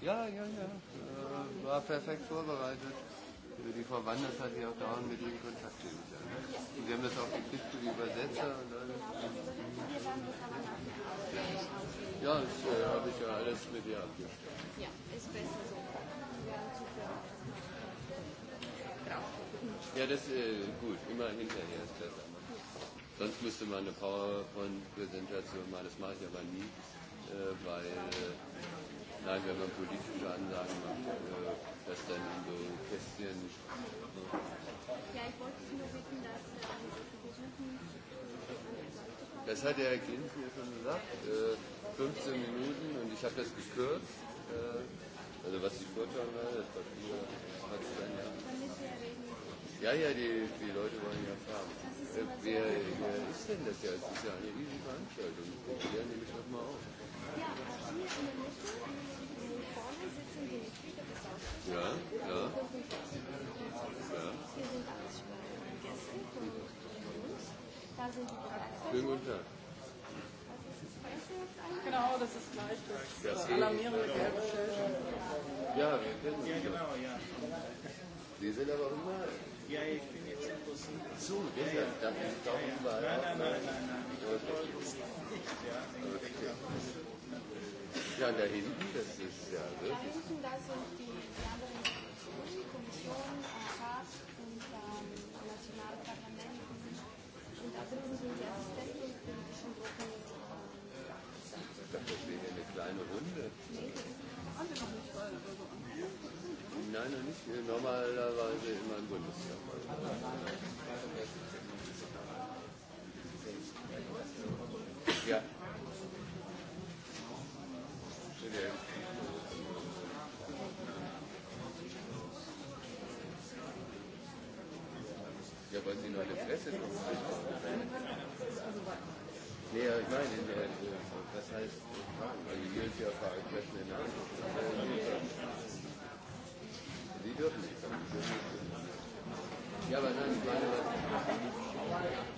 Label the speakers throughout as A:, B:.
A: Ja, ja, ja. Äh, war perfekt
B: vorbereitet. Die Frau Wanders hat ja auch dauernd mit ihm Kontakt ja. Und wir haben das auch gekriegt für die Übersetzer und alles. Ja, das äh, habe ich ja alles mit ihr abgestimmt. Ja, ist besser so. Ja, das ist äh, gut. Immer hinterher ist besser. Sonst müsste man eine PowerPoint-Präsentation machen, das mache ich aber nie, äh, weil äh, Nein, wenn man politische Anlagen macht, äh, dass dann so Kästchen. Ja, ich wollte Sie nur bitten, dass äh, versuchen. Das hat der Herr Klinz mir schon gesagt, 15 äh, Minuten und ich habe das gekürzt. Äh, also was ich Vorteile war, das Papier hat es dann ja. Ja, ja, die, die Leute wollen ja fragen. wer, wer ist denn das ja? Es ist ja eine riesige Veranstaltung. Ich probiere nämlich nochmal auf. Ja, ja. ja. Schönen guten Tag. Genau, das ist gleich das, das alarmierende gelbe Schild. Ja, wir kennen Sie. Ja, genau, ja. Sie sind aber überall. Ja, ich bin jetzt im Bus. So, ja, ja. Dann bin ich doch überall. Nein, nein, nein, nein, nein. Ich wollte nicht. Ja, Ja, da hinten, das ist ja wirklich. Da hinten, da sind die, die anderen Institutionen, Kommission, Rat und ähm, nationale Parlamente. Und da drinnen sind die Assistenten und politischen Gruppen. Ähm, ich dachte, das wäre eine kleine Runde. Nee, das haben wir noch nicht mal so Nein, noch nicht. Normalerweise immer im Bundestag. seine Fresse. Nee, ich meine, das heißt, religiöse Erfahrung Flächen in der Die dürfen nicht. Ja, aber nein, ich meine, was.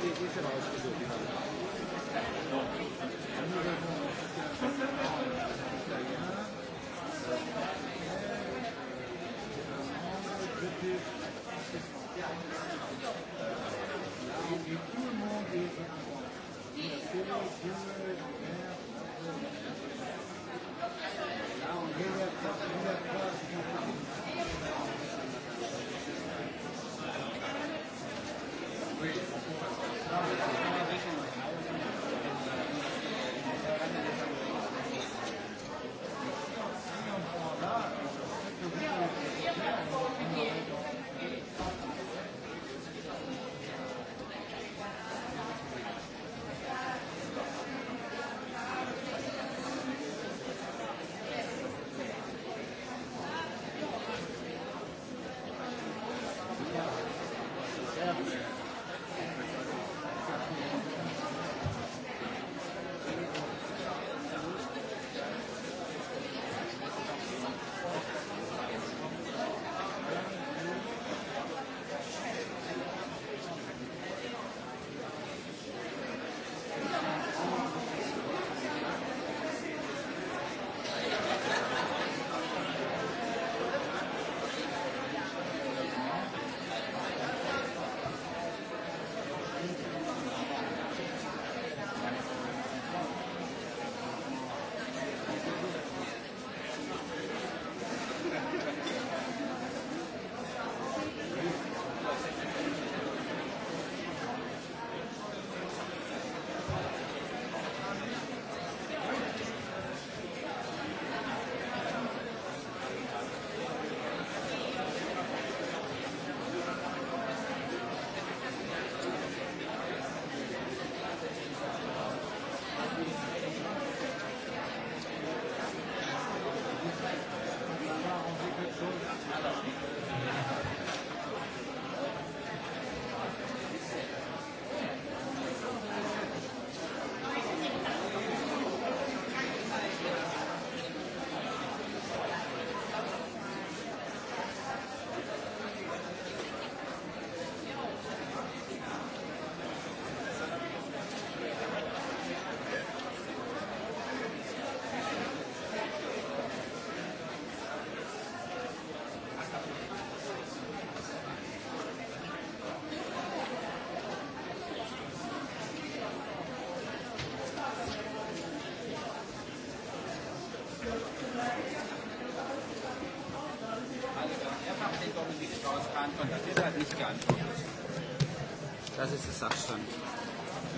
B: Szíriai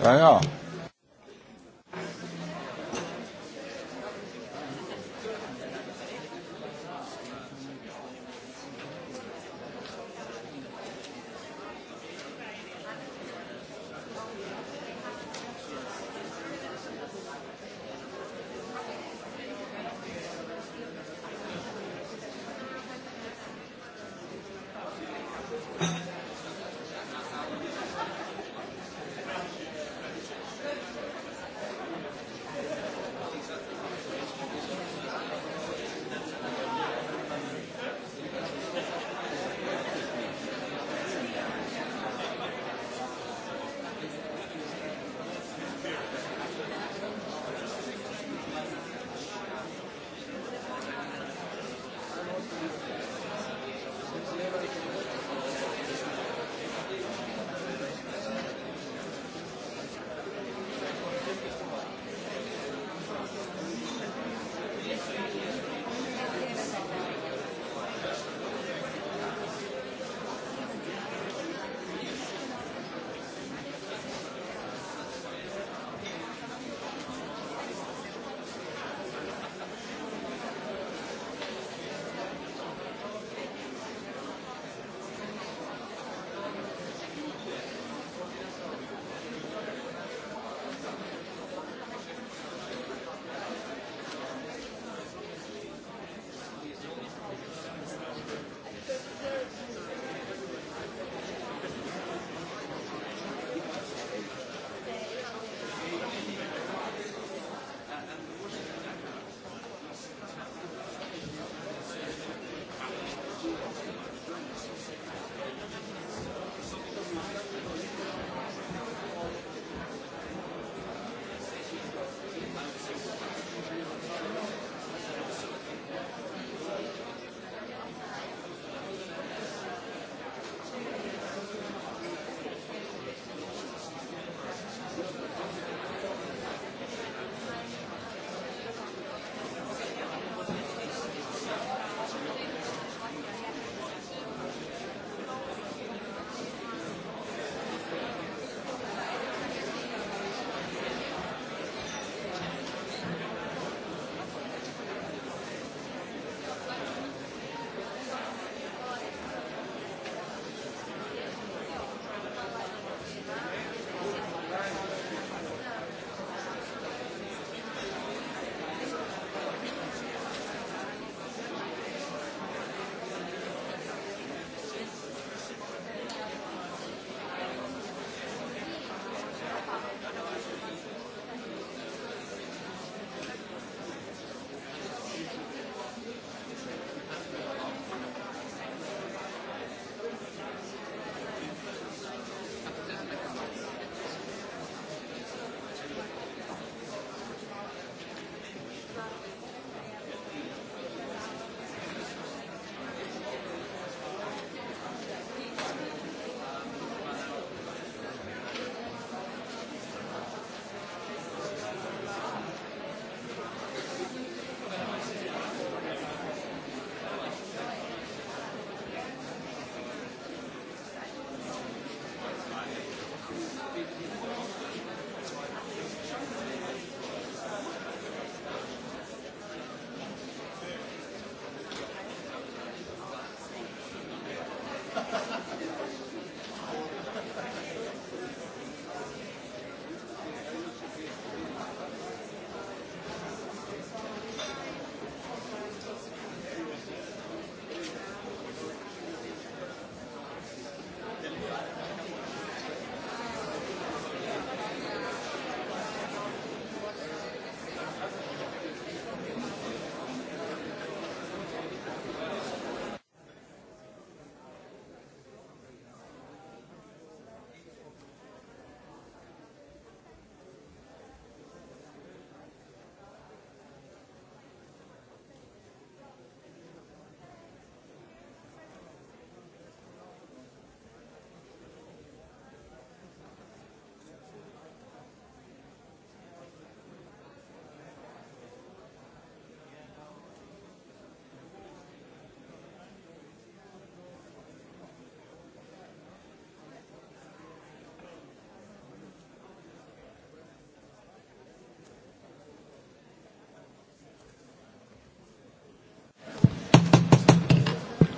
C: Ja, ja.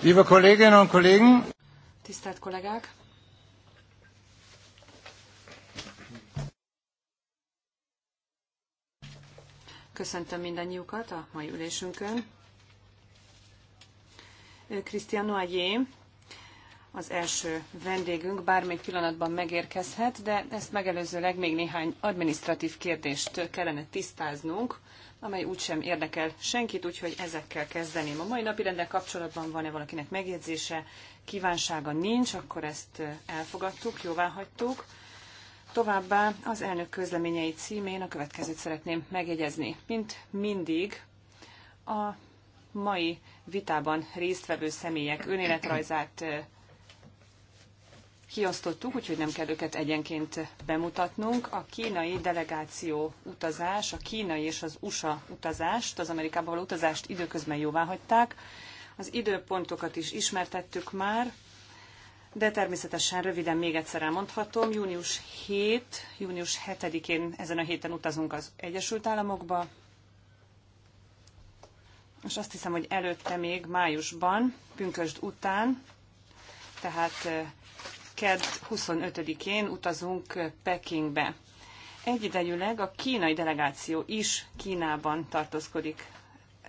C: Liebe Kolleginnen und Kollegen,
D: tisztelt kollégák! Köszöntöm mindannyiukat a mai ülésünkön. Krisztián Noyer, az első vendégünk bármely pillanatban megérkezhet, de ezt megelőzőleg még néhány administratív kérdést kellene tisztáznunk, amely úgysem érdekel senkit, úgyhogy ezekkel kezdeném. A mai napi rendel kapcsolatban van-e valakinek megjegyzése, kívánsága nincs, akkor ezt elfogadtuk, jóvá hagytuk. Továbbá az elnök közleményei címén a következőt szeretném megjegyezni. Mint mindig, a mai vitában résztvevő személyek önéletrajzát kiosztottuk, úgyhogy nem kell őket egyenként bemutatnunk. A kínai delegáció utazás, a kínai és az USA utazást, az Amerikába való utazást időközben jóvá hagyták. Az időpontokat is ismertettük már, de természetesen röviden még egyszer elmondhatom. Június 7, június 7-én ezen a héten utazunk az Egyesült Államokba, és azt hiszem, hogy előtte még májusban, pünkösd után, tehát eh, KED 25-én utazunk Pekingbe. Egyidejűleg a kínai delegáció is Kínában tartózkodik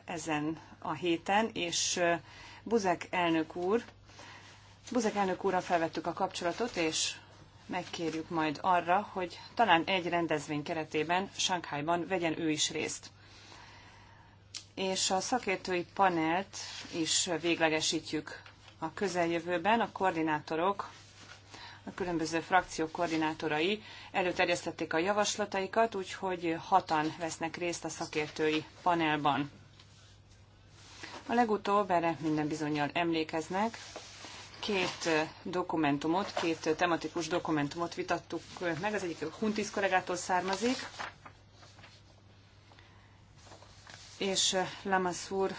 D: ezen a héten, és Buzek elnök úr, Buzek elnök úrra felvettük a kapcsolatot, és megkérjük majd arra, hogy talán egy rendezvény keretében Sankhájban vegyen ő is részt. És a szakértői panelt is véglegesítjük a közeljövőben. A koordinátorok a különböző frakciók koordinátorai előterjesztették a javaslataikat, úgyhogy hatan vesznek részt a szakértői panelban. A legutóbb, erre minden bizonyal emlékeznek, két dokumentumot, két tematikus dokumentumot vitattuk meg, az egyik Huntis kollégától származik, és Lamassur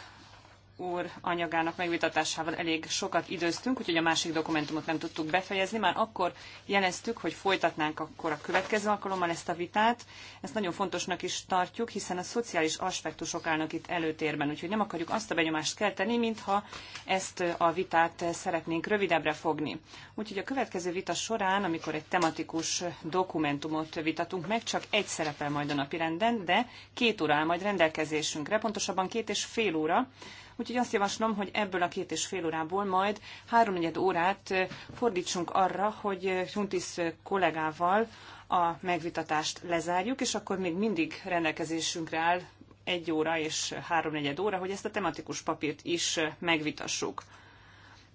D: úr anyagának megvitatásával elég sokat időztünk, úgyhogy a másik dokumentumot nem tudtuk befejezni. Már akkor jeleztük, hogy folytatnánk akkor a következő alkalommal ezt a vitát. Ezt nagyon fontosnak is tartjuk, hiszen a szociális aspektusok állnak itt előtérben, úgyhogy nem akarjuk azt a benyomást kelteni, mintha ezt a vitát szeretnénk rövidebbre fogni. Úgyhogy a következő vita során, amikor egy tematikus dokumentumot vitatunk meg, csak egy szerepel majd a napirenden, de két óra áll majd rendelkezésünkre, pontosabban két és fél óra, Úgyhogy azt javaslom, hogy ebből a két és fél órából majd háromnegyed órát fordítsunk arra, hogy Juntis kollégával a megvitatást lezárjuk, és akkor még mindig rendelkezésünkre áll egy óra és háromnegyed óra, hogy ezt a tematikus papírt is megvitassuk.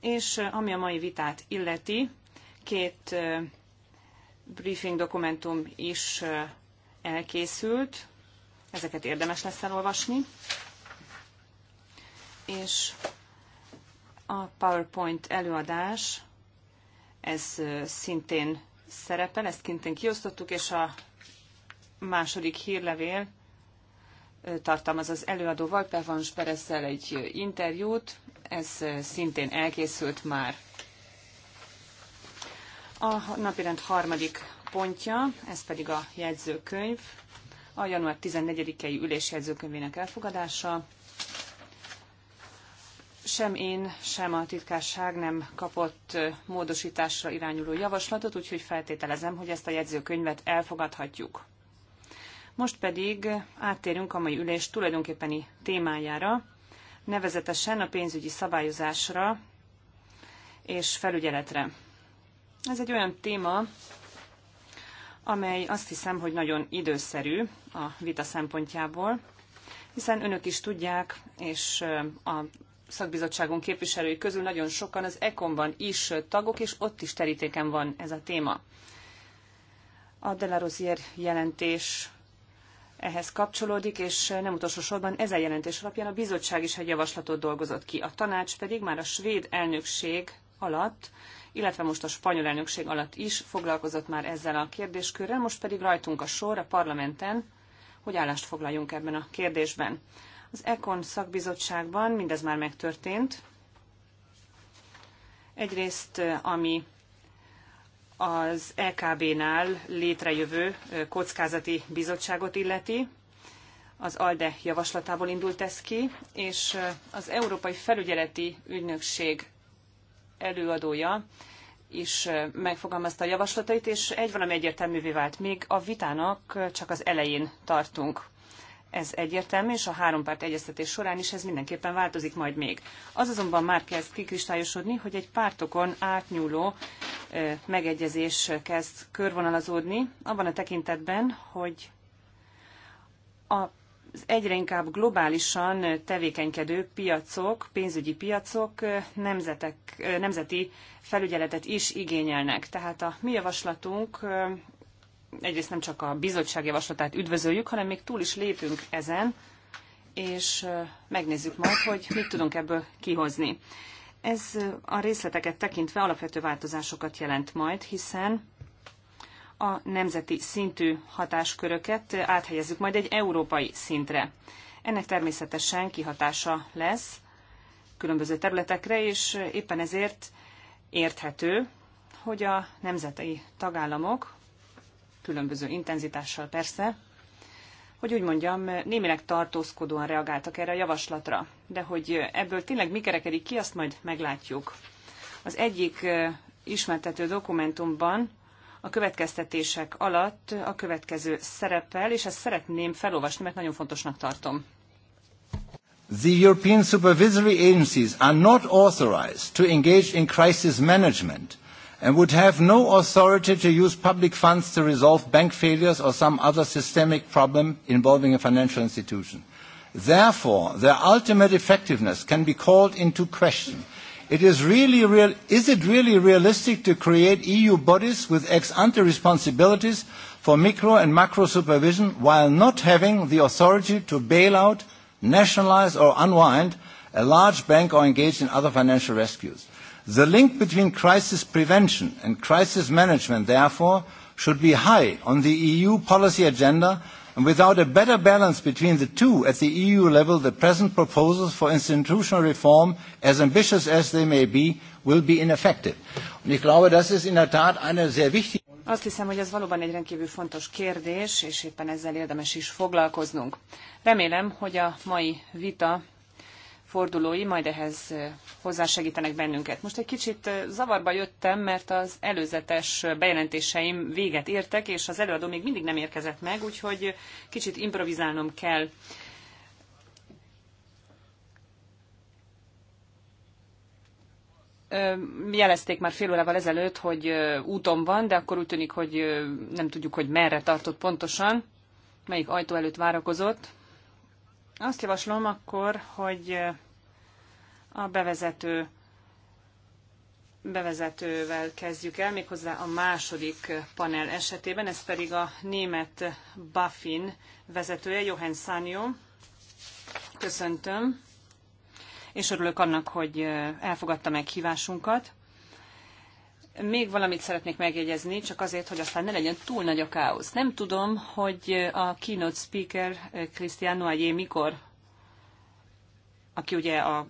D: És ami a mai vitát illeti, két briefing dokumentum is elkészült, ezeket érdemes lesz elolvasni és a PowerPoint előadás, ez szintén szerepel, ezt kintén kiosztottuk, és a második hírlevél tartalmaz az előadóval, Pevans Pereszel egy interjút, ez szintén elkészült már. A napirend harmadik pontja, ez pedig a jegyzőkönyv, a január 14-i ülés jegyzőkönyvének elfogadása sem én, sem a titkárság nem kapott módosításra irányuló javaslatot, úgyhogy feltételezem, hogy ezt a jegyzőkönyvet elfogadhatjuk. Most pedig áttérünk a mai ülés tulajdonképpeni témájára, nevezetesen a pénzügyi szabályozásra és felügyeletre. Ez egy olyan téma, amely azt hiszem, hogy nagyon időszerű a vita szempontjából, hiszen önök is tudják, és a szakbizottságunk képviselői közül nagyon sokan az ECOM-ban is tagok, és ott is terítéken van ez a téma. A Delarosier jelentés ehhez kapcsolódik, és nem utolsó sorban ezen jelentés alapján a bizottság is egy javaslatot dolgozott ki. A tanács pedig már a svéd elnökség alatt, illetve most a spanyol elnökség alatt is foglalkozott már ezzel a kérdéskörrel, most pedig rajtunk a sor a parlamenten, hogy állást foglaljunk ebben a kérdésben. Az ECON szakbizottságban mindez már megtörtént. Egyrészt, ami az lkb nál létrejövő kockázati bizottságot illeti, az ALDE javaslatából indult ez ki, és az Európai Felügyeleti Ügynökség előadója is megfogalmazta a javaslatait, és egy valami egyértelművé vált. Még a vitának csak az elején tartunk ez egyértelmű, és a három párt egyeztetés során is ez mindenképpen változik majd még. Az azonban már kezd kikristályosodni, hogy egy pártokon átnyúló megegyezés kezd körvonalazódni, abban a tekintetben, hogy a az egyre inkább globálisan tevékenykedő piacok, pénzügyi piacok nemzetek, nemzeti felügyeletet is igényelnek. Tehát a mi javaslatunk egyrészt nem csak a bizottság javaslatát üdvözöljük, hanem még túl is lépünk ezen, és megnézzük majd, hogy mit tudunk ebből kihozni. Ez a részleteket tekintve alapvető változásokat jelent majd, hiszen a nemzeti szintű hatásköröket áthelyezzük majd egy európai szintre. Ennek természetesen kihatása lesz különböző területekre, és éppen ezért érthető, hogy a nemzeti tagállamok különböző intenzitással persze, hogy úgy mondjam, némileg tartózkodóan reagáltak erre a javaslatra. De hogy ebből tényleg mi kerekedik ki, azt majd meglátjuk. Az egyik ismertető dokumentumban a következtetések alatt a következő szerepel, és ezt szeretném felolvasni, mert nagyon fontosnak tartom.
C: The European supervisory agencies are not authorized to engage in crisis management and would have no authority to use public funds to resolve bank failures or some other systemic problem involving a financial institution. Therefore, their ultimate effectiveness can be called into question. It is, really real, is it really realistic to create EU bodies with ex-ante responsibilities for micro and macro supervision while not having the authority to bail out, nationalize or unwind a large bank or engage in other financial rescues? The link between crisis prevention and crisis management, therefore, should be high on the EU policy agenda, and without a better balance between the two at the EU level, the present proposals for institutional reform, as ambitious as they may be, will be ineffective. Und ich glaube, das ist in der Tat eine sehr wichtige
D: azt hiszem, hogy ez valóban egy rendkívül fontos kérdés, és éppen ezzel érdemes is foglalkoznunk. Remélem, hogy a mai vita fordulói majd ehhez hozzásegítenek bennünket. Most egy kicsit zavarba jöttem, mert az előzetes bejelentéseim véget értek, és az előadó még mindig nem érkezett meg, úgyhogy kicsit improvizálnom kell. jelezték már fél órával ezelőtt, hogy úton van, de akkor úgy tűnik, hogy nem tudjuk, hogy merre tartott pontosan, melyik ajtó előtt várakozott. Azt javaslom akkor, hogy eh, a bevezető bevezetővel kezdjük el, méghozzá a második eh, panel esetében, ez pedig a német Buffin vezetője, Johann Sanyo. Köszöntöm, és örülök annak, hogy eh, elfogadta hívásunkat még valamit szeretnék megjegyezni, csak azért, hogy aztán ne legyen túl nagy a káosz. Nem tudom, hogy a keynote speaker eh, Christian Noyer mikor, aki ugye a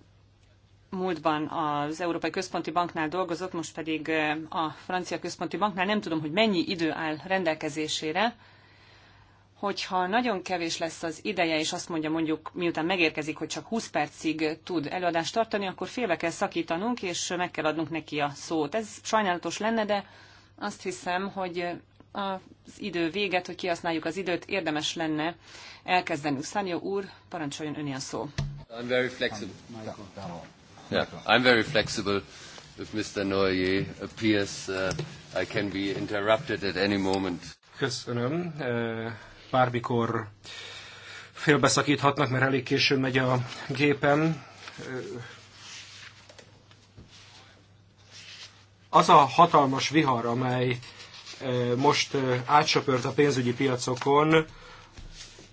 D: múltban az Európai Központi Banknál dolgozott, most pedig eh, a Francia Központi Banknál, nem tudom, hogy mennyi idő áll rendelkezésére, hogyha nagyon kevés lesz az ideje, és azt mondja mondjuk, miután megérkezik, hogy csak 20 percig tud előadást tartani, akkor félbe kell szakítanunk, és meg kell adnunk neki a szót. Ez sajnálatos lenne, de azt hiszem, hogy az idő véget, hogy kihasználjuk az időt, érdemes lenne elkezdenünk. Szányó úr, parancsoljon öné a szó. I'm very
B: flexible. Yeah, I'm very flexible. If Mr. Noyer appears, uh, I can be interrupted at any moment.
A: Köszönöm. Uh, bármikor félbeszakíthatnak, mert elég későn megy a gépen. Az a hatalmas vihar, amely e, most e, átsöpört a pénzügyi piacokon,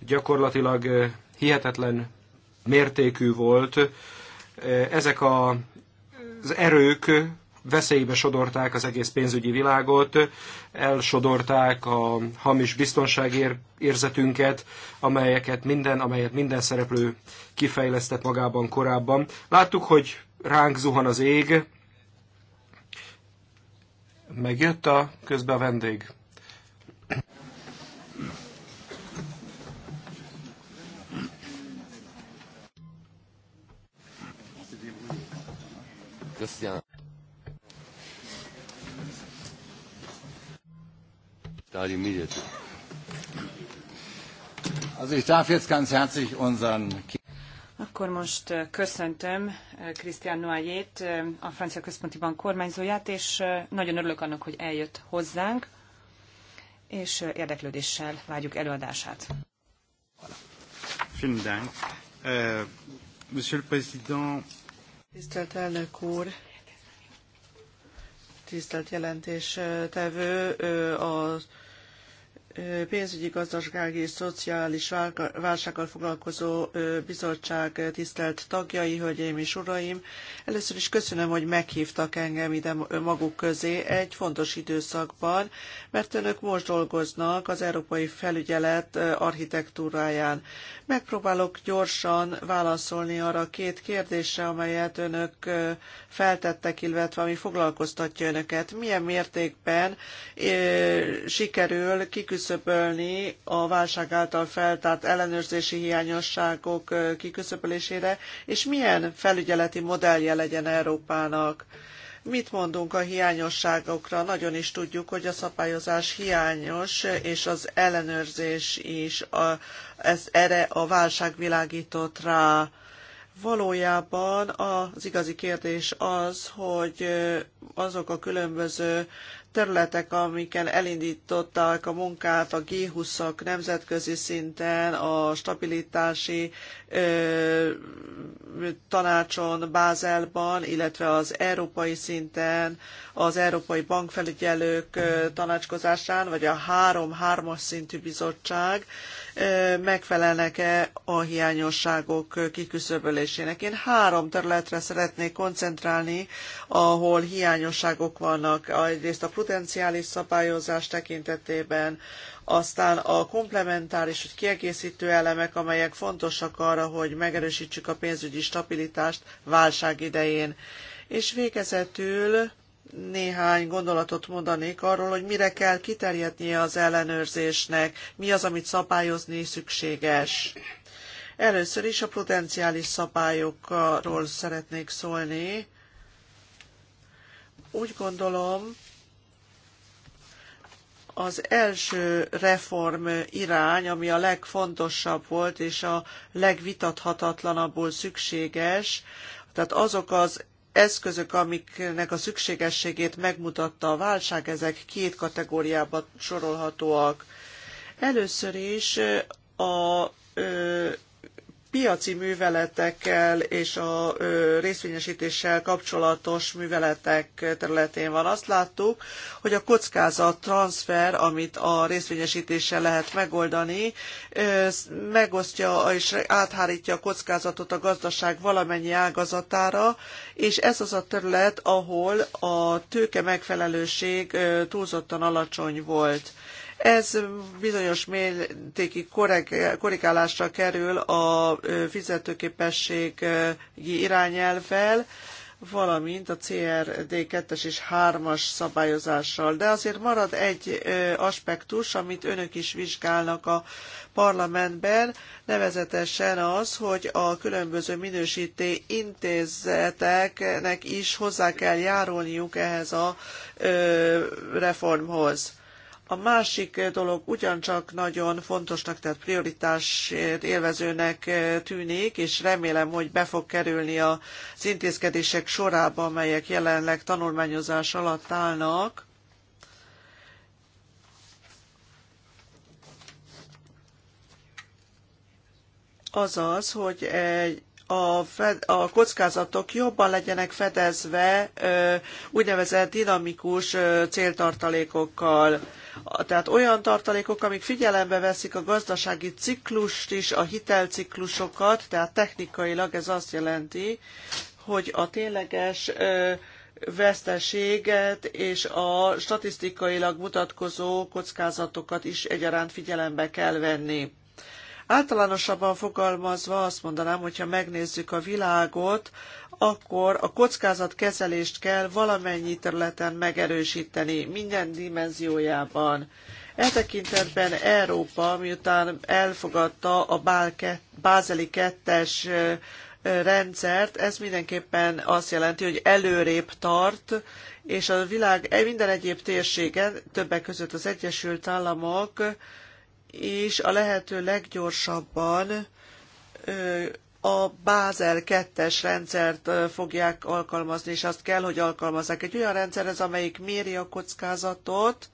A: gyakorlatilag e, hihetetlen mértékű volt. Ezek a, az erők veszélybe sodorták az egész pénzügyi világot, elsodorták a hamis biztonságérzetünket, amelyeket minden, amelyet minden szereplő kifejlesztett magában korábban. Láttuk, hogy ránk zuhan az ég. Megjött a közben a vendég.
B: Köszönöm.
D: akkor most köszöntöm Krisztián Noájét, a Francia Központi Bank kormányzóját, és nagyon örülök annak, hogy eljött hozzánk, és érdeklődéssel várjuk előadását.
C: Monsieur le Président.
E: Tisztelt elnök úr, tisztelt jelentéstevő, A pénzügyi, gazdasági és szociális válsággal foglalkozó bizottság tisztelt tagjai, hölgyeim és uraim. Először is köszönöm, hogy meghívtak engem ide maguk közé egy fontos időszakban, mert önök most dolgoznak az európai felügyelet architektúráján. Megpróbálok gyorsan válaszolni arra a két kérdésre, amelyet önök feltettek, illetve ami foglalkoztatja önöket. Milyen mértékben sikerül kiküszöbölni kiküszöbölni a válság által feltárt ellenőrzési hiányosságok kiküszöbölésére, és milyen felügyeleti modellje legyen Európának. Mit mondunk a hiányosságokra? Nagyon is tudjuk, hogy a szabályozás hiányos, és az ellenőrzés is a, ez erre a válság világított rá. Valójában az igazi kérdés az, hogy azok a különböző területek, amiken elindították a munkát a G20-ak nemzetközi szinten, a stabilitási ö, tanácson, Bázelban, illetve az európai szinten, az európai bankfelügyelők ö, tanácskozásán, vagy a három as szintű bizottság, megfelelnek-e a hiányosságok kiküszöbölésének. Én három területre szeretnék koncentrálni, ahol hiányosságok vannak. Egyrészt a prudenciális szabályozás tekintetében, aztán a komplementáris vagy kiegészítő elemek, amelyek fontosak arra, hogy megerősítsük a pénzügyi stabilitást válság idején. És végezetül néhány gondolatot mondanék arról, hogy mire kell kiterjednie az ellenőrzésnek, mi az, amit szabályozni szükséges. Először is a potenciális szabályokról szeretnék szólni. Úgy gondolom, az első reform irány, ami a legfontosabb volt és a legvitathatatlanabbul szükséges, tehát azok az eszközök, amiknek a szükségességét megmutatta a válság, ezek két kategóriába sorolhatóak. Először is a piaci műveletekkel és a részvényesítéssel kapcsolatos műveletek területén van. Azt láttuk, hogy a kockázat transfer, amit a részvényesítéssel lehet megoldani, megosztja és áthárítja a kockázatot a gazdaság valamennyi ágazatára, és ez az a terület, ahol a tőke megfelelőség túlzottan alacsony volt ez bizonyos mértékig korrigálásra kerül a fizetőképességi irányelvvel, valamint a CRD 2-es és 3-as szabályozással. De azért marad egy aspektus, amit önök is vizsgálnak a parlamentben, nevezetesen az, hogy a különböző minősíté intézeteknek is hozzá kell járulniuk ehhez a reformhoz. A másik dolog ugyancsak nagyon fontosnak, tehát prioritás élvezőnek eh, tűnik, és remélem, hogy be fog kerülni az intézkedések sorába, amelyek jelenleg tanulmányozás alatt állnak. Azaz, hogy egy a, fed, a kockázatok jobban legyenek fedezve úgynevezett dinamikus céltartalékokkal tehát olyan tartalékok, amik figyelembe veszik a gazdasági ciklust is, a hitelciklusokat, tehát technikailag ez azt jelenti, hogy a tényleges veszteséget és a statisztikailag mutatkozó kockázatokat is egyaránt figyelembe kell venni. Általánosabban fogalmazva azt mondanám, hogyha megnézzük a világot, akkor a kockázatkezelést kell valamennyi területen megerősíteni, minden dimenziójában. E tekintetben Európa, miután elfogadta a Bázeli 2-es rendszert, ez mindenképpen azt jelenti, hogy előrébb tart, és a világ e, minden egyéb térségen, többek között az Egyesült Államok is a lehető leggyorsabban a Bázel 2-es rendszert fogják alkalmazni, és azt kell, hogy alkalmazzák. Egy olyan rendszer ez, amelyik méri a kockázatot,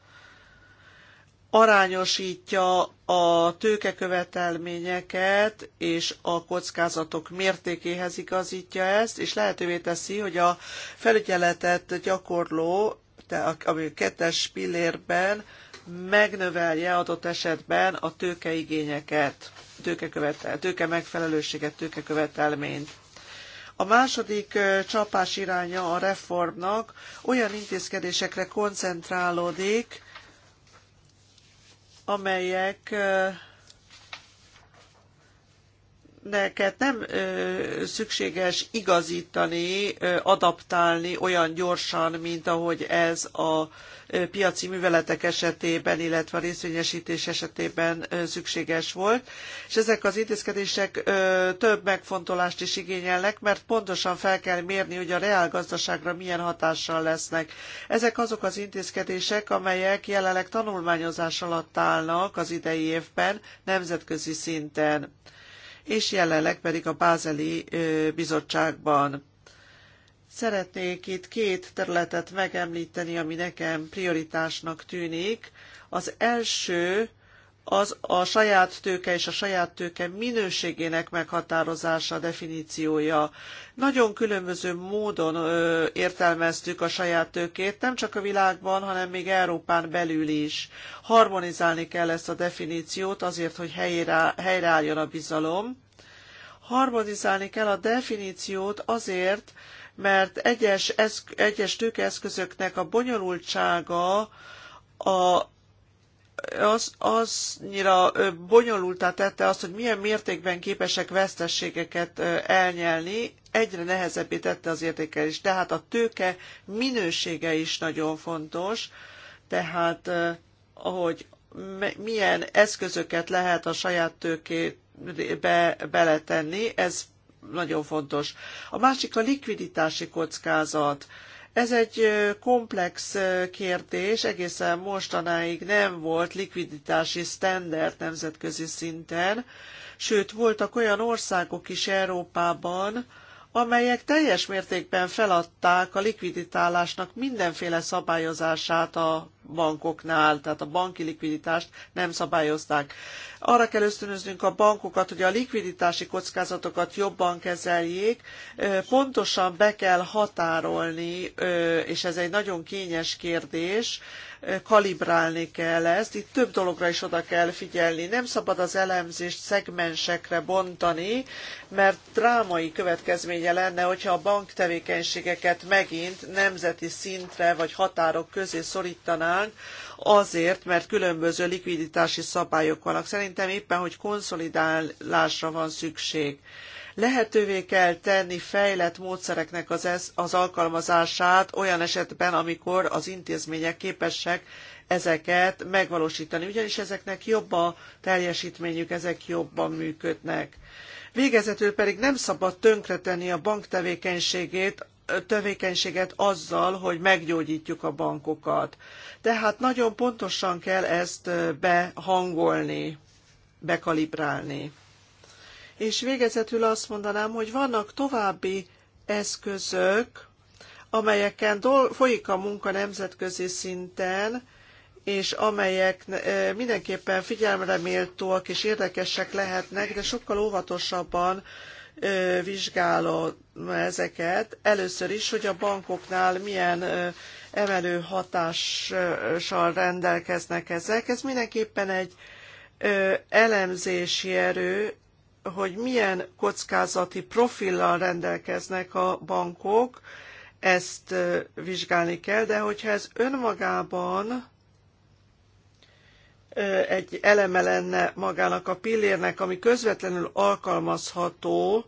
E: arányosítja a tőkekövetelményeket és a kockázatok mértékéhez igazítja ezt, és lehetővé teszi, hogy a felügyeletet gyakorló, ami a kettes pillérben megnövelje adott esetben a tőkeigényeket követel, tőke megfelelőséget, tőkekövetelményt. A második csapás iránya a reformnak olyan intézkedésekre koncentrálódik, amelyek neket nem ö, szükséges igazítani, ö, adaptálni olyan gyorsan, mint ahogy ez a piaci műveletek esetében, illetve a részvényesítés esetében szükséges volt, és ezek az intézkedések több megfontolást is igényelnek, mert pontosan fel kell mérni, hogy a reálgazdaságra milyen hatással lesznek. Ezek azok az intézkedések, amelyek jelenleg tanulmányozás alatt állnak az idei évben nemzetközi szinten és jelenleg pedig a Bázeli Bizottságban. Szeretnék itt két területet megemlíteni, ami nekem prioritásnak tűnik. Az első az a saját tőke és a saját tőke minőségének meghatározása, definíciója. Nagyon különböző módon ö, értelmeztük a saját tőkét, nem csak a világban, hanem még Európán belül is. Harmonizálni kell ezt a definíciót azért, hogy helyre, helyreálljon a bizalom harmonizálni kell a definíciót azért, mert egyes, eszk- egyes tőkeeszközöknek a bonyolultsága a az, annyira bonyolultá tette azt, hogy milyen mértékben képesek vesztességeket elnyelni, egyre nehezebbé tette az értékelést. Tehát a tőke minősége is nagyon fontos, tehát hogy milyen eszközöket lehet a saját tőkét be, beletenni, ez nagyon fontos. A másik a likviditási kockázat. Ez egy komplex kérdés, egészen mostanáig nem volt likviditási standard nemzetközi szinten, sőt voltak olyan országok is Európában, amelyek teljes mértékben feladták a likviditálásnak mindenféle szabályozását a bankoknál, tehát a banki likviditást nem szabályozták. Arra kell ösztönöznünk a bankokat, hogy a likviditási kockázatokat jobban kezeljék, pontosan be kell határolni, és ez egy nagyon kényes kérdés, kalibrálni kell ezt, itt több dologra is oda kell figyelni. Nem szabad az elemzést szegmensekre bontani, mert drámai következménye lenne, hogyha a bank tevékenységeket megint nemzeti szintre vagy határok közé szorítaná, kapnánk, azért, mert különböző likviditási szabályok vannak. Szerintem éppen, hogy konszolidálásra van szükség. Lehetővé kell tenni fejlett módszereknek az, ez, az alkalmazását olyan esetben, amikor az intézmények képesek ezeket megvalósítani, ugyanis ezeknek jobb a teljesítményük, ezek jobban működnek. Végezetül pedig nem szabad tönkretenni a bank tevékenységét tevékenységet azzal, hogy meggyógyítjuk a bankokat. Tehát nagyon pontosan kell ezt behangolni, bekalibrálni. És végezetül azt mondanám, hogy vannak további eszközök, amelyeken folyik a munka nemzetközi szinten, és amelyek mindenképpen figyelemre méltóak és érdekesek lehetnek, de sokkal óvatosabban vizsgálom ezeket. Először is, hogy a bankoknál milyen emelő hatással rendelkeznek ezek. Ez mindenképpen egy elemzési erő, hogy milyen kockázati profillal rendelkeznek a bankok, ezt vizsgálni kell, de hogyha ez önmagában egy eleme lenne magának a pillérnek, ami közvetlenül alkalmazható,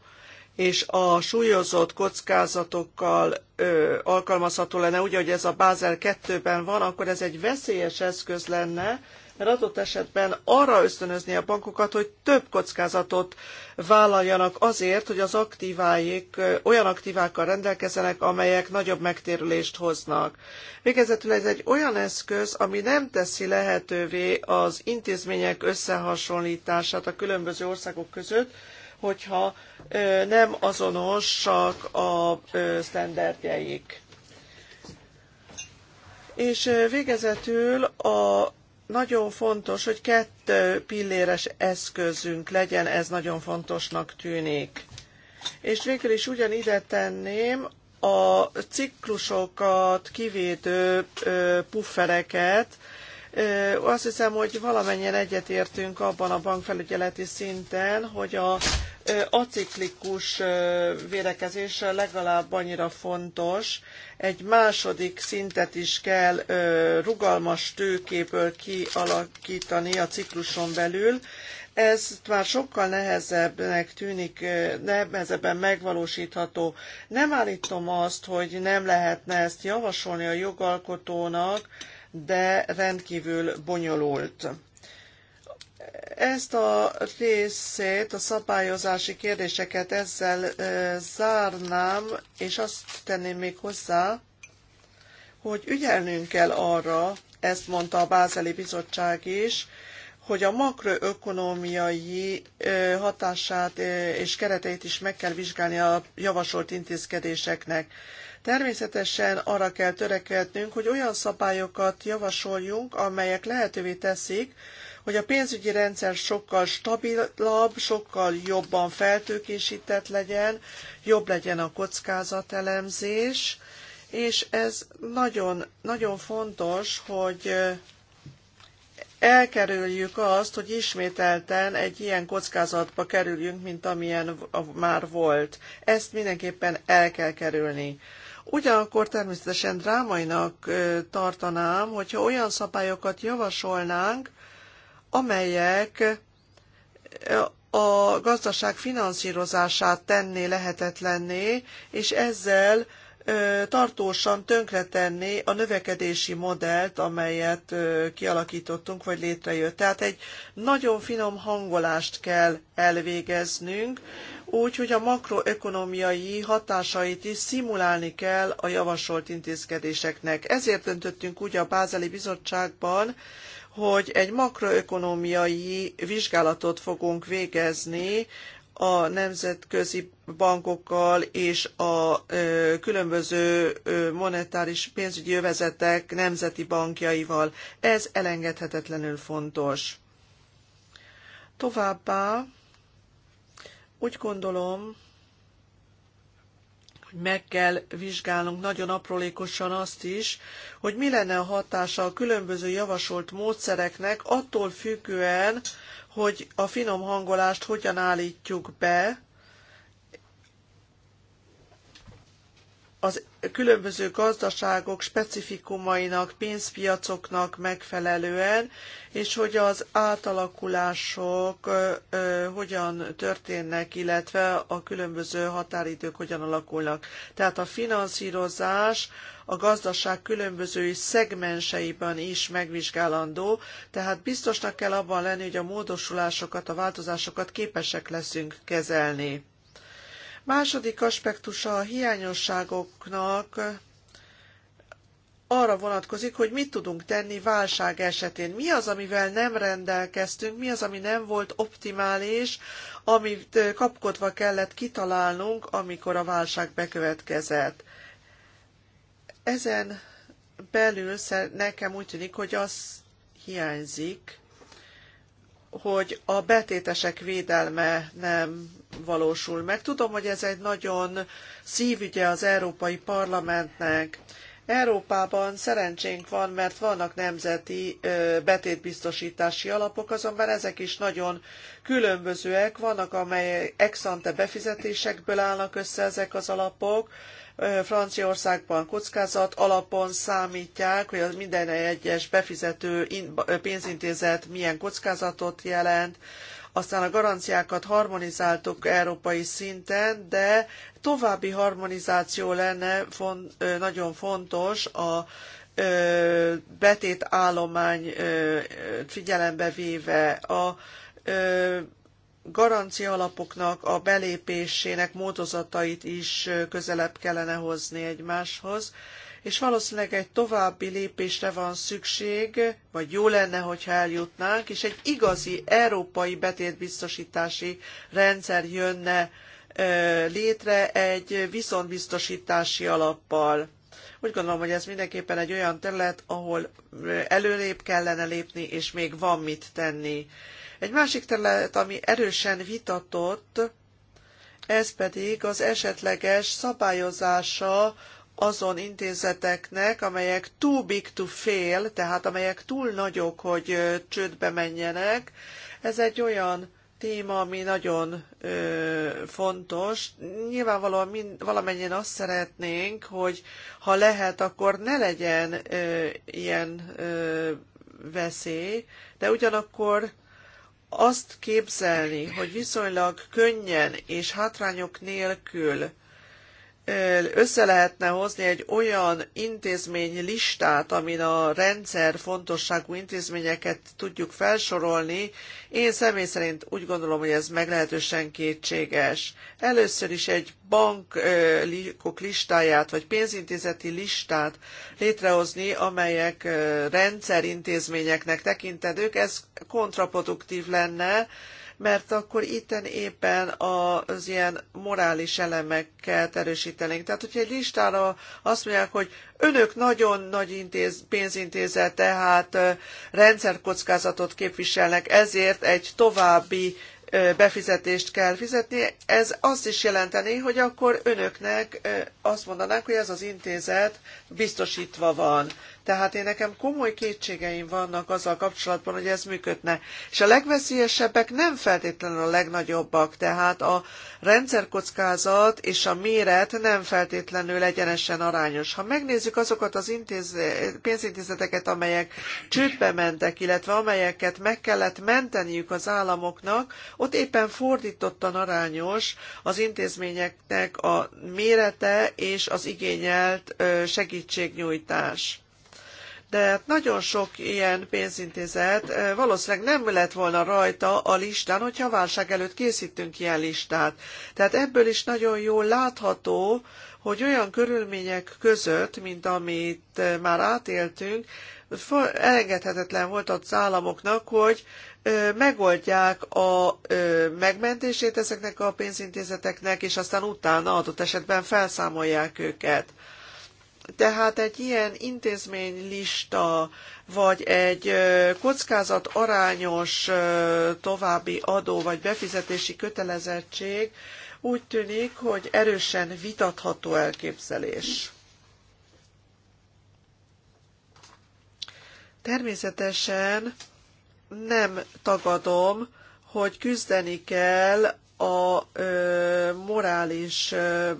E: és a súlyozott kockázatokkal ö, alkalmazható lenne, úgy, ahogy ez a Bázel 2-ben van, akkor ez egy veszélyes eszköz lenne, mert adott esetben arra ösztönözni a bankokat, hogy több kockázatot vállaljanak azért, hogy az aktíváik olyan aktívákkal rendelkezenek, amelyek nagyobb megtérülést hoznak. Végezetül ez egy olyan eszköz, ami nem teszi lehetővé az intézmények összehasonlítását a különböző országok között, hogyha nem azonosak a sztenderdjeik. És végezetül a nagyon fontos, hogy kettő pilléres eszközünk legyen, ez nagyon fontosnak tűnik. És végül is ugyan ide tenném a ciklusokat kivédő puffereket, azt hiszem, hogy valamennyien egyetértünk abban a bankfelügyeleti szinten, hogy a aciklikus védekezés legalább annyira fontos. Egy második szintet is kell rugalmas tőkéből kialakítani a cikluson belül. Ez már sokkal nehezebbnek tűnik, nehezebben megvalósítható. Nem állítom azt, hogy nem lehetne ezt javasolni a jogalkotónak, de rendkívül bonyolult. Ezt a részét, a szabályozási kérdéseket ezzel zárnám, és azt tenném még hozzá, hogy ügyelnünk kell arra, ezt mondta a Bázeli Bizottság is, hogy a makroökonómiai hatását és kereteit is meg kell vizsgálni a javasolt intézkedéseknek. Természetesen arra kell törekednünk, hogy olyan szabályokat javasoljunk, amelyek lehetővé teszik, hogy a pénzügyi rendszer sokkal stabilabb, sokkal jobban feltőkésített legyen, jobb legyen a kockázatelemzés, és ez nagyon, nagyon fontos, hogy elkerüljük azt, hogy ismételten egy ilyen kockázatba kerüljünk, mint amilyen már volt. Ezt mindenképpen el kell kerülni. Ugyanakkor természetesen drámainak tartanám, hogyha olyan szabályokat javasolnánk, amelyek a gazdaság finanszírozását tenné lehetetlenné, és ezzel tartósan tönkretenni a növekedési modellt, amelyet kialakítottunk, vagy létrejött. Tehát egy nagyon finom hangolást kell elvégeznünk, úgy, hogy a makroekonomiai hatásait is szimulálni kell a javasolt intézkedéseknek. Ezért döntöttünk úgy a Bázeli Bizottságban, hogy egy makroekonomiai vizsgálatot fogunk végezni a nemzetközi bankokkal és a különböző monetáris pénzügyi övezetek nemzeti bankjaival. Ez elengedhetetlenül fontos. Továbbá úgy gondolom, hogy meg kell vizsgálnunk nagyon aprólékosan azt is, hogy mi lenne a hatása a különböző javasolt módszereknek attól függően, hogy a finom hangolást hogyan állítjuk be, az különböző gazdaságok specifikumainak, pénzpiacoknak megfelelően, és hogy az átalakulások hogyan történnek, illetve a különböző határidők hogyan alakulnak. Tehát a finanszírozás a gazdaság különböző szegmenseiben is megvizsgálandó, tehát biztosnak kell abban lenni, hogy a módosulásokat, a változásokat képesek leszünk kezelni Második aspektusa a hiányosságoknak arra vonatkozik, hogy mit tudunk tenni válság esetén. Mi az, amivel nem rendelkeztünk, mi az, ami nem volt optimális, amit kapkodva kellett kitalálnunk, amikor a válság bekövetkezett. Ezen belül nekem úgy tűnik, hogy az hiányzik, hogy a betétesek védelme nem valósul meg. Tudom, hogy ez egy nagyon szívügye az Európai Parlamentnek. Európában szerencsénk van, mert vannak nemzeti betétbiztosítási alapok, azonban ezek is nagyon különbözőek. Vannak, amelyek ex ante befizetésekből állnak össze ezek az alapok, Franciaországban kockázat alapon számítják, hogy az minden egyes befizető pénzintézet milyen kockázatot jelent, aztán a garanciákat harmonizáltuk európai szinten, de további harmonizáció lenne font, nagyon fontos a betétállomány figyelembe véve a garancia alapoknak a belépésének módozatait is közelebb kellene hozni egymáshoz, és valószínűleg egy további lépésre van szükség, vagy jó lenne, hogyha eljutnánk, és egy igazi európai betétbiztosítási rendszer jönne létre egy viszontbiztosítási alappal. Úgy gondolom, hogy ez mindenképpen egy olyan terület, ahol előrébb kellene lépni, és még van mit tenni. Egy másik terület, ami erősen vitatott, ez pedig az esetleges szabályozása azon intézeteknek, amelyek too big to fail, tehát amelyek túl nagyok, hogy csődbe menjenek. Ez egy olyan téma, ami nagyon ö, fontos. Nyilvánvalóan mind, valamennyien azt szeretnénk, hogy ha lehet, akkor ne legyen ö, ilyen ö, veszély, de ugyanakkor azt képzelni, hogy viszonylag könnyen és hátrányok nélkül össze lehetne hozni egy olyan intézmény listát, amin a rendszer fontosságú intézményeket tudjuk felsorolni, én személy szerint úgy gondolom, hogy ez meglehetősen kétséges. Először is egy bankok listáját, vagy pénzintézeti listát létrehozni, amelyek rendszerintézményeknek tekintedők, ez kontraproduktív lenne, mert akkor itten éppen az ilyen morális elemeket erősítenénk. Tehát, hogyha egy listára azt mondják, hogy önök nagyon nagy intéz, pénzintézet, tehát rendszerkockázatot képviselnek, ezért egy további befizetést kell fizetni, ez azt is jelenteni, hogy akkor önöknek azt mondanánk, hogy ez az intézet biztosítva van. Tehát én nekem komoly kétségeim vannak azzal kapcsolatban, hogy ez működne. És a legveszélyesebbek nem feltétlenül a legnagyobbak, tehát a rendszerkockázat és a méret nem feltétlenül egyenesen arányos. Ha megnézzük azokat az intéz... pénzintézeteket, amelyek csődbe mentek, illetve amelyeket meg kellett menteniük az államoknak, ott éppen fordítottan arányos az intézményeknek a mérete és az igényelt segítségnyújtás de hát nagyon sok ilyen pénzintézet valószínűleg nem lett volna rajta a listán, hogyha válság előtt készítünk ilyen listát. Tehát ebből is nagyon jól látható, hogy olyan körülmények között, mint amit már átéltünk, elengedhetetlen volt az államoknak, hogy megoldják a megmentését ezeknek a pénzintézeteknek, és aztán utána adott esetben felszámolják őket. Tehát egy ilyen intézménylista, vagy egy kockázat arányos további adó vagy befizetési kötelezettség úgy tűnik, hogy erősen vitatható elképzelés. Természetesen nem tagadom, hogy küzdeni kell a ö, morális ö,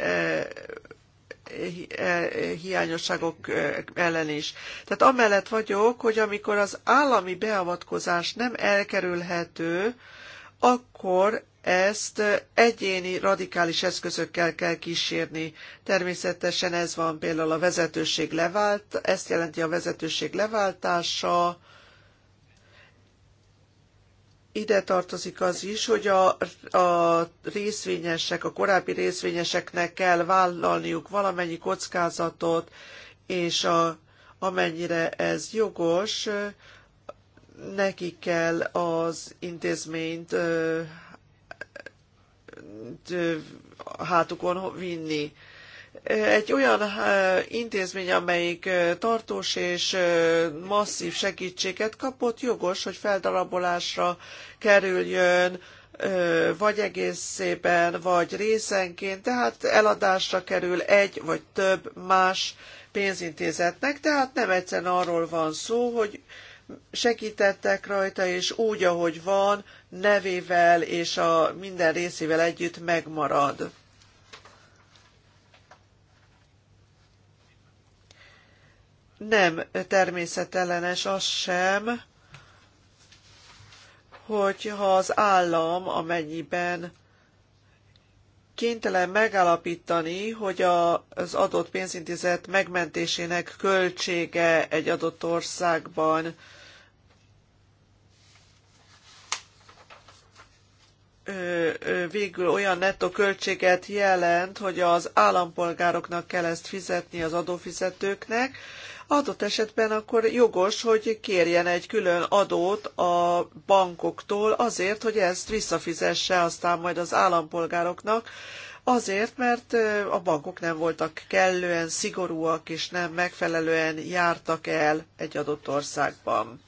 E: e, hiányosságok eh, ellen is. Tehát amellett vagyok, hogy amikor az állami beavatkozás nem elkerülhető, akkor ezt egyéni radikális eszközökkel kell kísérni. Természetesen ez van például a vezetőség levált, ezt jelenti a vezetőség leváltása, ide tartozik az is, hogy a, a részvényesek, a korábbi részvényeseknek kell vállalniuk valamennyi kockázatot, és a, amennyire ez jogos, neki kell az intézményt hátukon vinni egy olyan intézmény, amelyik tartós és masszív segítséget kapott, jogos, hogy feldarabolásra kerüljön, vagy egészében, vagy részenként, tehát eladásra kerül egy vagy több más pénzintézetnek, tehát nem egyszerűen arról van szó, hogy segítettek rajta, és úgy, ahogy van, nevével és a minden részével együtt megmarad. nem természetellenes az sem, hogyha az állam amennyiben kénytelen megállapítani, hogy a, az adott pénzintézet megmentésének költsége egy adott országban végül olyan nettó költséget jelent, hogy az állampolgároknak kell ezt fizetni az adófizetőknek, Adott esetben akkor jogos, hogy kérjen egy külön adót a bankoktól azért, hogy ezt visszafizesse aztán majd az állampolgároknak, Azért, mert a bankok nem voltak kellően szigorúak, és nem megfelelően jártak el egy adott országban.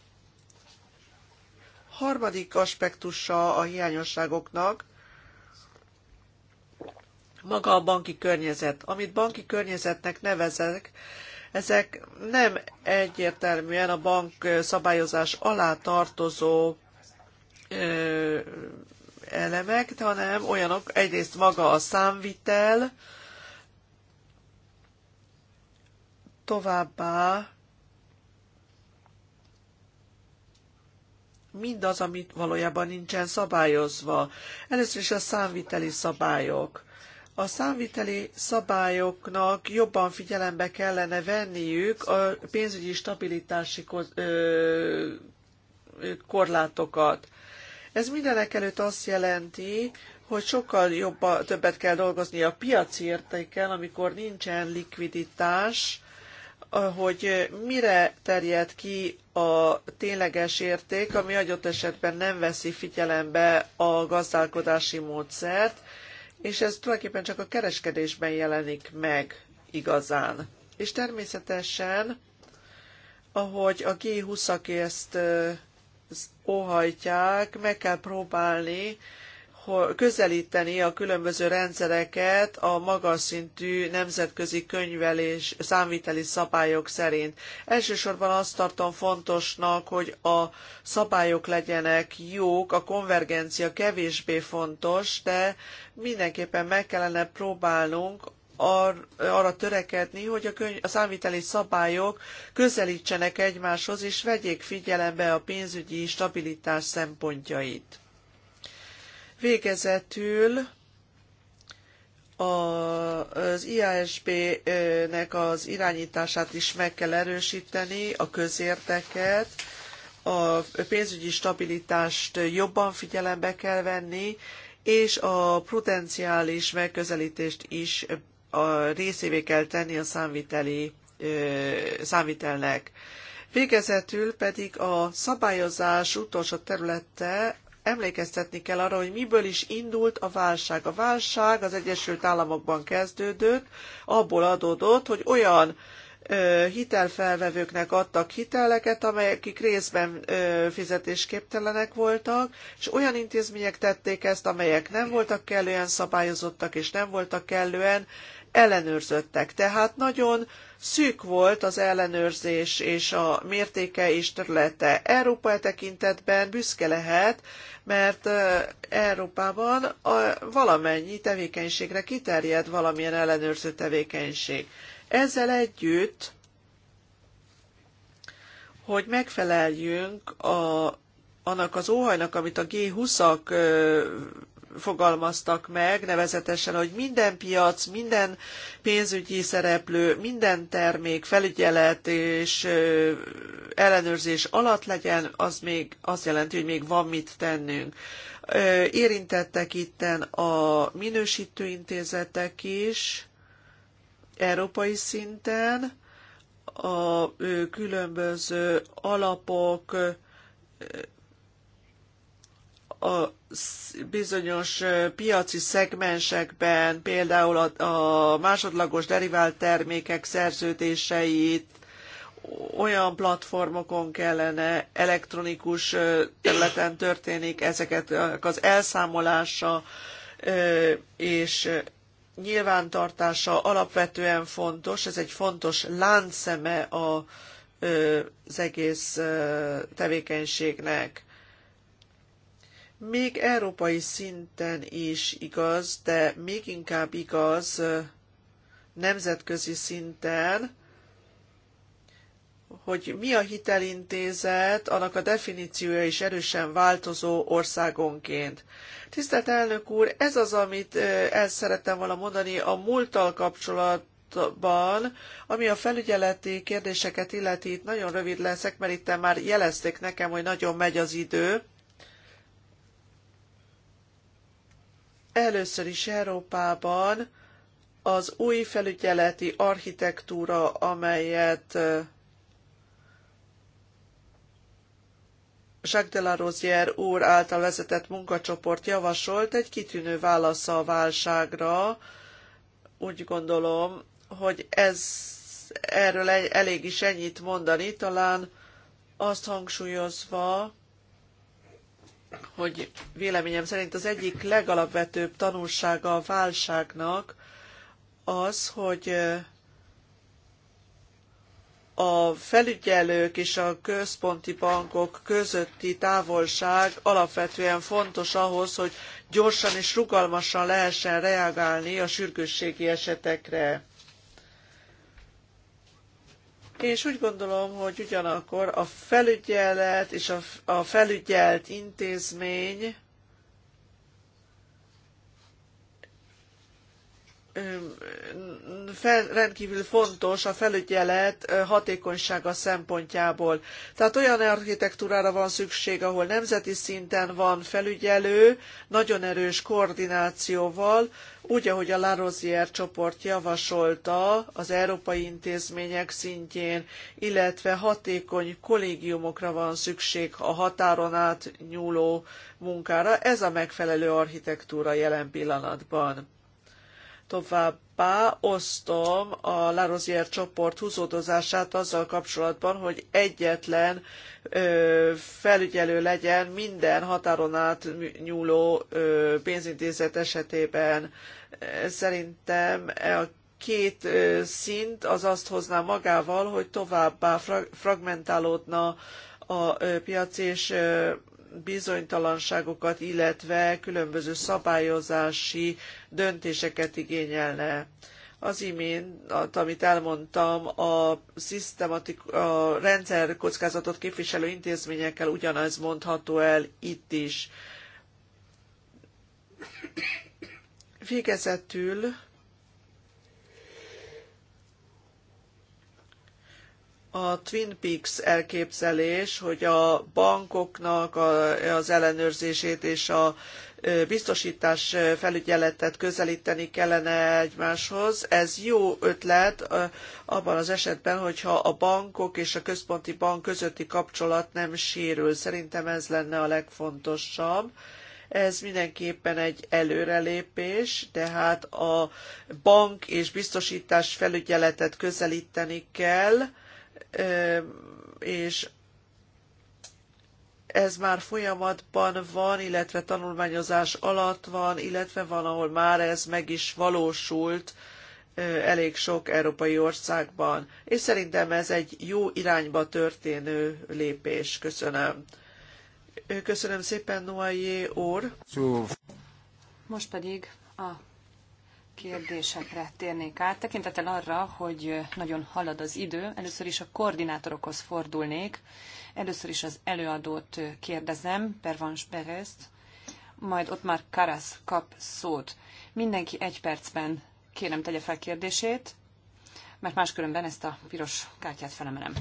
E: Harmadik aspektusa a hiányosságoknak maga a banki környezet. Amit banki környezetnek nevezek, ezek nem egyértelműen a bank szabályozás alá tartozó elemek, hanem olyanok, egyrészt maga a számvitel, továbbá mindaz, amit valójában nincsen szabályozva. Először is a számviteli szabályok a számviteli szabályoknak jobban figyelembe kellene venniük a pénzügyi stabilitási korlátokat. Ez mindenekelőtt azt jelenti, hogy sokkal jobban, többet kell dolgozni a piaci értéken, amikor nincsen likviditás, hogy mire terjed ki a tényleges érték, ami adott esetben nem veszi figyelembe a gazdálkodási módszert, és ez tulajdonképpen csak a kereskedésben jelenik meg igazán. És természetesen, ahogy a G20-ak ezt óhajtják, meg kell próbálni közelíteni a különböző rendszereket a magas szintű nemzetközi könyvelés számviteli szabályok szerint. Elsősorban azt tartom fontosnak, hogy a szabályok legyenek jók, a konvergencia kevésbé fontos, de mindenképpen meg kellene próbálnunk ar, arra törekedni, hogy a, könyv, a számviteli szabályok közelítsenek egymáshoz, és vegyék figyelembe a pénzügyi stabilitás szempontjait. Végezetül az IASB-nek az irányítását is meg kell erősíteni, a közérteket, a pénzügyi stabilitást jobban figyelembe kell venni, és a prudenciális megközelítést is a részévé kell tenni a számviteli, számvitelnek. Végezetül pedig a szabályozás utolsó területe emlékeztetni kell arra, hogy miből is indult a válság. A válság az Egyesült Államokban kezdődött, abból adódott, hogy olyan hitelfelvevőknek adtak hiteleket, amelyek részben fizetésképtelenek voltak, és olyan intézmények tették ezt, amelyek nem voltak kellően szabályozottak, és nem voltak kellően ellenőrzöttek. Tehát nagyon szűk volt az ellenőrzés és a mértéke és területe. Európa e tekintetben büszke lehet, mert Európában a valamennyi tevékenységre kiterjed valamilyen ellenőrző tevékenység. Ezzel együtt, hogy megfeleljünk a, annak az óhajnak, amit a G20-ak fogalmaztak meg, nevezetesen, hogy minden piac, minden pénzügyi szereplő, minden termék felügyelet és ellenőrzés alatt legyen, az még azt jelenti, hogy még van mit tennünk. Érintettek itten a minősítő intézetek is, európai szinten, a különböző alapok, a bizonyos piaci szegmensekben, például a, másodlagos derivált termékek szerződéseit, olyan platformokon kellene, elektronikus területen történik ezeket az elszámolása és nyilvántartása alapvetően fontos, ez egy fontos láncszeme az egész tevékenységnek még európai szinten is igaz, de még inkább igaz nemzetközi szinten, hogy mi a hitelintézet, annak a definíciója is erősen változó országonként. Tisztelt elnök úr, ez az, amit el szerettem volna mondani a múlttal kapcsolatban, ami a felügyeleti kérdéseket illeti, itt nagyon rövid leszek, mert itt már jelezték nekem, hogy nagyon megy az idő. Először is Európában az új felügyeleti architektúra, amelyet Jacques Delarosière úr által vezetett munkacsoport javasolt, egy kitűnő válasza a válságra. Úgy gondolom, hogy ez erről e-, elég is ennyit mondani, talán azt hangsúlyozva, hogy véleményem szerint az egyik legalapvetőbb tanulsága a válságnak az, hogy eh, a felügyelők és a központi bankok közötti távolság alapvetően fontos ahhoz, hogy gyorsan és rugalmasan lehessen reagálni a sürgősségi esetekre. És úgy gondolom, hogy ugyanakkor a felügyelet és a, a felügyelt intézmény fel, rendkívül fontos a felügyelet hatékonysága szempontjából. Tehát olyan architektúrára van szükség, ahol nemzeti szinten van felügyelő, nagyon erős koordinációval, úgy, ahogy a Larosier csoport javasolta az európai intézmények szintjén, illetve hatékony kollégiumokra van szükség a határon át nyúló munkára. Ez a megfelelő architektúra jelen pillanatban. Továbbá osztom a Larosier csoport húzódozását azzal kapcsolatban, hogy egyetlen ö, felügyelő legyen minden határon át nyúló ö, pénzintézet esetében. Szerintem a két szint az azt hozná magával, hogy továbbá fragmentálódna a piac, és bizonytalanságokat, illetve különböző szabályozási döntéseket igényelne. Az imént, amit elmondtam, a, a rendszer kockázatot képviselő intézményekkel ugyanez mondható el itt is. Végezetül a Twin Peaks elképzelés, hogy a bankoknak az ellenőrzését és a biztosítás felügyeletet közelíteni kellene egymáshoz. Ez jó ötlet abban az esetben, hogyha a bankok és a központi bank közötti kapcsolat nem sérül. Szerintem ez lenne a legfontosabb. Ez mindenképpen egy előrelépés, de hát a bank és biztosítás felügyeletet közelíteni kell és ez már folyamatban van, illetve tanulmányozás alatt van, illetve van, ahol már ez meg is valósult elég sok európai országban. És szerintem ez egy jó irányba történő lépés. Köszönöm. Köszönöm szépen, Noailé úr.
D: Most pedig a kérdésekre térnék át. Tekintetel arra, hogy nagyon halad az idő, először is a koordinátorokhoz fordulnék. Először is az előadót kérdezem, Pervans Perezt, majd ott már Karasz kap szót. Mindenki egy percben kérem tegye fel kérdését,
E: mert máskülönben ezt a piros kártyát felemelem.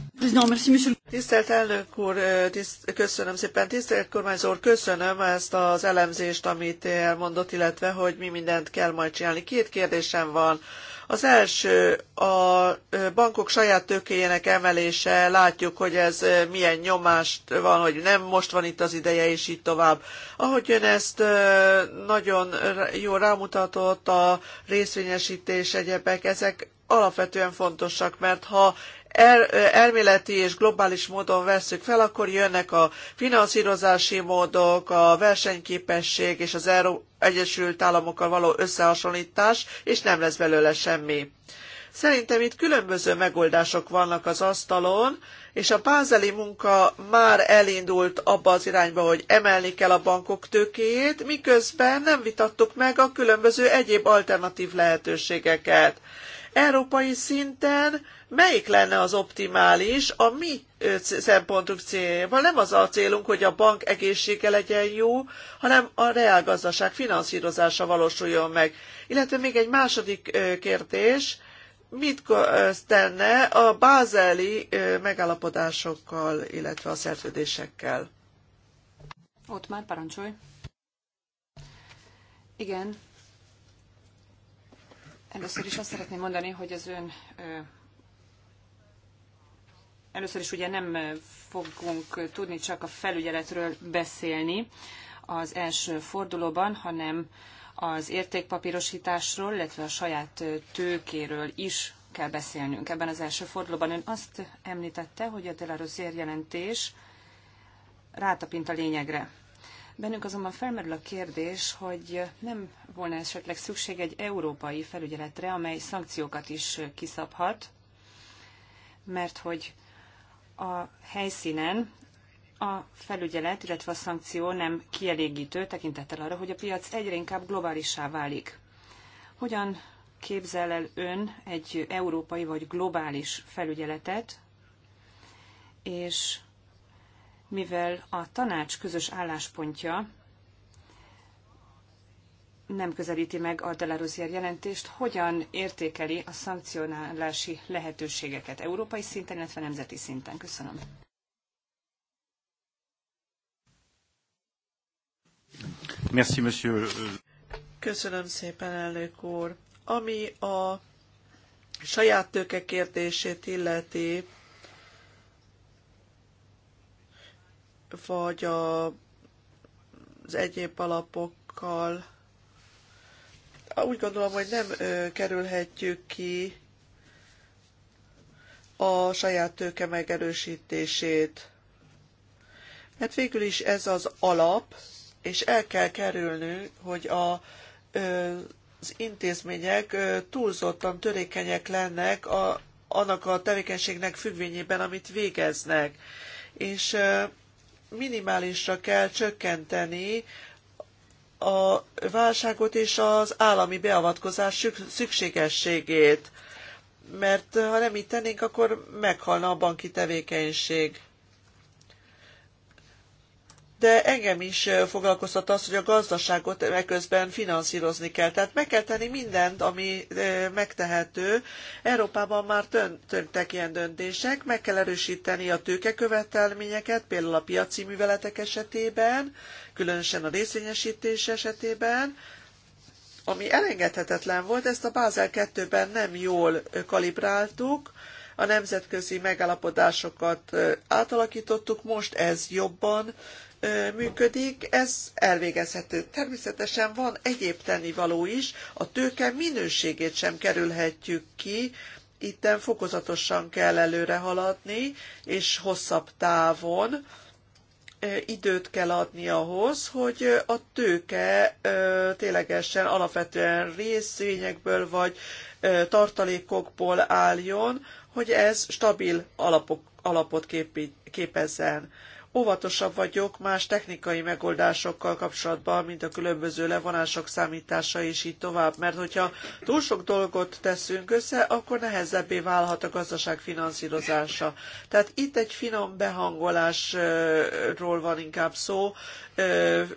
E: Tisztelt elnök úr, tiszt, köszönöm szépen. Tisztelt kormányzó úr, köszönöm ezt az elemzést, amit elmondott, illetve hogy mi mindent kell majd csinálni. Két kérdésem van. Az első, a bankok saját tőkéjének emelése, látjuk, hogy ez milyen nyomást van, hogy nem most van itt az ideje, és így tovább. Ahogy ön ezt nagyon jól rámutatott, a részvényesítés, egyebek, ezek alapvetően fontosak, mert ha el, elméleti és globális módon vesszük fel, akkor jönnek a finanszírozási módok, a versenyképesség és az Euró- Egyesült Államokkal való összehasonlítás, és nem lesz belőle semmi. Szerintem itt különböző megoldások vannak az asztalon, és a bázeli munka már elindult abba az irányba, hogy emelni kell a bankok tőkéjét, miközben nem vitattuk meg a különböző egyéb alternatív lehetőségeket európai szinten melyik lenne az optimális a mi szempontunk céljából. Nem az a célunk, hogy a bank egészsége legyen jó, hanem a reálgazdaság finanszírozása valósuljon meg. Illetve még egy második kérdés, mit tenne a bázeli megállapodásokkal, illetve a szerződésekkel?
D: Ott már parancsolj. Igen, Először is azt szeretném mondani, hogy az ön először is ugye nem fogunk tudni csak a felügyeletről beszélni az első fordulóban, hanem az értékpapírosításról, illetve a saját tőkéről is kell beszélnünk. Ebben az első fordulóban ön azt említette, hogy a Delarosier jelentés rátapint a lényegre. Bennünk azonban felmerül a kérdés, hogy nem volna esetleg szükség egy európai felügyeletre, amely szankciókat is kiszabhat, mert hogy a helyszínen a felügyelet, illetve a szankció nem kielégítő tekintettel arra, hogy a piac egyre inkább globálissá válik. Hogyan képzel el ön egy európai vagy globális felügyeletet, és mivel a tanács közös álláspontja nem közelíti meg a Delarosier jelentést, hogyan értékeli a szankcionálási lehetőségeket európai szinten, illetve nemzeti szinten. Köszönöm.
C: Merci, monsieur.
E: Köszönöm szépen, elnök úr. Ami a saját tőke kérdését illeti, vagy a, az egyéb alapokkal. Úgy gondolom, hogy nem ö, kerülhetjük ki a saját tőke megerősítését. Mert végül is ez az alap, és el kell kerülnünk, hogy a, ö, az intézmények ö, túlzottan törékenyek lennek a, annak a tevékenységnek függvényében, amit végeznek. És minimálisra kell csökkenteni a válságot és az állami beavatkozás szükségességét, mert ha nem így tennénk, akkor meghalna a banki tevékenység de engem is foglalkoztat az, hogy a gazdaságot eközben finanszírozni kell. Tehát meg kell tenni mindent, ami megtehető. Európában már töntek ilyen döntések, meg kell erősíteni a tőkekövetelményeket, például a piaci műveletek esetében, különösen a részvényesítés esetében, ami elengedhetetlen volt, ezt a Bázel 2-ben nem jól kalibráltuk, a nemzetközi megállapodásokat átalakítottuk, most ez jobban működik, ez elvégezhető. Természetesen van egyéb tennivaló is, a tőke minőségét sem kerülhetjük ki, itten fokozatosan kell előre haladni, és hosszabb távon időt kell adni ahhoz, hogy a tőke ténylegesen alapvetően részvényekből vagy tartalékokból álljon, hogy ez stabil alapok, alapot képezzen. Óvatosabb vagyok más technikai megoldásokkal kapcsolatban, mint a különböző levonások számítása és így tovább, mert hogyha túl sok dolgot teszünk össze, akkor nehezebbé válhat a gazdaság finanszírozása. Tehát itt egy finom behangolásról van inkább szó,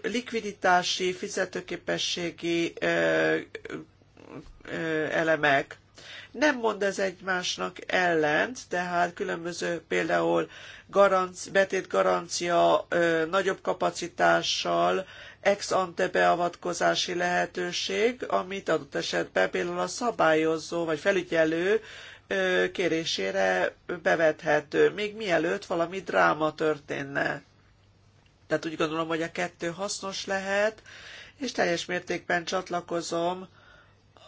E: likviditási, fizetőképességi elemek nem mond ez egymásnak ellent, tehát különböző például garanc, betét garancia nagyobb kapacitással, ex ante beavatkozási lehetőség, amit adott esetben például a szabályozó vagy felügyelő kérésére bevethető, még mielőtt valami dráma történne. Tehát úgy gondolom, hogy a kettő hasznos lehet, és teljes mértékben csatlakozom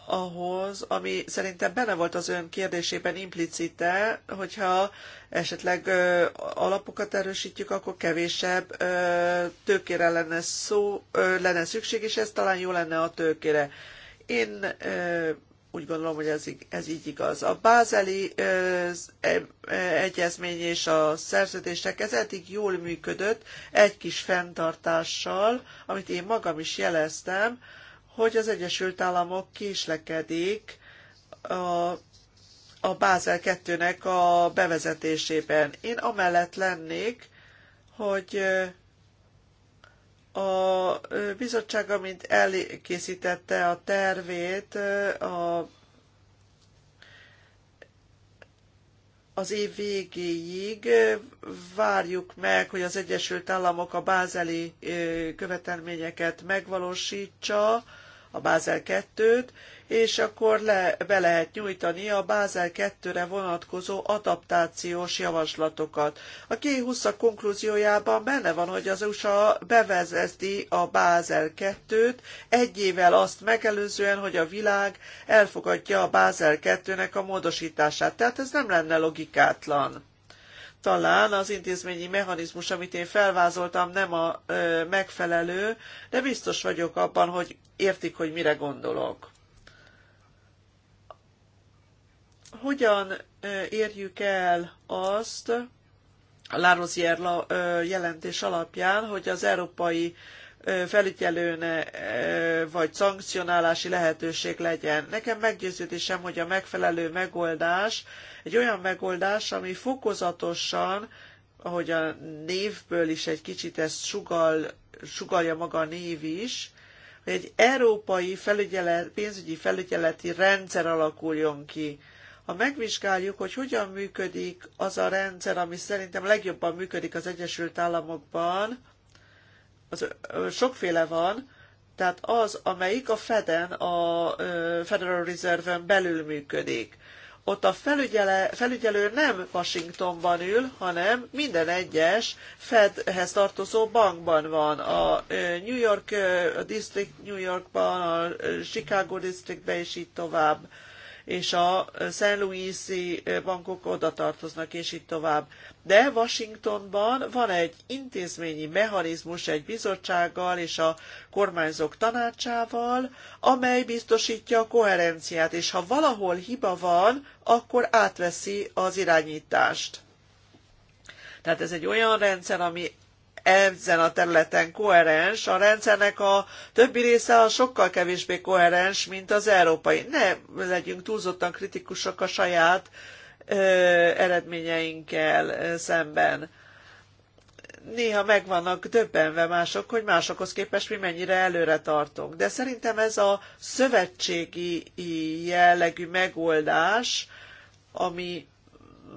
E: ahhoz, ami szerintem benne volt az ön kérdésében implicite, hogyha esetleg ö, alapokat erősítjük, akkor kevésebb ö, tőkére lenne, szó, ö, lenne szükség, és ez talán jó lenne a tőkére. Én ö, úgy gondolom, hogy ez, ez így igaz. A bázeli ö, e, e, egyezmény és a szerződések ez eddig jól működött, egy kis fenntartással, amit én magam is jeleztem, ö, hogy az Egyesült Államok késlekedik a, a Bázel 2-nek a bevezetésében. Én amellett lennék, hogy a bizottság, amint elkészítette a tervét a, az év végéig, várjuk meg, hogy az Egyesült Államok a bázeli követelményeket megvalósítsa, a Bázel 2-t, és akkor le, be lehet nyújtani a Bázel 2-re vonatkozó adaptációs javaslatokat. A G20 konklúziójában benne van, hogy az USA bevezeti a Bázel 2-t egy évvel azt megelőzően, hogy a világ elfogadja a Bázel 2-nek a módosítását. Tehát ez nem lenne logikátlan talán az intézményi mechanizmus, amit én felvázoltam, nem a ö, megfelelő, de biztos vagyok abban, hogy értik, hogy mire gondolok. Hogyan érjük el azt a Lárnozier jelentés alapján, hogy az európai felügyelőne vagy szankcionálási lehetőség legyen. Nekem meggyőződésem, hogy a megfelelő megoldás egy olyan megoldás, ami fokozatosan, ahogy a névből is egy kicsit ezt sugal, sugalja maga a név is, egy európai felügyelet, pénzügyi felügyeleti rendszer alakuljon ki. Ha megvizsgáljuk, hogy hogyan működik az a rendszer, ami szerintem legjobban működik az Egyesült Államokban, az sokféle van, tehát az, amelyik a Feden, a Federal Reserve-en belül működik ott a felügyele, felügyelő nem Washingtonban ül, hanem minden egyes Fedhez tartozó bankban van. A New York a District New Yorkban, a Chicago Districtben és így tovább és a St. Louis-i bankok oda tartoznak, és így tovább. De Washingtonban van egy intézményi mechanizmus egy bizottsággal és a kormányzók tanácsával, amely biztosítja a koherenciát, és ha valahol hiba van, akkor átveszi az irányítást. Tehát ez egy olyan rendszer, ami ezen a területen koherens, a rendszernek a többi része a sokkal kevésbé koherens, mint az európai. Ne legyünk túlzottan kritikusak a saját ö, eredményeinkkel ö, szemben. Néha megvannak döbbenve mások, hogy másokhoz képest mi mennyire előre tartunk. De szerintem ez a szövetségi jellegű megoldás, ami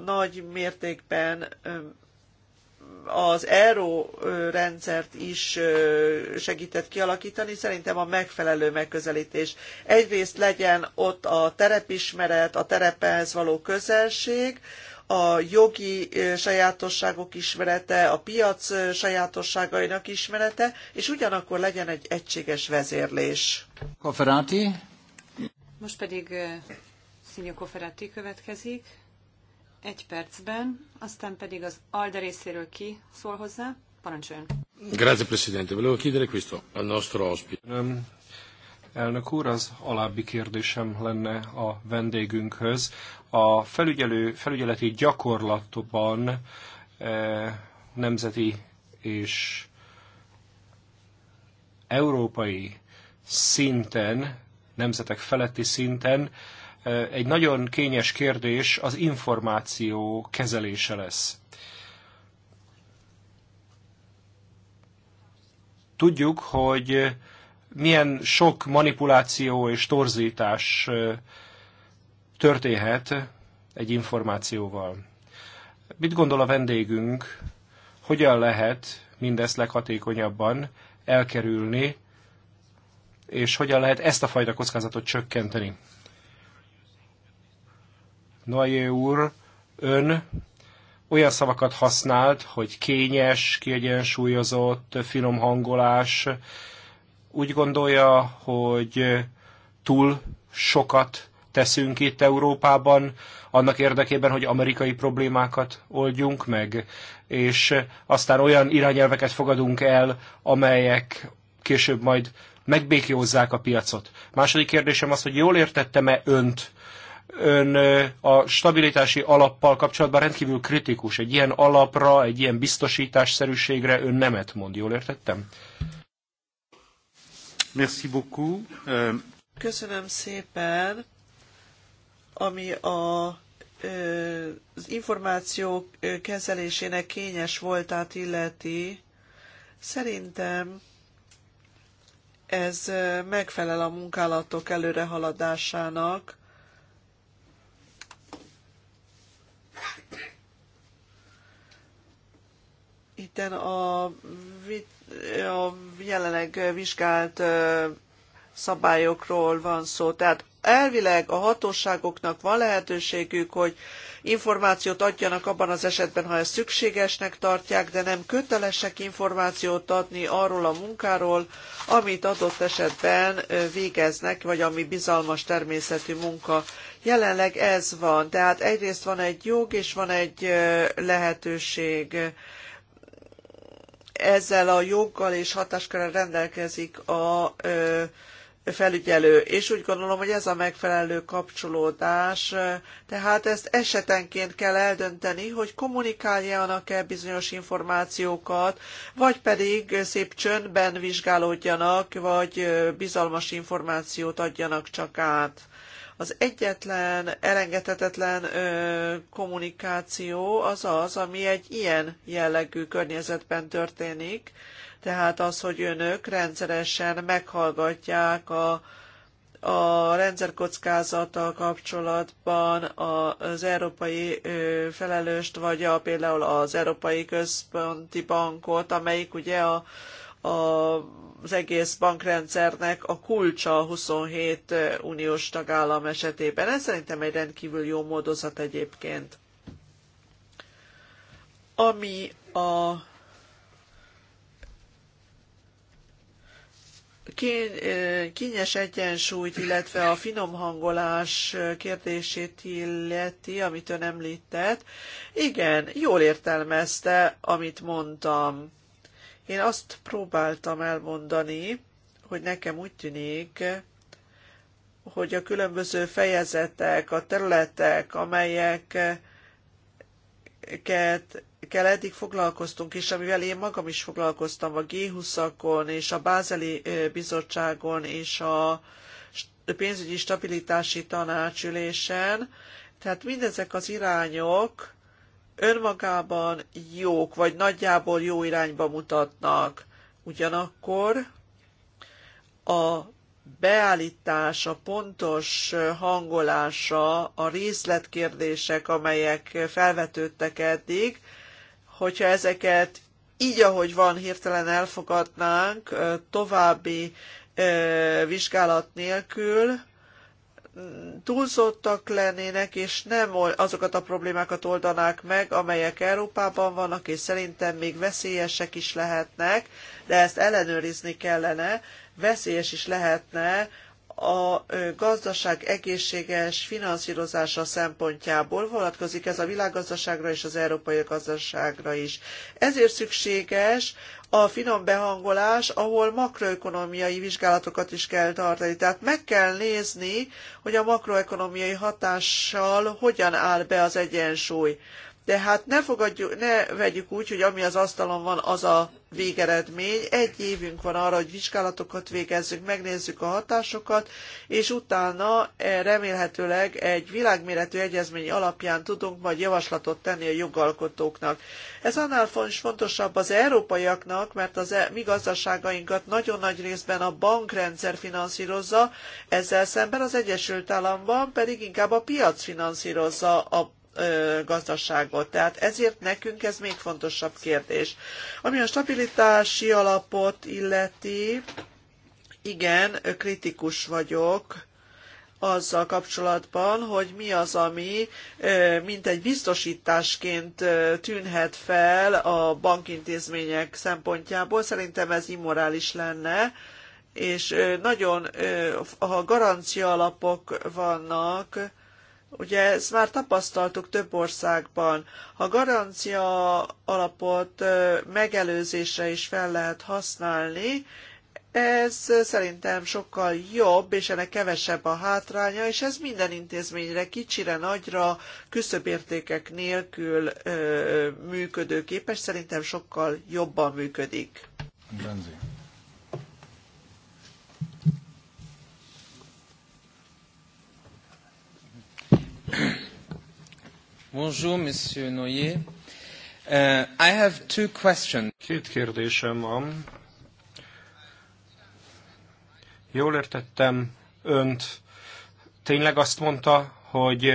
E: nagy mértékben az ERO rendszert is segített kialakítani, szerintem a megfelelő megközelítés. Egyrészt legyen ott a terepismeret, a terephez való közelség, a jogi sajátosságok ismerete, a piac sajátosságainak ismerete, és ugyanakkor legyen egy egységes vezérlés.
C: Koferáti?
D: Most pedig Szinyo Koferáti következik egy percben, aztán pedig az ALDE részéről ki szól hozzá. Parancsoljon. Grazie
B: Presidente. Volevo chiedere questo al nostro ospite.
A: Elnök úr, az alábbi kérdésem lenne a vendégünkhöz. A felügyelő, felügyeleti gyakorlatban e, nemzeti és európai szinten, nemzetek feletti szinten egy nagyon kényes kérdés az információ kezelése lesz. Tudjuk, hogy milyen sok manipuláció és torzítás történhet egy információval. Mit gondol a vendégünk, hogyan lehet mindezt leghatékonyabban elkerülni, és hogyan lehet ezt a fajta kockázatot csökkenteni? Noé úr, ön olyan szavakat használt, hogy kényes, kiegyensúlyozott, finom hangolás. Úgy gondolja, hogy túl sokat teszünk itt Európában, annak érdekében, hogy amerikai problémákat oldjunk meg, és aztán olyan irányelveket fogadunk el, amelyek később majd megbékjózzák a piacot. Második kérdésem az, hogy jól értettem-e önt, ön a stabilitási alappal kapcsolatban rendkívül kritikus. Egy ilyen alapra, egy ilyen biztosításszerűségre ön nemet mond. Jól értettem? Merci beaucoup. Euh,
E: Köszönöm szépen. Ami a, az információ kezelésének kényes voltát illeti, szerintem ez megfelel a munkálatok előrehaladásának, Itten a, a jelenleg vizsgált szabályokról van szó. Tehát elvileg a hatóságoknak van lehetőségük, hogy információt adjanak abban az esetben, ha ezt szükségesnek tartják, de nem kötelesek információt adni arról a munkáról, amit adott esetben végeznek, vagy ami bizalmas természetű munka. Jelenleg ez van, tehát egyrészt van egy jog, és van egy lehetőség ezzel a joggal és hatáskörrel rendelkezik a felügyelő, és úgy gondolom, hogy ez a megfelelő kapcsolódás, tehát ezt esetenként kell eldönteni, hogy kommunikáljanak-e bizonyos információkat, vagy pedig szép csöndben vizsgálódjanak, vagy bizalmas információt adjanak csak át. Az egyetlen elengedhetetlen ö, kommunikáció az az, ami egy ilyen jellegű környezetben történik, tehát az, hogy önök rendszeresen meghallgatják a, a rendszerkockázattal kapcsolatban az európai felelőst, vagy a, például az Európai Központi Bankot, amelyik ugye a az egész bankrendszernek a kulcsa a 27 uniós tagállam esetében. Ez szerintem egy rendkívül jó módozat egyébként. Ami a kényes egyensúlyt, illetve a finom hangolás kérdését illeti, amit ön említett. Igen, jól értelmezte, amit mondtam. Én azt próbáltam elmondani, hogy nekem úgy tűnik, hogy a különböző fejezetek, a területek, amelyeket kell eddig foglalkoztunk, és amivel én magam is foglalkoztam a G20-akon és a Bázeli Bizottságon és a pénzügyi stabilitási tanácsülésen, tehát mindezek az irányok, önmagában jók, vagy nagyjából jó irányba mutatnak. Ugyanakkor a beállítása, pontos hangolása, a részletkérdések, amelyek felvetődtek eddig, hogyha ezeket így, ahogy van, hirtelen elfogadnánk további vizsgálat nélkül, túlzottak lennének, és nem azokat a problémákat oldanák meg, amelyek Európában vannak, és szerintem még veszélyesek is lehetnek, de ezt ellenőrizni kellene, veszélyes is lehetne a gazdaság egészséges finanszírozása szempontjából vonatkozik ez a világgazdaságra és az európai gazdaságra is. Ezért szükséges a finom behangolás, ahol makroekonomiai vizsgálatokat is kell tartani. Tehát meg kell nézni, hogy a makroekonomiai hatással hogyan áll be az egyensúly de hát ne fogadjuk, ne vegyük úgy, hogy ami az asztalon van, az a végeredmény. Egy évünk van arra, hogy vizsgálatokat végezzünk, megnézzük a hatásokat, és utána eh, remélhetőleg egy világméretű egyezmény alapján tudunk majd javaslatot tenni a jogalkotóknak. Ez annál fontosabb az európaiaknak, mert az e mi gazdaságainkat nagyon nagy részben a bankrendszer finanszírozza, ezzel szemben az Egyesült Államban pedig inkább a piac finanszírozza a gazdaságot. Tehát ezért nekünk ez még fontosabb kérdés. Ami a stabilitási alapot illeti, igen, kritikus vagyok azzal kapcsolatban, hogy mi az, ami mint egy biztosításként tűnhet fel a bankintézmények szempontjából. Szerintem ez immorális lenne, és nagyon, ha garancia alapok vannak, Ugye ezt már tapasztaltuk több országban. A garancia alapot megelőzésre is fel lehet használni, ez szerintem sokkal jobb, és ennek kevesebb a hátránya, és ez minden intézményre kicsire, nagyra, küszöbértékek nélkül működőképes, szerintem sokkal jobban működik.
A: Bonjour, Monsieur Noyer. Uh, I have two questions. Két kérdésem van. Jól értettem önt. Tényleg azt mondta, hogy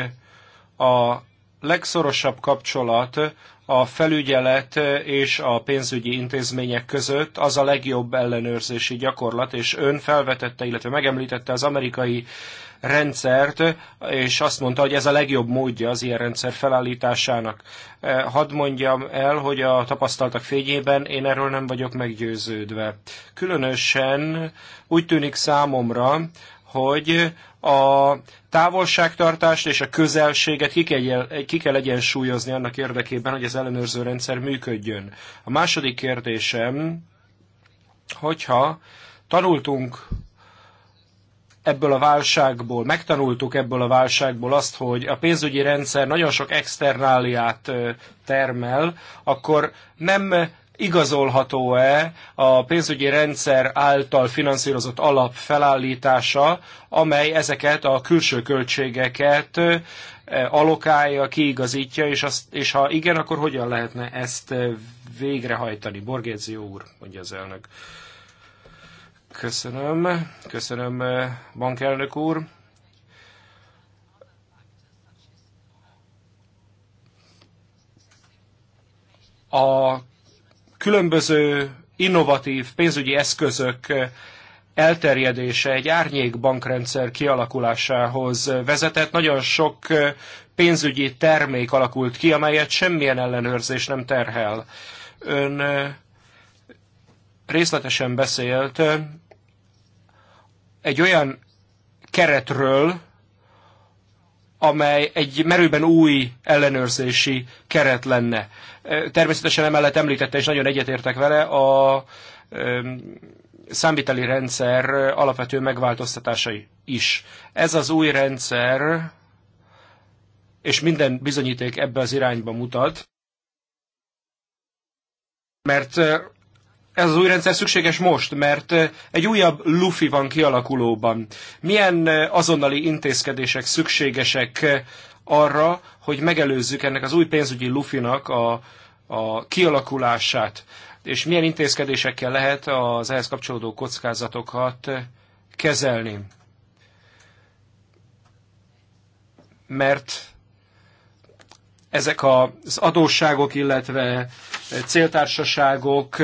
A: a legszorosabb kapcsolat a felügyelet és a pénzügyi intézmények között az a legjobb ellenőrzési gyakorlat, és ön felvetette, illetve megemlítette az amerikai rendszert, és azt mondta, hogy ez a legjobb módja az ilyen rendszer felállításának. E, hadd mondjam el, hogy a tapasztaltak fényében én erről nem vagyok meggyőződve. Különösen úgy tűnik számomra, hogy a távolságtartást és a közelséget ki kell, ki kell egyensúlyozni annak érdekében, hogy az ellenőrző rendszer működjön. A második kérdésem, hogyha tanultunk ebből a válságból, megtanultuk ebből a válságból azt, hogy a pénzügyi rendszer nagyon sok externáliát termel, akkor nem igazolható-e a pénzügyi rendszer által finanszírozott alap felállítása, amely ezeket a külső költségeket alokálja, kiigazítja, és, azt, és ha igen, akkor hogyan lehetne ezt végrehajtani? Borgézió úr, mondja az elnök. Köszönöm, köszönöm eh, bankelnök úr. A különböző innovatív pénzügyi eszközök eh, elterjedése egy árnyékbankrendszer kialakulásához vezetett. Nagyon sok eh, pénzügyi termék alakult ki, amelyet semmilyen ellenőrzés nem terhel. Ön részletesen beszélt egy olyan keretről, amely egy merőben új ellenőrzési keret lenne. Természetesen emellett említette, és nagyon egyetértek vele, a számviteli rendszer alapvető megváltoztatásai is. Ez az új rendszer, és minden bizonyíték ebbe az irányba mutat, mert ez az új rendszer szükséges most, mert egy újabb lufi van kialakulóban. Milyen azonnali intézkedések szükségesek arra, hogy megelőzzük ennek az új pénzügyi lufinak a, a kialakulását, és milyen intézkedésekkel lehet az ehhez kapcsolódó kockázatokat kezelni. Mert ezek az adósságok, illetve céltársaságok,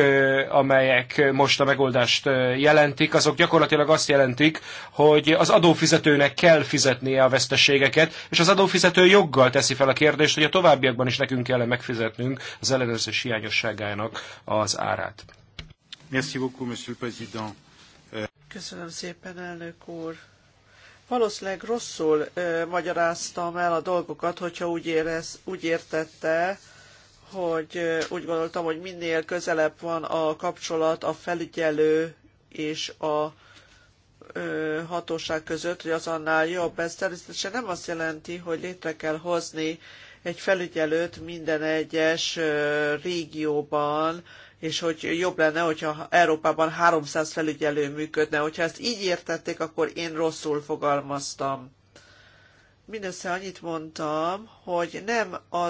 A: amelyek most a megoldást jelentik, azok gyakorlatilag azt jelentik, hogy az adófizetőnek kell fizetnie a veszteségeket, és az adófizető joggal teszi fel a kérdést, hogy a továbbiakban is nekünk kell megfizetnünk az ellenőrzés hiányosságának az árát.
C: Merci beaucoup, monsieur le président.
E: Köszönöm szépen, elnök úr. Valószínűleg rosszul ö, magyaráztam el a dolgokat, hogyha úgy, érez, úgy értette, hogy úgy gondoltam, hogy minél közelebb van a kapcsolat a felügyelő és a hatóság között, hogy az annál jobb. Ez természetesen nem azt jelenti, hogy létre kell hozni egy felügyelőt minden egyes régióban, és hogy jobb lenne, hogyha Európában 300 felügyelő működne. Hogyha ezt így értették, akkor én rosszul fogalmaztam mindössze annyit mondtam, hogy nem a,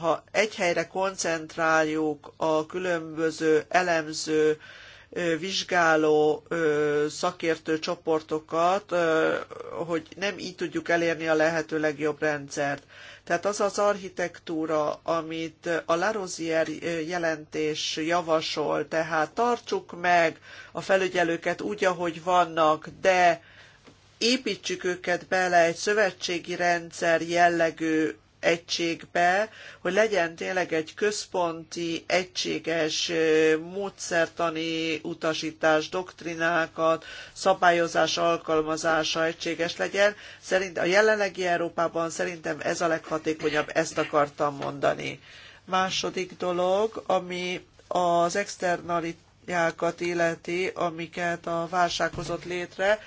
E: ha egy helyre koncentráljuk a különböző elemző, vizsgáló szakértő csoportokat, hogy nem így tudjuk elérni a lehető legjobb rendszert. Tehát az az architektúra, amit a Larosier jelentés javasol, tehát tartsuk meg a felügyelőket úgy, ahogy vannak, de építsük őket bele egy szövetségi rendszer jellegű egységbe, hogy legyen tényleg egy központi, egységes módszertani utasítás, doktrinákat, szabályozás alkalmazása egységes legyen. Szerint a jelenlegi Európában szerintem ez a leghatékonyabb, ezt akartam mondani. Második dolog, ami az externalitásokat illeti, amiket a válság hozott létre,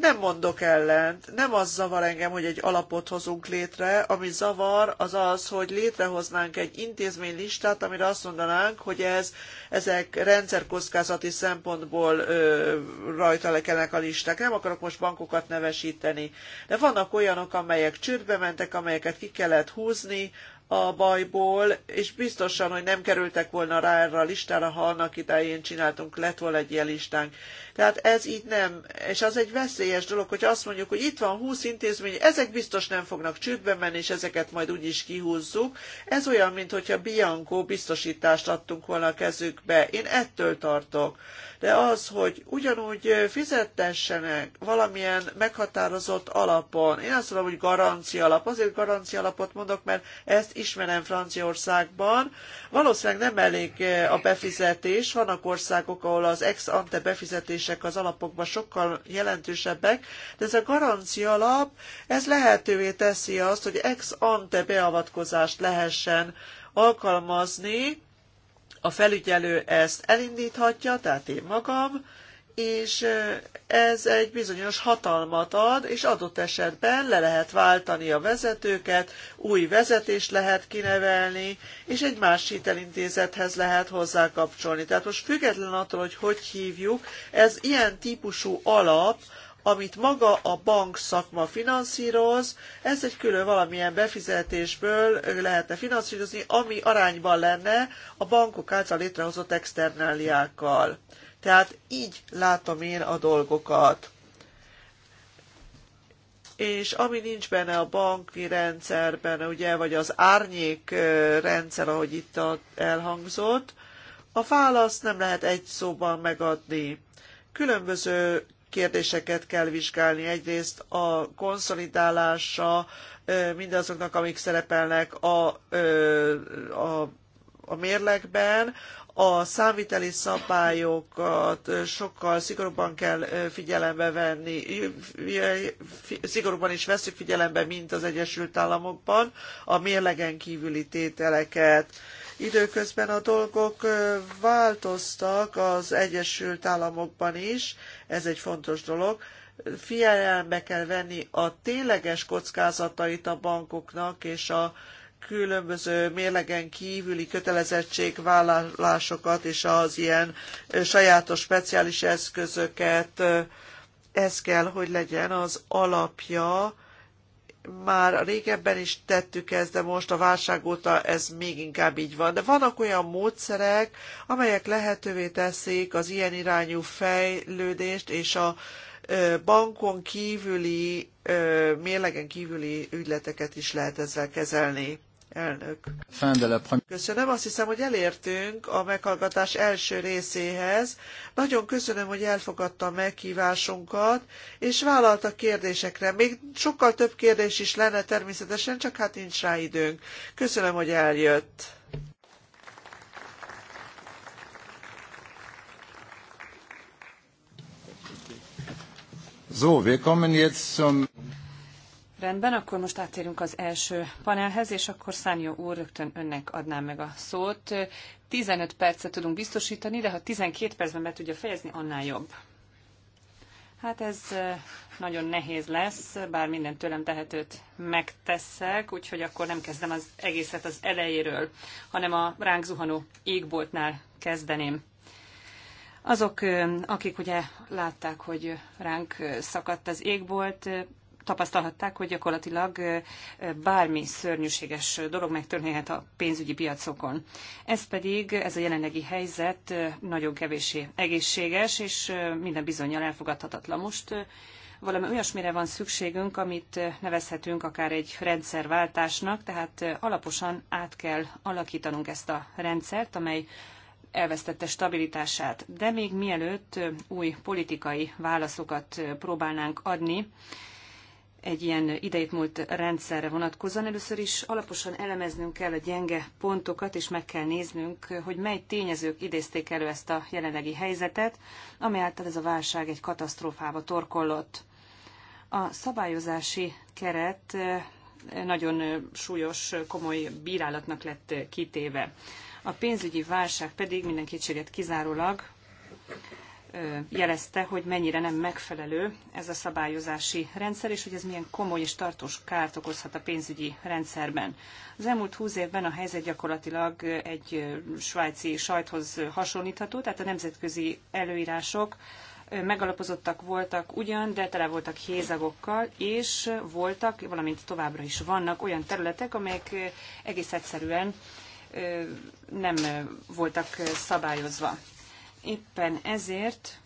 E: nem mondok ellent. Nem az zavar engem, hogy egy alapot hozunk létre. Ami zavar, az az, hogy létrehoznánk egy intézménylistát, amire azt mondanánk, hogy ez, ezek rendszerkockázati szempontból ö, rajta lekelnek a listák. Nem akarok most bankokat nevesíteni. De vannak olyanok, amelyek csődbe mentek, amelyeket ki kellett húzni, a bajból, és biztosan, hogy nem kerültek volna rá erre a listára, ha annak idején csináltunk, lett volna egy ilyen listánk. Tehát ez így nem, és az egy veszélyes dolog, hogy azt mondjuk, hogy itt van 20 intézmény, ezek biztos nem fognak csődbe menni, és ezeket majd úgy is kihúzzuk. Ez olyan, mintha Bianco biztosítást adtunk volna a kezükbe. Én ettől tartok de az, hogy ugyanúgy fizettessenek valamilyen meghatározott alapon, én azt mondom, hogy garancia alap, azért garancia alapot mondok, mert ezt ismerem Franciaországban, valószínűleg nem elég eh, a befizetés, vannak országok, ahol az ex ante befizetések az alapokban sokkal jelentősebbek, de ez a garancia alap, ez lehetővé teszi azt, hogy ex ante beavatkozást lehessen alkalmazni, a felügyelő ezt elindíthatja, tehát én magam, és ez egy bizonyos hatalmat ad, és adott esetben le lehet váltani a vezetőket, új vezetést lehet kinevelni, és egy más hitelintézethez lehet hozzákapcsolni. Tehát most független attól, hogy hogy hívjuk, ez ilyen típusú alap, amit maga a bank szakma finanszíroz, ezt egy külön valamilyen befizetésből lehetne finanszírozni, ami arányban lenne a bankok által létrehozott externáliákkal. Tehát így látom én a dolgokat. És ami nincs benne a banki rendszerben, ugye, vagy az árnyék rendszer, ahogy itt elhangzott, a választ nem lehet egy szóban megadni. Különböző kérdéseket kell vizsgálni. Egyrészt a konszolidálása mindazoknak, amik szerepelnek a, a, a mérlegben, a számviteli szabályokat sokkal szigorúbban kell figyelembe venni, szigorúbban is veszük figyelembe, mint az Egyesült Államokban, a mérlegen kívüli tételeket Időközben a dolgok változtak az Egyesült Államokban is, ez egy fontos dolog. Figyelembe kell venni a tényleges kockázatait a bankoknak és a különböző mérlegen kívüli kötelezettségvállalásokat és az ilyen sajátos speciális eszközöket, ez kell, hogy legyen az alapja már régebben is tettük ezt, de most a válság óta ez még inkább így van. De vannak olyan módszerek, amelyek lehetővé teszik az ilyen irányú fejlődést és a bankon kívüli, mérlegen kívüli ügyleteket is lehet ezzel kezelni. Elnök. Köszönöm, azt hiszem, hogy elértünk a meghallgatás első részéhez. Nagyon köszönöm, hogy elfogadta a meghívásunkat, és vállalta a kérdésekre. Még sokkal több kérdés is lenne természetesen, csak hát nincs rá időnk. Köszönöm, hogy eljött.
C: So, wir kommen jetzt zum
D: Rendben, akkor most átérünk az első panelhez, és akkor Szányó úr, rögtön önnek adnám meg a szót. 15 percet tudunk biztosítani, de ha 12 percben be tudja fejezni, annál jobb. Hát ez nagyon nehéz lesz, bár minden tőlem tehetőt megteszek, úgyhogy akkor nem kezdem az egészet az elejéről, hanem a ránk zuhanó égboltnál kezdeném. Azok, akik ugye látták, hogy ránk szakadt az égbolt, tapasztalhatták, hogy gyakorlatilag bármi szörnyűséges dolog megtörténhet a pénzügyi piacokon. Ez pedig, ez a jelenlegi helyzet nagyon kevésé egészséges, és minden bizonyal elfogadhatatlan. Most valami olyasmire van szükségünk, amit nevezhetünk akár egy rendszerváltásnak, tehát alaposan át kell alakítanunk ezt a rendszert, amely elvesztette stabilitását. De még mielőtt új politikai válaszokat próbálnánk adni, egy ilyen idejét múlt rendszerre vonatkozóan. Először is alaposan elemeznünk kell a gyenge pontokat, és meg kell néznünk, hogy mely tényezők idézték elő ezt a jelenlegi helyzetet, ami által ez a válság egy katasztrófába torkollott. A szabályozási keret eh, nagyon eh, súlyos, komoly bírálatnak lett kitéve. A pénzügyi válság pedig minden kétséget kizárólag jelezte, hogy mennyire nem megfelelő ez a szabályozási rendszer, és hogy ez milyen komoly és tartós kárt okozhat a pénzügyi rendszerben. Az elmúlt húsz évben a helyzet gyakorlatilag egy svájci sajthoz hasonlítható, tehát a nemzetközi előírások megalapozottak voltak ugyan, de tele voltak hézagokkal, és voltak, valamint továbbra is vannak olyan területek, amelyek egész egyszerűen nem voltak szabályozva. Éppen ezért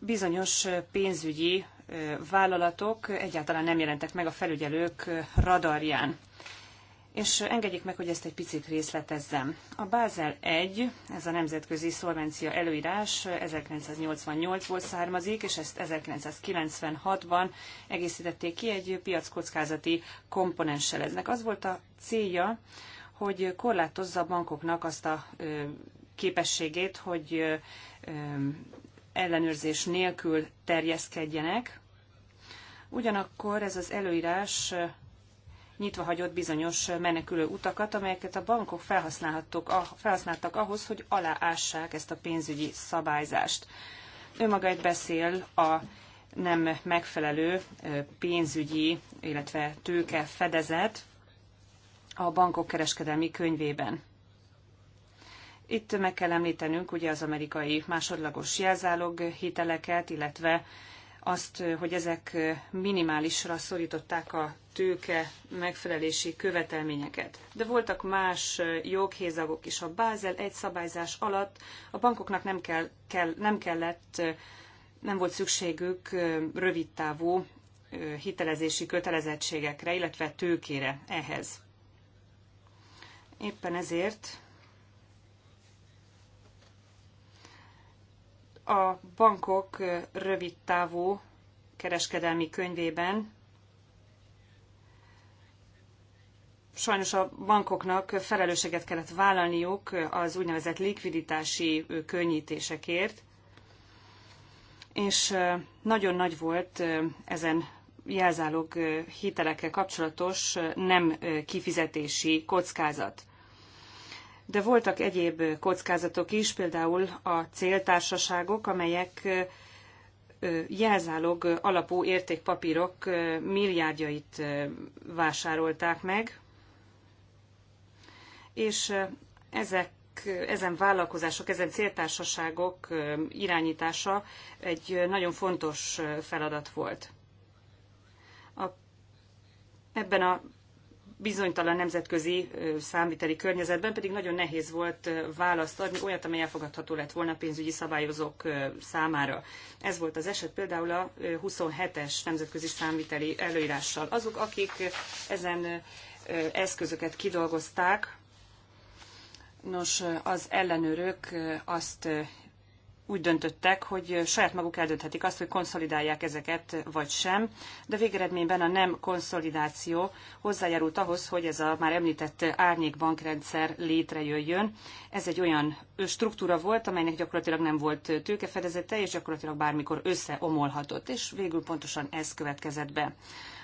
D: bizonyos pénzügyi vállalatok egyáltalán nem jelentek meg a felügyelők radarján. És engedjék meg, hogy ezt egy picit részletezzem. A Bázel 1, ez a nemzetközi szolvencia előírás 1988-ból származik, és ezt 1996-ban egészítették ki egy piackockázati komponenssel. Eznek az volt a célja, hogy korlátozza a bankoknak azt a képességét, hogy ellenőrzés nélkül terjeszkedjenek. Ugyanakkor ez az előírás nyitva hagyott bizonyos menekülő utakat, amelyeket a bankok felhasználtak ahhoz, hogy aláássák ezt a pénzügyi szabályzást. Ő maga egy beszél a nem megfelelő pénzügyi, illetve tőke fedezet a bankok kereskedelmi könyvében. Itt meg kell említenünk ugye az amerikai másodlagos jelzálog hiteleket, illetve azt, hogy ezek minimálisra szorították a tőke megfelelési követelményeket. De voltak más joghézagok is. A Bázel egy szabályzás alatt a bankoknak nem, kell, kell, nem kellett, nem volt szükségük rövidtávú hitelezési kötelezettségekre, illetve tőkére ehhez. Éppen ezért a bankok rövid távú kereskedelmi könyvében sajnos a bankoknak felelősséget kellett vállalniuk az úgynevezett likviditási könnyítésekért, és nagyon nagy volt ezen jelzálog hitelekkel kapcsolatos nem kifizetési kockázat de voltak egyéb kockázatok is, például a céltársaságok, amelyek jelzálog alapú értékpapírok milliárdjait vásárolták meg, és ezek ezen vállalkozások, ezen céltársaságok irányítása egy nagyon fontos feladat volt. A, ebben a bizonytalan nemzetközi számviteli környezetben pedig nagyon nehéz volt választ adni olyat, amely elfogadható lett volna pénzügyi szabályozók számára. Ez volt az eset például a 27-es nemzetközi számviteli előírással. Azok, akik ezen eszközöket kidolgozták, Nos, az ellenőrök azt úgy döntöttek, hogy saját maguk eldönthetik azt, hogy konszolidálják ezeket vagy sem, de végeredményben a nem konszolidáció hozzájárult ahhoz, hogy ez a már említett árnyékbankrendszer létrejöjjön. Ez egy olyan struktúra volt, amelynek gyakorlatilag nem volt tőkefedezete, és gyakorlatilag bármikor összeomolhatott, és végül pontosan ez következett be.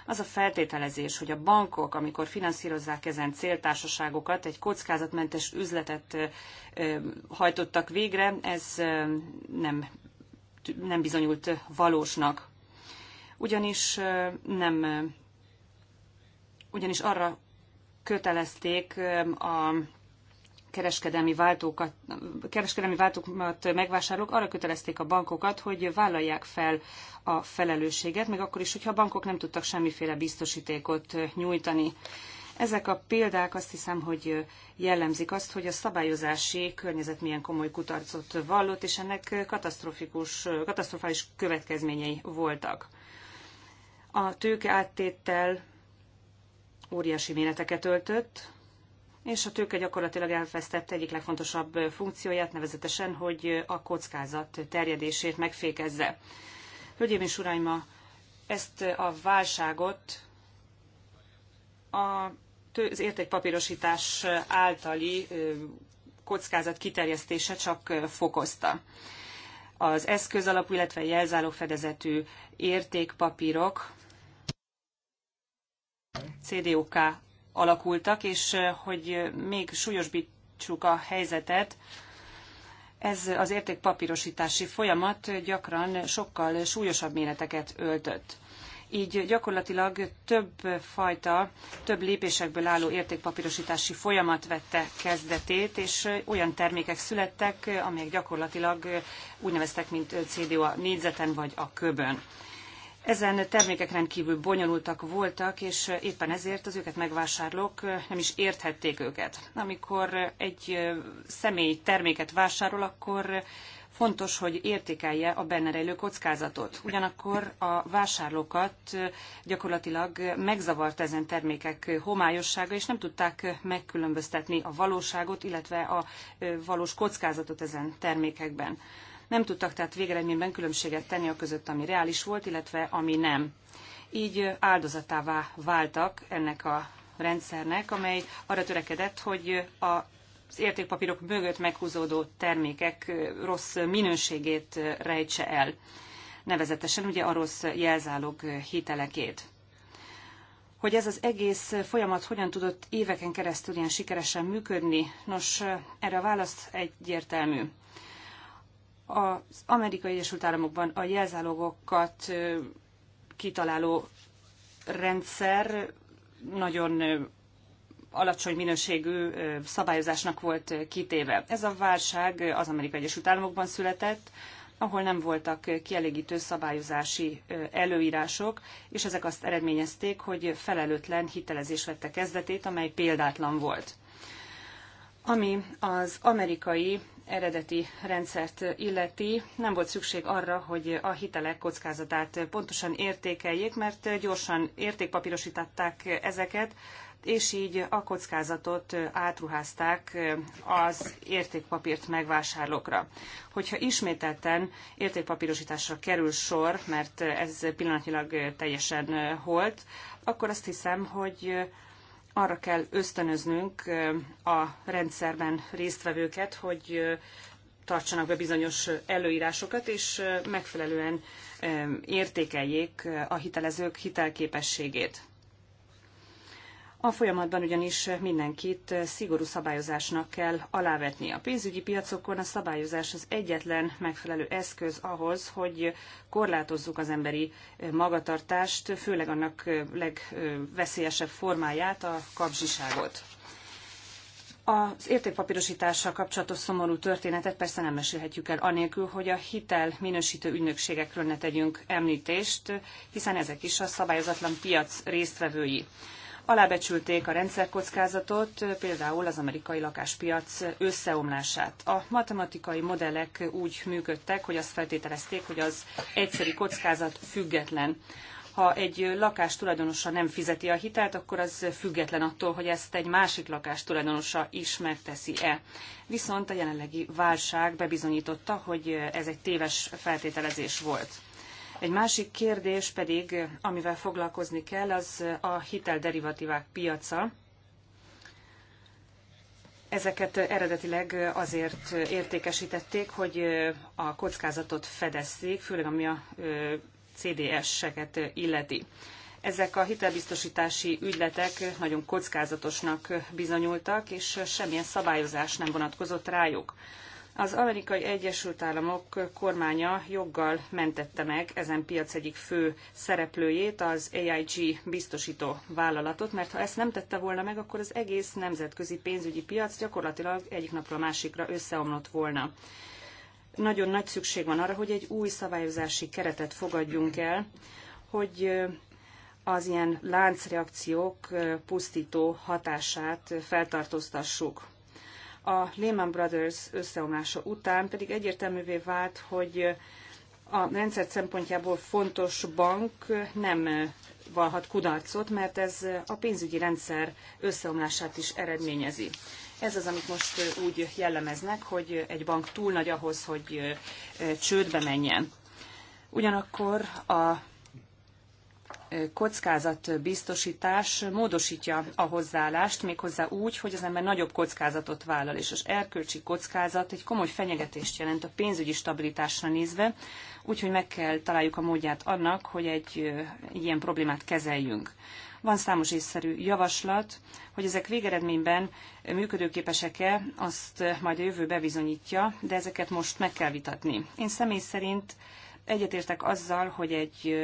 D: Az a feltételezés, hogy a bankok, amikor finanszírozzák ezen céltársaságokat, egy kockázatmentes üzletet hajtottak végre, ez nem, nem bizonyult valósnak. Ugyanis nem ugyanis arra kötelezték a kereskedelmi, váltókat, kereskedelmi váltókat megvásárlók arra kötelezték a bankokat, hogy vállalják fel a felelősséget, még akkor is, hogyha a bankok nem tudtak semmiféle biztosítékot nyújtani. Ezek a példák azt hiszem, hogy jellemzik azt, hogy a szabályozási környezet milyen komoly kutarcot vallott, és ennek katasztrofikus, katasztrofális következményei voltak. A tőke áttétel óriási méreteket öltött, és a tőke gyakorlatilag elvesztette egyik legfontosabb funkcióját, nevezetesen, hogy a kockázat terjedését megfékezze. Hölgyeim és uraim, ezt a válságot az értékpapírosítás általi kockázat kiterjesztése csak fokozta. Az eszközalapú, illetve jelzálók fedezetű értékpapírok CDOK alakultak, és hogy még súlyosbítsuk a helyzetet, ez az értékpapírosítási folyamat gyakran sokkal súlyosabb méreteket öltött. Így gyakorlatilag több fajta, több lépésekből álló értékpapírosítási folyamat vette kezdetét, és olyan termékek születtek, amelyek gyakorlatilag úgy neveztek, mint CDO a négyzeten vagy a köbön. Ezen termékek rendkívül bonyolultak voltak, és éppen ezért az őket megvásárlók nem is érthették őket. Amikor egy személy terméket vásárol, akkor fontos, hogy értékelje a benne rejlő kockázatot. Ugyanakkor a vásárlókat gyakorlatilag megzavart ezen termékek homályossága, és nem tudták megkülönböztetni a valóságot, illetve a valós kockázatot ezen termékekben. Nem tudtak tehát végeredményben különbséget tenni a között, ami reális volt, illetve ami nem. Így áldozatává váltak ennek a rendszernek, amely arra törekedett, hogy a az értékpapírok mögött meghúzódó termékek rossz minőségét rejtse el, nevezetesen ugye a rossz jelzálog hitelekét. Hogy ez az egész folyamat hogyan tudott éveken keresztül ilyen sikeresen működni, nos, erre a válasz egyértelmű az Amerikai Egyesült Államokban a jelzálogokat kitaláló rendszer nagyon alacsony minőségű szabályozásnak volt kitéve. Ez a válság az Amerikai Egyesült Államokban született, ahol nem voltak kielégítő szabályozási előírások, és ezek azt eredményezték, hogy felelőtlen hitelezés vette kezdetét, amely példátlan volt. Ami az amerikai eredeti rendszert illeti, nem volt szükség arra, hogy a hitelek kockázatát pontosan értékeljék, mert gyorsan értékpapírosították ezeket, és így a kockázatot átruházták az értékpapírt megvásárlókra. Hogyha ismételten értékpapírosításra kerül sor, mert ez pillanatnyilag teljesen holt, akkor azt hiszem, hogy arra kell ösztönöznünk a rendszerben résztvevőket, hogy tartsanak be bizonyos előírásokat, és megfelelően értékeljék a hitelezők hitelképességét. A folyamatban ugyanis mindenkit szigorú szabályozásnak kell alávetni. A pénzügyi piacokon a szabályozás az egyetlen megfelelő eszköz ahhoz, hogy korlátozzuk az emberi magatartást, főleg annak legveszélyesebb formáját, a kapzsiságot. Az értékpapírosítással kapcsolatos szomorú történetet persze nem mesélhetjük el anélkül, hogy a hitel minősítő ügynökségekről ne tegyünk említést, hiszen ezek is a szabályozatlan piac résztvevői alábecsülték a rendszerkockázatot, például az amerikai lakáspiac összeomlását. A matematikai modellek úgy működtek, hogy azt feltételezték, hogy az egyszeri kockázat független. Ha egy lakás tulajdonosa nem fizeti a hitelt, akkor az független attól, hogy ezt egy másik lakás tulajdonosa is megteszi-e. Viszont a jelenlegi válság bebizonyította, hogy ez egy téves feltételezés volt. Egy másik kérdés pedig, amivel foglalkozni kell, az a hitelderivatívák piaca. Ezeket eredetileg azért értékesítették, hogy a kockázatot fedezzék, főleg ami a cds eket illeti. Ezek a hitelbiztosítási ügyletek nagyon kockázatosnak bizonyultak, és semmilyen szabályozás nem vonatkozott rájuk. Az amerikai Egyesült Államok kormánya joggal mentette meg ezen piac egyik fő szereplőjét, az AIG biztosító vállalatot, mert ha ezt nem tette volna meg, akkor az egész nemzetközi pénzügyi piac gyakorlatilag egyik napról a másikra összeomlott volna. Nagyon nagy szükség van arra, hogy egy új szabályozási keretet fogadjunk el, hogy az ilyen láncreakciók pusztító hatását feltartóztassuk a Lehman Brothers összeomlása után pedig egyértelművé vált, hogy a rendszer szempontjából fontos bank nem valhat kudarcot, mert ez a pénzügyi rendszer összeomlását is eredményezi. Ez az, amit most úgy jellemeznek, hogy egy bank túl nagy ahhoz, hogy csődbe menjen. Ugyanakkor a kockázatbiztosítás módosítja a hozzáállást, méghozzá úgy, hogy az ember nagyobb kockázatot vállal, és az erkölcsi kockázat egy komoly fenyegetést jelent a pénzügyi stabilitásra nézve, úgyhogy meg kell találjuk a módját annak, hogy egy ilyen problémát kezeljünk. Van számos észszerű javaslat, hogy ezek végeredményben működőképesek-e, azt majd a jövő bebizonyítja, de ezeket most meg kell vitatni. Én személy szerint egyetértek azzal, hogy egy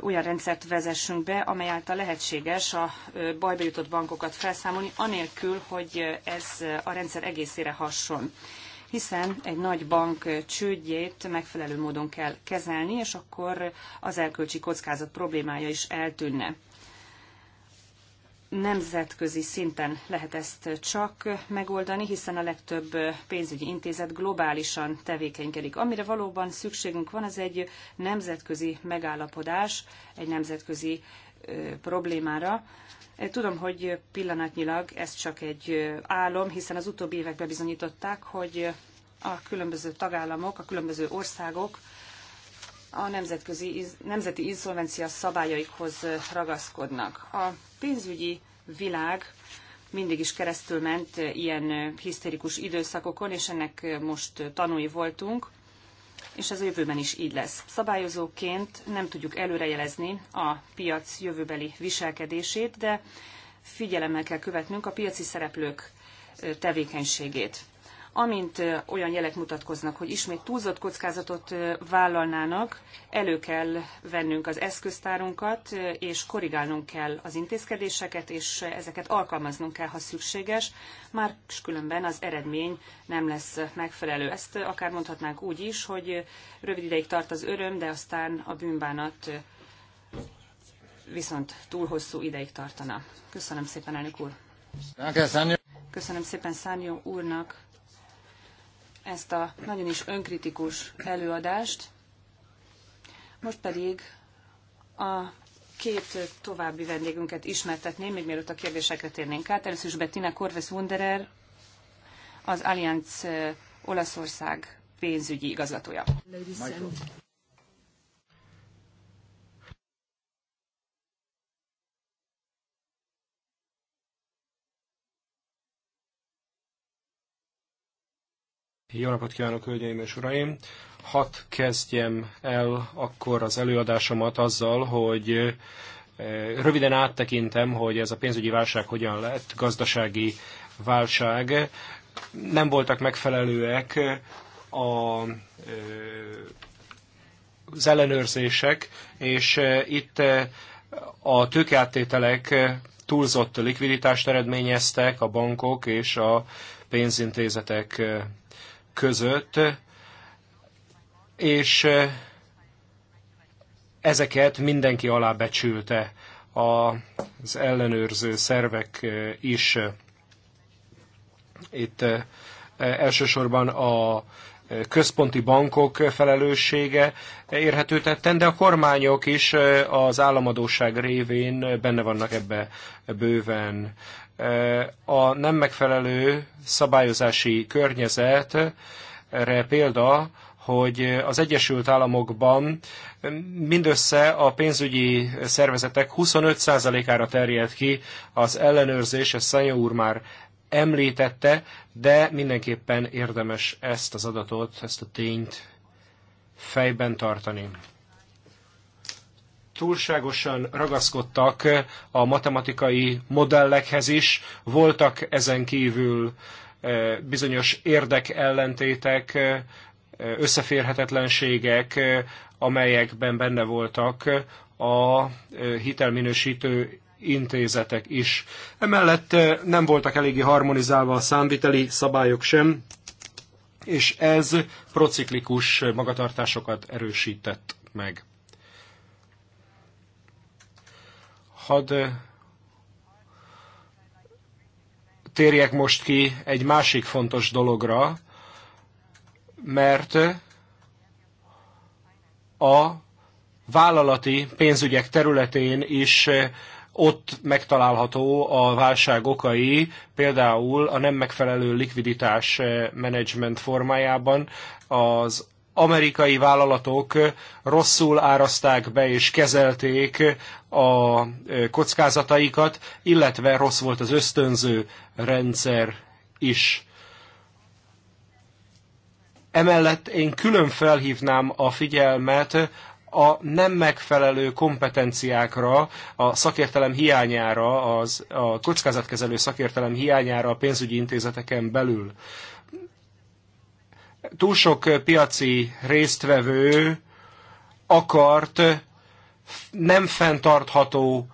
D: olyan rendszert vezessünk be, amely által lehetséges a bajba jutott bankokat felszámolni, anélkül, hogy ez a rendszer egészére hasson hiszen egy nagy bank csődjét megfelelő módon kell kezelni, és akkor az erkölcsi kockázat problémája is eltűnne nemzetközi szinten lehet ezt csak megoldani, hiszen a legtöbb pénzügyi intézet globálisan tevékenykedik. Amire valóban szükségünk van, az egy nemzetközi megállapodás, egy nemzetközi problémára. Tudom, hogy pillanatnyilag ez csak egy álom, hiszen az utóbbi években bizonyították, hogy a különböző tagállamok, a különböző országok a nemzetközi, nemzeti inszolvencia szabályaikhoz ragaszkodnak. A pénzügyi világ mindig is keresztül ment ilyen hiszterikus időszakokon, és ennek most tanúi voltunk, és ez a jövőben is így lesz. Szabályozóként nem tudjuk előrejelezni a piac jövőbeli viselkedését, de figyelemmel kell követnünk a piaci szereplők tevékenységét amint olyan jelek mutatkoznak, hogy ismét túlzott kockázatot vállalnának, elő kell vennünk az eszköztárunkat, és korrigálnunk kell az intézkedéseket, és ezeket alkalmaznunk kell, ha szükséges, már különben az eredmény nem lesz megfelelő. Ezt akár mondhatnánk úgy is, hogy rövid ideig tart az öröm, de aztán a bűnbánat viszont túl hosszú ideig tartana. Köszönöm szépen, elnök úr! Köszönöm szépen Szárnyó úrnak ezt a nagyon is önkritikus előadást. Most pedig a két további vendégünket ismertetném, még mielőtt a kérdésekre térnénk át. Először is Bettina Corves Wunderer, az Allianz Olaszország pénzügyi igazgatója.
A: Jó napot kívánok, hölgyeim és uraim! Hadd kezdjem el akkor az előadásomat azzal, hogy eh, röviden áttekintem, hogy ez a pénzügyi válság hogyan lett, gazdasági válság. Nem voltak megfelelőek a eh, az ellenőrzések, és eh, itt a tőkeáttételek túlzott likviditást eredményeztek a bankok és a pénzintézetek között, és eh, ezeket mindenki alábecsülte az ellenőrző szervek eh, is. Itt eh, elsősorban a központi bankok felelőssége érhető tetten, de a kormányok is az államadóság révén benne vannak ebbe bőven. A nem megfelelő szabályozási környezetre példa, hogy az Egyesült Államokban mindössze a pénzügyi szervezetek 25%-ára terjed ki az ellenőrzés, ezt Szanya úr már említette, de mindenképpen érdemes ezt az adatot, ezt a tényt fejben tartani. Túlságosan ragaszkodtak a matematikai modellekhez is, voltak ezen kívül eh, bizonyos érdekellentétek, eh, összeférhetetlenségek, eh, amelyekben benne voltak a hitelminősítő intézetek is. Emellett eh, nem voltak eléggé harmonizálva a számviteli szabályok sem, és ez prociklikus magatartásokat erősített meg. Hadd eh, térjek most ki egy másik fontos dologra, mert eh, a vállalati pénzügyek területén is ott megtalálható a válság okai, például a nem megfelelő likviditás eh, menedzsment formájában az amerikai vállalatok eh, rosszul árazták be és kezelték eh, a kockázataikat, illetve rossz volt az ösztönző rendszer is. Emellett én külön felhívnám a figyelmet a nem megfelelő kompetenciákra, a szakértelem hiányára, az, a kockázatkezelő szakértelem hiányára a pénzügyi intézeteken belül. Túl sok piaci résztvevő akart nem fenntartható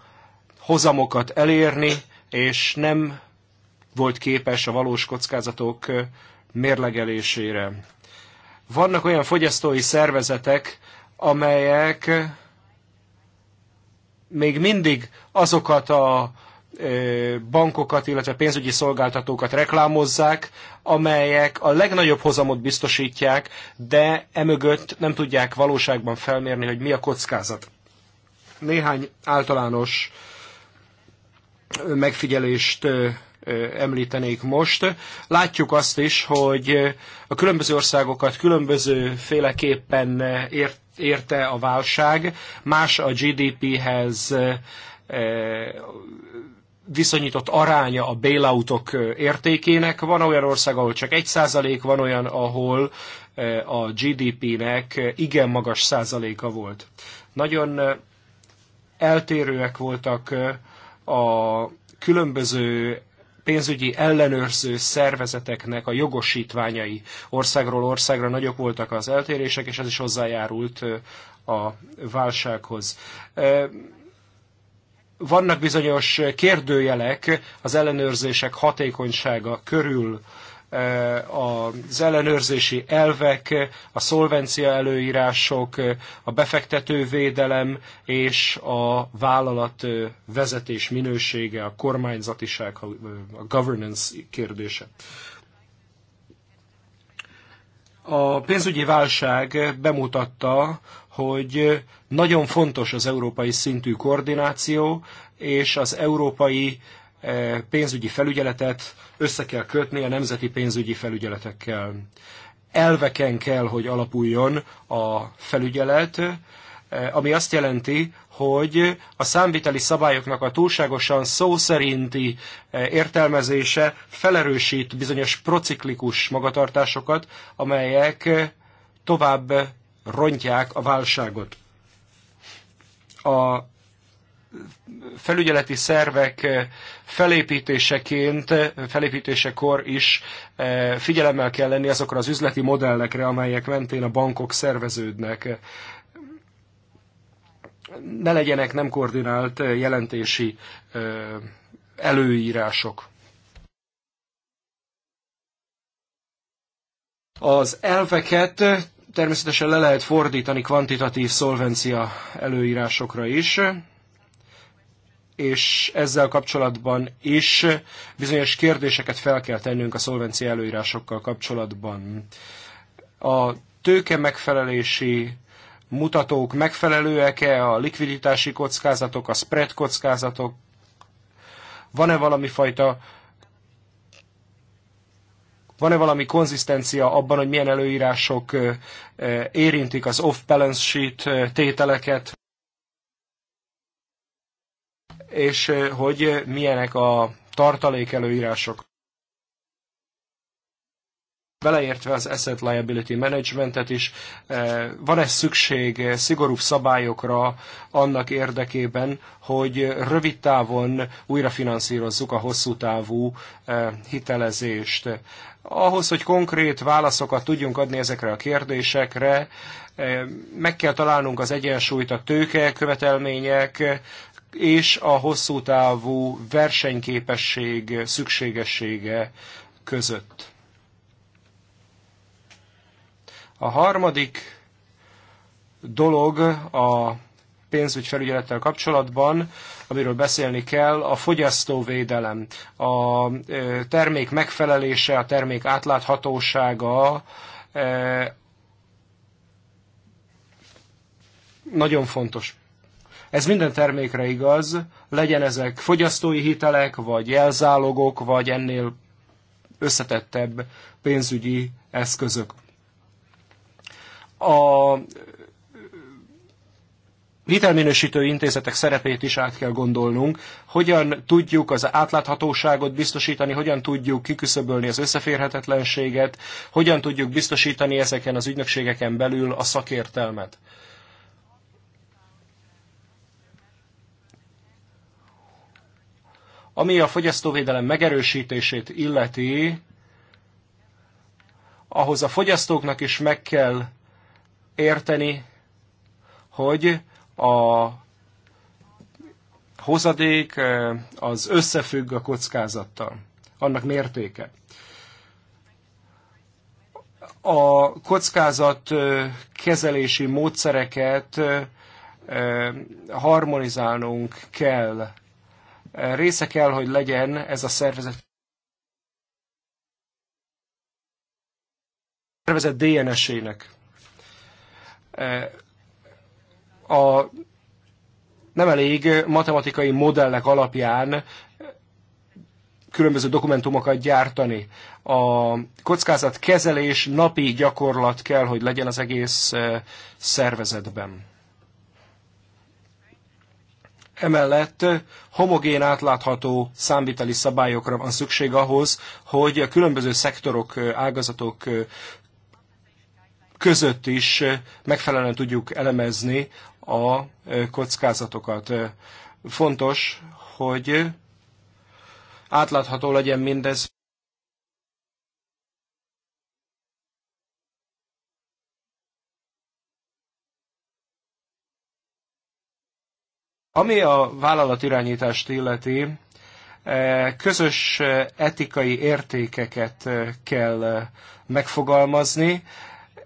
A: hozamokat elérni, és nem volt képes a valós kockázatok mérlegelésére. Vannak olyan fogyasztói szervezetek, amelyek még mindig azokat a bankokat, illetve pénzügyi szolgáltatókat reklámozzák, amelyek a legnagyobb hozamot biztosítják, de emögött nem tudják valóságban felmérni, hogy mi a kockázat. Néhány általános megfigyelést említenék most. Látjuk azt is, hogy a különböző országokat különböző féleképpen érte a válság, más a GDP-hez viszonyított aránya a bailoutok értékének. Van olyan ország, ahol csak egy százalék van olyan, ahol a GDP-nek igen magas százaléka volt. Nagyon eltérőek voltak a különböző pénzügyi ellenőrző szervezeteknek a jogosítványai országról országra nagyok voltak az eltérések, és ez is hozzájárult a válsághoz vannak bizonyos kérdőjelek az ellenőrzések hatékonysága körül az ellenőrzési elvek, a szolvencia előírások, a befektetővédelem és a vállalat vezetés minősége, a kormányzatiság, a governance kérdése. A pénzügyi válság bemutatta, hogy nagyon fontos az európai szintű koordináció és az európai pénzügyi felügyeletet össze kell kötni a nemzeti pénzügyi felügyeletekkel. Elveken kell, hogy alapuljon a felügyelet, ami azt jelenti, hogy a számviteli szabályoknak a túlságosan szó szerinti e, értelmezése felerősít bizonyos prociklikus magatartásokat, amelyek tovább rontják a válságot. A felügyeleti szervek felépítéseként, felépítésekor is eh, figyelemmel kell lenni azokra az üzleti modellekre, amelyek mentén a bankok szerveződnek. Ne legyenek nem koordinált eh, jelentési eh, előírások. Az elveket természetesen le lehet fordítani kvantitatív szolvencia előírásokra is és ezzel kapcsolatban is bizonyos kérdéseket fel kell tennünk a szolvencia előírásokkal kapcsolatban. A tőke megfelelési mutatók megfelelőek-e, a likviditási kockázatok, a spread kockázatok, van-e valami fajta van-e valami konzisztencia abban, hogy milyen előírások érintik az off-balance sheet tételeket? és eh, hogy eh, milyenek a tartalék előírások. Beleértve az Asset Liability Managementet is, eh, van-e szükség szigorúbb szabályokra annak érdekében, hogy rövid távon újrafinanszírozzuk a hosszú távú hitelezést? Ahhoz, hogy konkrét válaszokat tudjunk adni ezekre a kérdésekre, meg kell találnunk az egyensúlyt a tőke követelmények, és a hosszú távú versenyképesség szükségessége között. A harmadik dolog a pénzügyfelügyelettel kapcsolatban, amiről beszélni kell, a fogyasztóvédelem, a termék megfelelése, a termék átláthatósága nagyon fontos. Ez minden termékre igaz, legyen ezek fogyasztói hitelek, vagy jelzálogok, vagy ennél összetettebb pénzügyi eszközök. A hitelminősítő intézetek szerepét is át kell gondolnunk, hogyan tudjuk az átláthatóságot biztosítani, hogyan tudjuk kiküszöbölni az összeférhetetlenséget, hogyan tudjuk biztosítani ezeken az ügynökségeken belül a szakértelmet. Ami a fogyasztóvédelem megerősítését illeti, ahhoz a fogyasztóknak is meg kell érteni, hogy a hozadék eh, az összefügg a kockázattal, annak mértéke. A kockázat eh, kezelési módszereket eh, harmonizálnunk kell Része kell, hogy legyen ez a szervezet. szervezet DNS-ének. A nem elég matematikai modellek alapján különböző dokumentumokat gyártani. A kockázat kezelés napi gyakorlat kell, hogy legyen az egész eh, szervezetben. Emellett homogén átlátható számviteli szabályokra van szükség ahhoz, hogy a különböző szektorok, ágazatok között is megfelelően tudjuk elemezni a kockázatokat. Fontos, hogy átlátható legyen mindez Ami a vállalatirányítást illeti, eh, közös eh, etikai értékeket eh, kell megfogalmazni,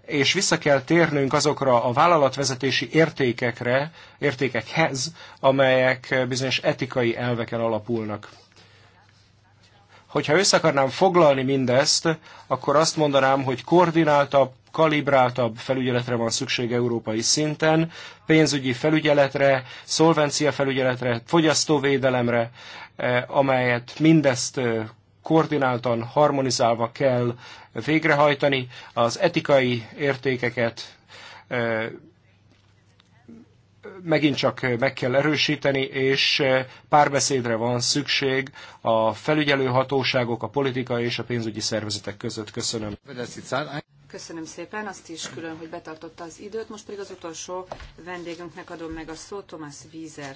A: és vissza kell térnünk azokra a vállalatvezetési értékekre, értékekhez, amelyek bizonyos etikai elveken alapulnak. Hogyha össze akarnám foglalni mindezt, akkor azt mondanám, hogy koordináltabb, kalibráltabb felügyeletre van szükség európai szinten, pénzügyi felügyeletre, szolvencia felügyeletre, fogyasztóvédelemre, eh, amelyet mindezt eh, koordináltan, harmonizálva kell végrehajtani. Az etikai értékeket eh, megint csak meg kell erősíteni, és párbeszédre van szükség a felügyelő hatóságok, a politika és a pénzügyi szervezetek között. Köszönöm.
C: Köszönöm
D: szépen, azt is külön, hogy betartotta az időt. Most pedig az utolsó vendégünknek adom meg a szót, Thomas
E: Wieser.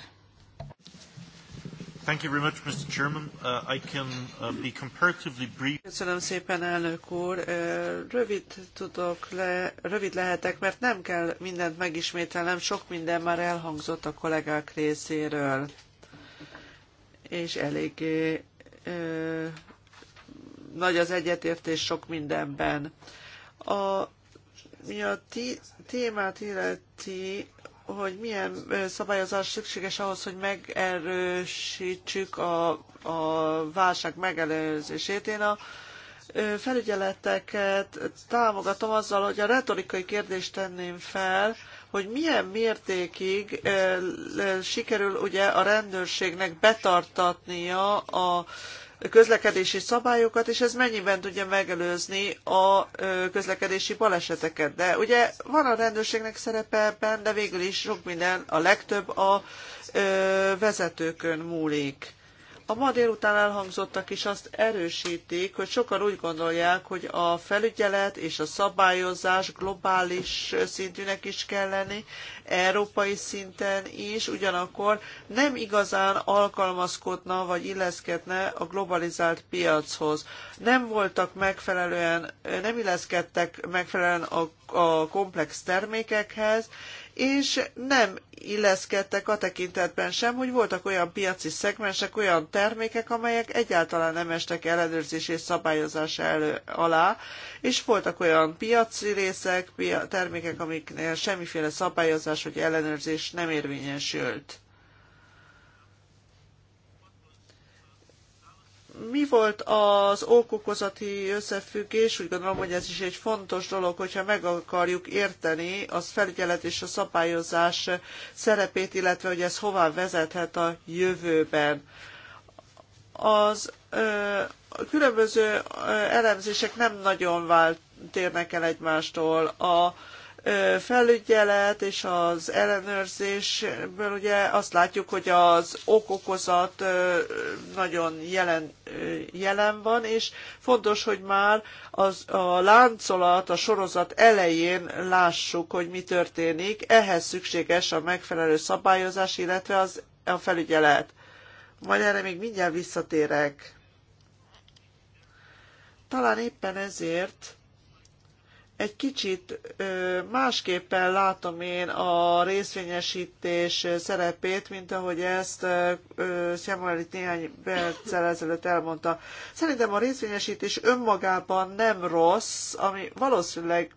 E: Thank you very much, Mr. Chairman. Uh, I can
C: uh, be comparatively brief.
E: Köszönöm szépen, elnök úr. Uh, rövid tudok le, rövid lehetek, mert nem kell mindent megismételnem, sok minden már elhangzott a kollégák részéről. És eléggé nagy az egyetértés sok mindenben. A, mi a ti, témát illeti, hogy milyen szabályozás szükséges ahhoz, hogy megerősítsük a, a válság megelőzését. Én a felügyeleteket támogatom azzal, hogy a retorikai kérdést tenném fel, hogy milyen mértékig sikerül ugye a rendőrségnek betartatnia a közlekedési szabályokat, és ez mennyiben tudja megelőzni a közlekedési baleseteket. De ugye van a rendőrségnek szerepe ebben, de végül is sok minden, a legtöbb a vezetőkön múlik a ma délután elhangzottak is azt erősítik, hogy sokan úgy gondolják, hogy a felügyelet és a szabályozás globális szintűnek is kell lenni, európai szinten is, ugyanakkor nem igazán alkalmazkodna vagy illeszkedne a globalizált piachoz. Nem voltak megfelelően, nem illeszkedtek megfelelően a, a komplex termékekhez, és nem illeszkedtek a tekintetben sem, hogy voltak olyan piaci szegmensek, olyan termékek, amelyek egyáltalán nem estek ellenőrzés és szabályozás elő, alá, és voltak olyan piaci részek, pia, termékek, amiknél semmiféle szabályozás vagy ellenőrzés nem érvényesült. mi volt az okokozati összefüggés? Úgy gondolom, hogy ez is egy fontos dolog, hogyha meg akarjuk érteni az felügyelet és a szabályozás szerepét, illetve hogy ez hová vezethet a jövőben. Az ö, a különböző elemzések nem nagyon vált, térnek el egymástól. A, felügyelet és az ellenőrzésből ugye azt látjuk, hogy az okokozat nagyon jelen, jelen van, és fontos, hogy már az, a láncolat, a sorozat elején lássuk, hogy mi történik. Ehhez szükséges a megfelelő szabályozás, illetve az, a felügyelet. Majd erre még mindjárt visszatérek. Talán éppen ezért egy kicsit másképpen látom én a részvényesítés szerepét, mint ahogy ezt Samuel itt néhány perccel ezelőtt elmondta. Szerintem a részvényesítés önmagában nem rossz, ami valószínűleg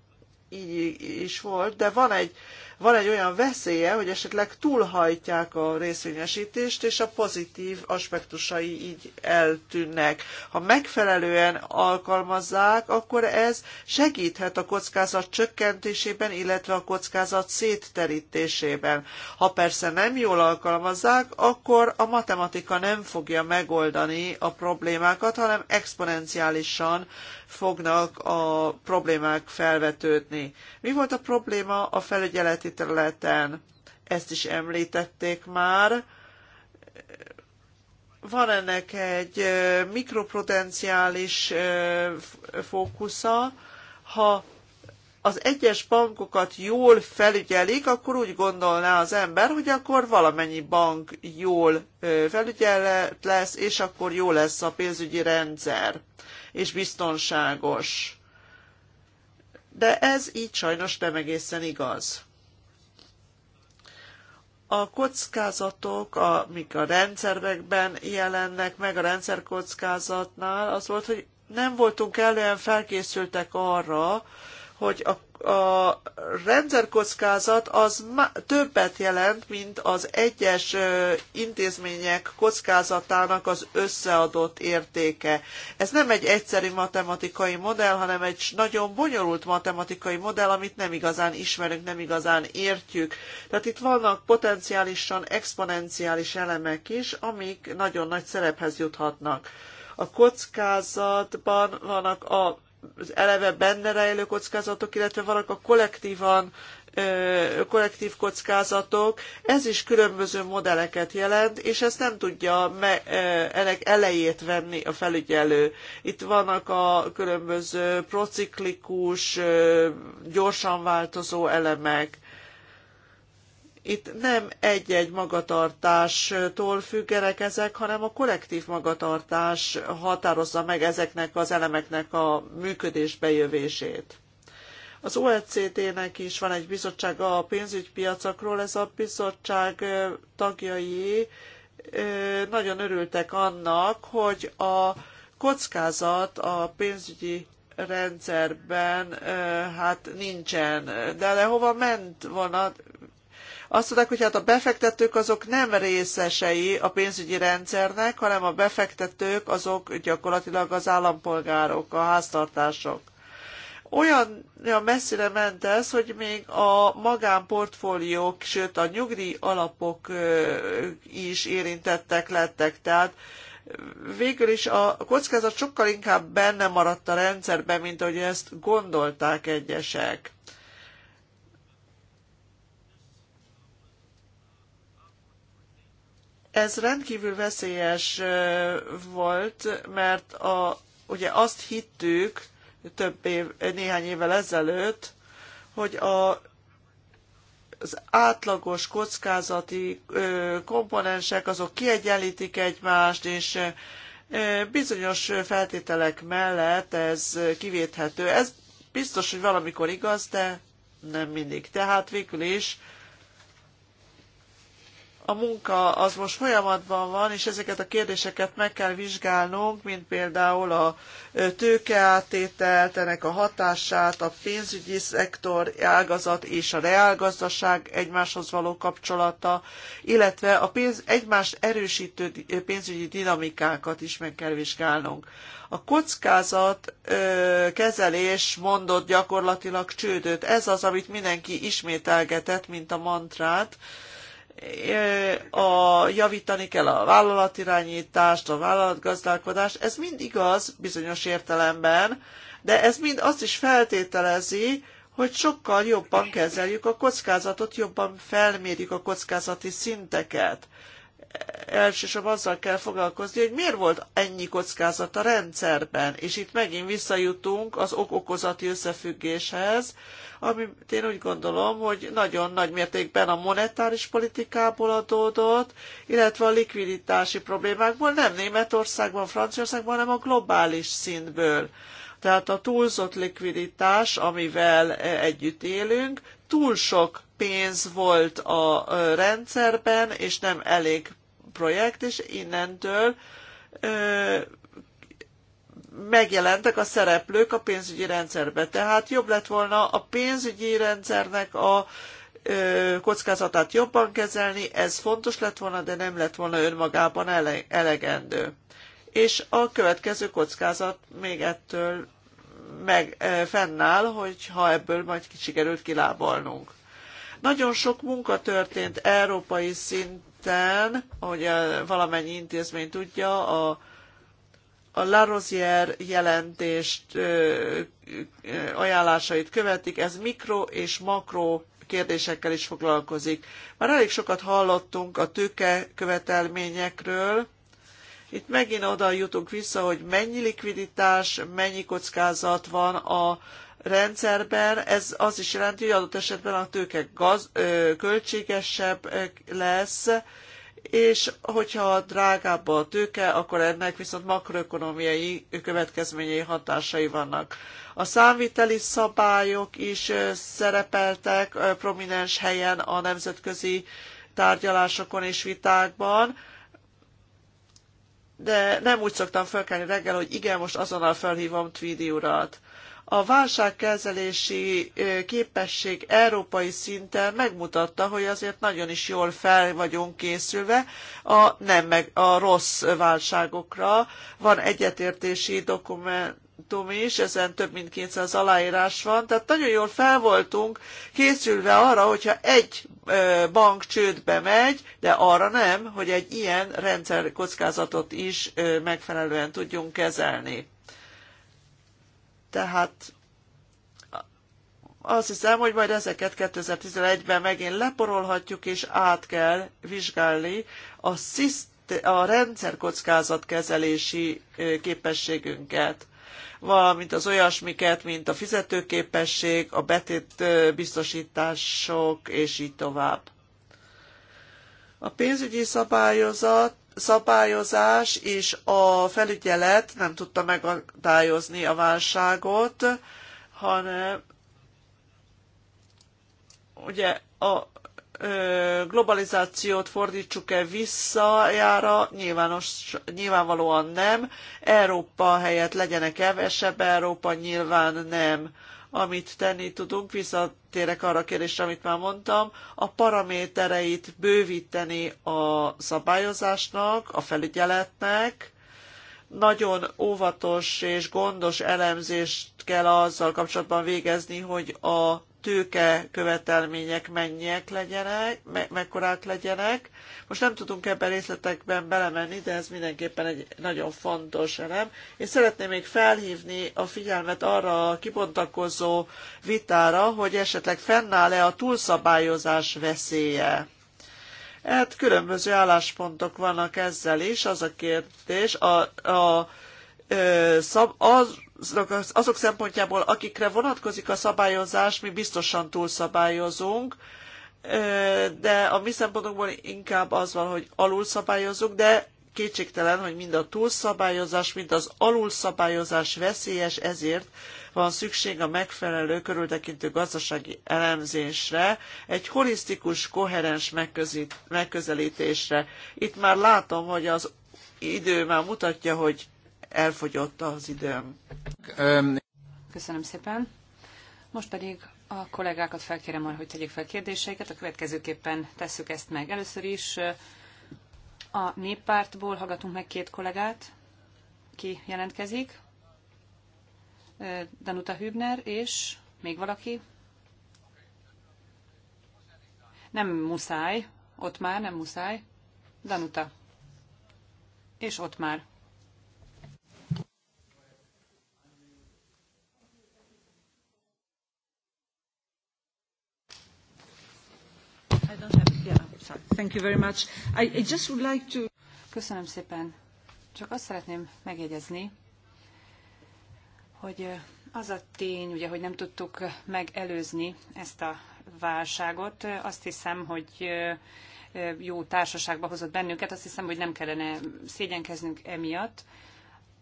E: így is volt, de van egy van egy olyan veszélye, hogy esetleg túlhajtják a részvényesítést, és a pozitív aspektusai így eltűnnek. Ha megfelelően alkalmazzák, akkor ez segíthet a kockázat csökkentésében, illetve a kockázat szétterítésében. Ha persze nem jól alkalmazzák, akkor a matematika nem fogja megoldani a problémákat, hanem exponenciálisan fognak a problémák felvetődni. Mi volt a probléma a felügyeleti nyugati területen. Ezt is említették már. Van ennek egy mikropotenciális fókusza. Ha az egyes bankokat jól felügyelik, akkor úgy gondolná az ember, hogy akkor valamennyi bank jól felügyelet lesz, és akkor jó lesz a pénzügyi rendszer, és biztonságos. De ez így sajnos nem egészen igaz a kockázatok, amik a rendszerekben jelennek meg, a rendszerkockázatnál, az volt, hogy nem voltunk elően felkészültek arra, hogy a a rendszerkockázat az többet jelent, mint az egyes intézmények kockázatának az összeadott értéke. Ez nem egy egyszerű matematikai modell, hanem egy nagyon bonyolult matematikai modell, amit nem igazán ismerünk, nem igazán értjük. Tehát itt vannak potenciálisan exponenciális elemek is, amik nagyon nagy szerephez juthatnak a kockázatban vannak a az eleve benne rejlő kockázatok, illetve vannak a kollektívan kollektív kockázatok, ez is különböző modelleket jelent, és ezt nem tudja me- ennek elejét venni a felügyelő. Itt vannak a különböző prociklikus, gyorsan változó elemek. Itt nem egy-egy magatartástól függenek ezek, hanem a kollektív magatartás határozza meg ezeknek az elemeknek a működés bejövését. Az OECD-nek is van egy bizottsága a pénzügypiacokról, ez a bizottság tagjai nagyon örültek annak, hogy a kockázat a pénzügyi rendszerben hát nincsen. De, de hova ment volna, azt mondták, hogy hát a befektetők azok nem részesei a pénzügyi rendszernek, hanem a befektetők azok gyakorlatilag az állampolgárok, a háztartások olyan, olyan messzire ment ez, hogy még a magánportfóliók, sőt a nyugdíj alapok is érintettek lettek. Tehát végül is a kockázat sokkal inkább benne maradt a rendszerben, mint ahogy ezt gondolták egyesek. Ez rendkívül veszélyes volt, mert a, ugye azt hittük több év, néhány évvel ezelőtt, hogy a az átlagos kockázati komponensek azok kiegyenlítik egymást, és bizonyos feltételek mellett ez kivéthető. Ez biztos, hogy valamikor igaz, de nem mindig. Tehát végül is a munka az most folyamatban van, és ezeket a kérdéseket meg kell vizsgálnunk, mint például a tőkeáttételt, ennek a hatását, a pénzügyi szektor, ágazat és a reálgazdaság egymáshoz való kapcsolata, illetve a pénz, egymást erősítő pénzügyi dinamikákat is meg kell vizsgálnunk. A kockázat ö, kezelés mondott gyakorlatilag csődöt. Ez az, amit mindenki ismételgetett, mint a mantrát, a javítani kell a vállalatirányítást, a vállalatgazdálkodást, ez mind igaz bizonyos értelemben, de ez mind azt is feltételezi, hogy sokkal jobban kezeljük a kockázatot, jobban felmérjük a kockázati szinteket elsősorban azzal kell foglalkozni, hogy miért volt ennyi kockázat a rendszerben, és itt megint visszajutunk az ok-okozati összefüggéshez, amit én úgy gondolom, hogy nagyon nagy mértékben a monetáris politikából adódott, illetve a likviditási problémákból, nem Németországban, Franciaországban, hanem a globális szintből. Tehát a túlzott likviditás, amivel együtt élünk, túl sok pénz volt a rendszerben, és nem elég projekt, és innentől megjelentek a szereplők a pénzügyi rendszerbe. Tehát jobb lett volna a pénzügyi rendszernek a kockázatát jobban kezelni, ez fontos lett volna, de nem lett volna önmagában elegendő. És a következő kockázat még ettől meg fennáll, hogyha ebből majd sikerült kilábalnunk. Nagyon sok munka történt európai szinten, ahogy eh, valamennyi intézmény tudja, a a Larosier jelentést eh, eh, ajánlásait követik, ez mikro és makro kérdésekkel is foglalkozik. Már elég sokat hallottunk a tőke követelményekről. Itt megint oda jutunk vissza, hogy mennyi likviditás, mennyi kockázat van a rendszerben ez az is jelenti, hogy adott esetben a tőke gaz, költségesebb lesz, és hogyha drágább a tőke, akkor ennek viszont makroökonomiai következményei hatásai vannak. A számviteli szabályok is szerepeltek prominens helyen a nemzetközi tárgyalásokon és vitákban, de nem úgy szoktam fölkelni reggel, hogy igen, most azonnal felhívom Tweedy urat. A válságkezelési képesség európai szinten megmutatta, hogy azért nagyon is jól fel vagyunk készülve a, nem meg, a rossz válságokra. Van egyetértési dokumentum, is, ezen több mint 200 aláírás van, tehát nagyon jól fel voltunk készülve arra, hogyha egy bank csődbe megy, de arra nem, hogy egy ilyen rendszer kockázatot is megfelelően tudjunk kezelni. Tehát azt hiszem, hogy majd ezeket 2011-ben megint leporolhatjuk, és át kell vizsgálni a, sziszt- a rendszerkockázatkezelési képességünket valamint az olyasmiket, mint a fizetőképesség, a biztosítások és így tovább. A pénzügyi szabályozat szabályozás és a felügyelet nem tudta megadályozni a válságot, hanem ugye a globalizációt fordítsuk-e visszajára, Nyilvános, nyilvánvalóan nem. Európa helyett legyenek kevesebb Európa, nyilván nem amit tenni tudunk, visszatérek arra a kérdésre, amit már mondtam, a paramétereit bővíteni a szabályozásnak, a felügyeletnek, nagyon óvatos és gondos elemzést kell azzal kapcsolatban végezni, hogy a tőke követelmények mennyiek legyenek, me- mekkorák legyenek. Most nem tudunk ebben részletekben belemenni, de ez mindenképpen egy nagyon fontos elem. És szeretném még felhívni a figyelmet arra a kibontakozó vitára, hogy esetleg fennáll-e a túlszabályozás veszélye. Hát különböző álláspontok vannak ezzel is. Az a kérdés, a, a szab, azok, azok szempontjából, akikre vonatkozik a szabályozás, mi biztosan túlszabályozunk, de a mi szempontunkból inkább az van, hogy alulszabályozunk, de kétségtelen, hogy mind a túlszabályozás, mind az alulszabályozás veszélyes, ezért van szükség a megfelelő körültekintő gazdasági elemzésre, egy holisztikus, koherens megközelítésre. Itt már látom, hogy az idő már mutatja, hogy elfogyott az időm. Köszönöm szépen.
D: Most pedig a kollégákat felkérem arra, hogy tegyék fel kérdéseiket. A következőképpen tesszük ezt meg. Először is a néppártból hallgatunk meg két kollégát. Ki jelentkezik? Danuta Hübner és még valaki? Nem muszáj, ott már nem muszáj. Danuta. És ott már. Thank you very much. I, I just would like to... Köszönöm szépen. Csak azt szeretném megjegyezni, hogy az a tény, ugye, hogy nem tudtuk megelőzni ezt a válságot, azt hiszem, hogy jó társaságba hozott bennünket, azt hiszem, hogy nem kellene szégyenkeznünk emiatt.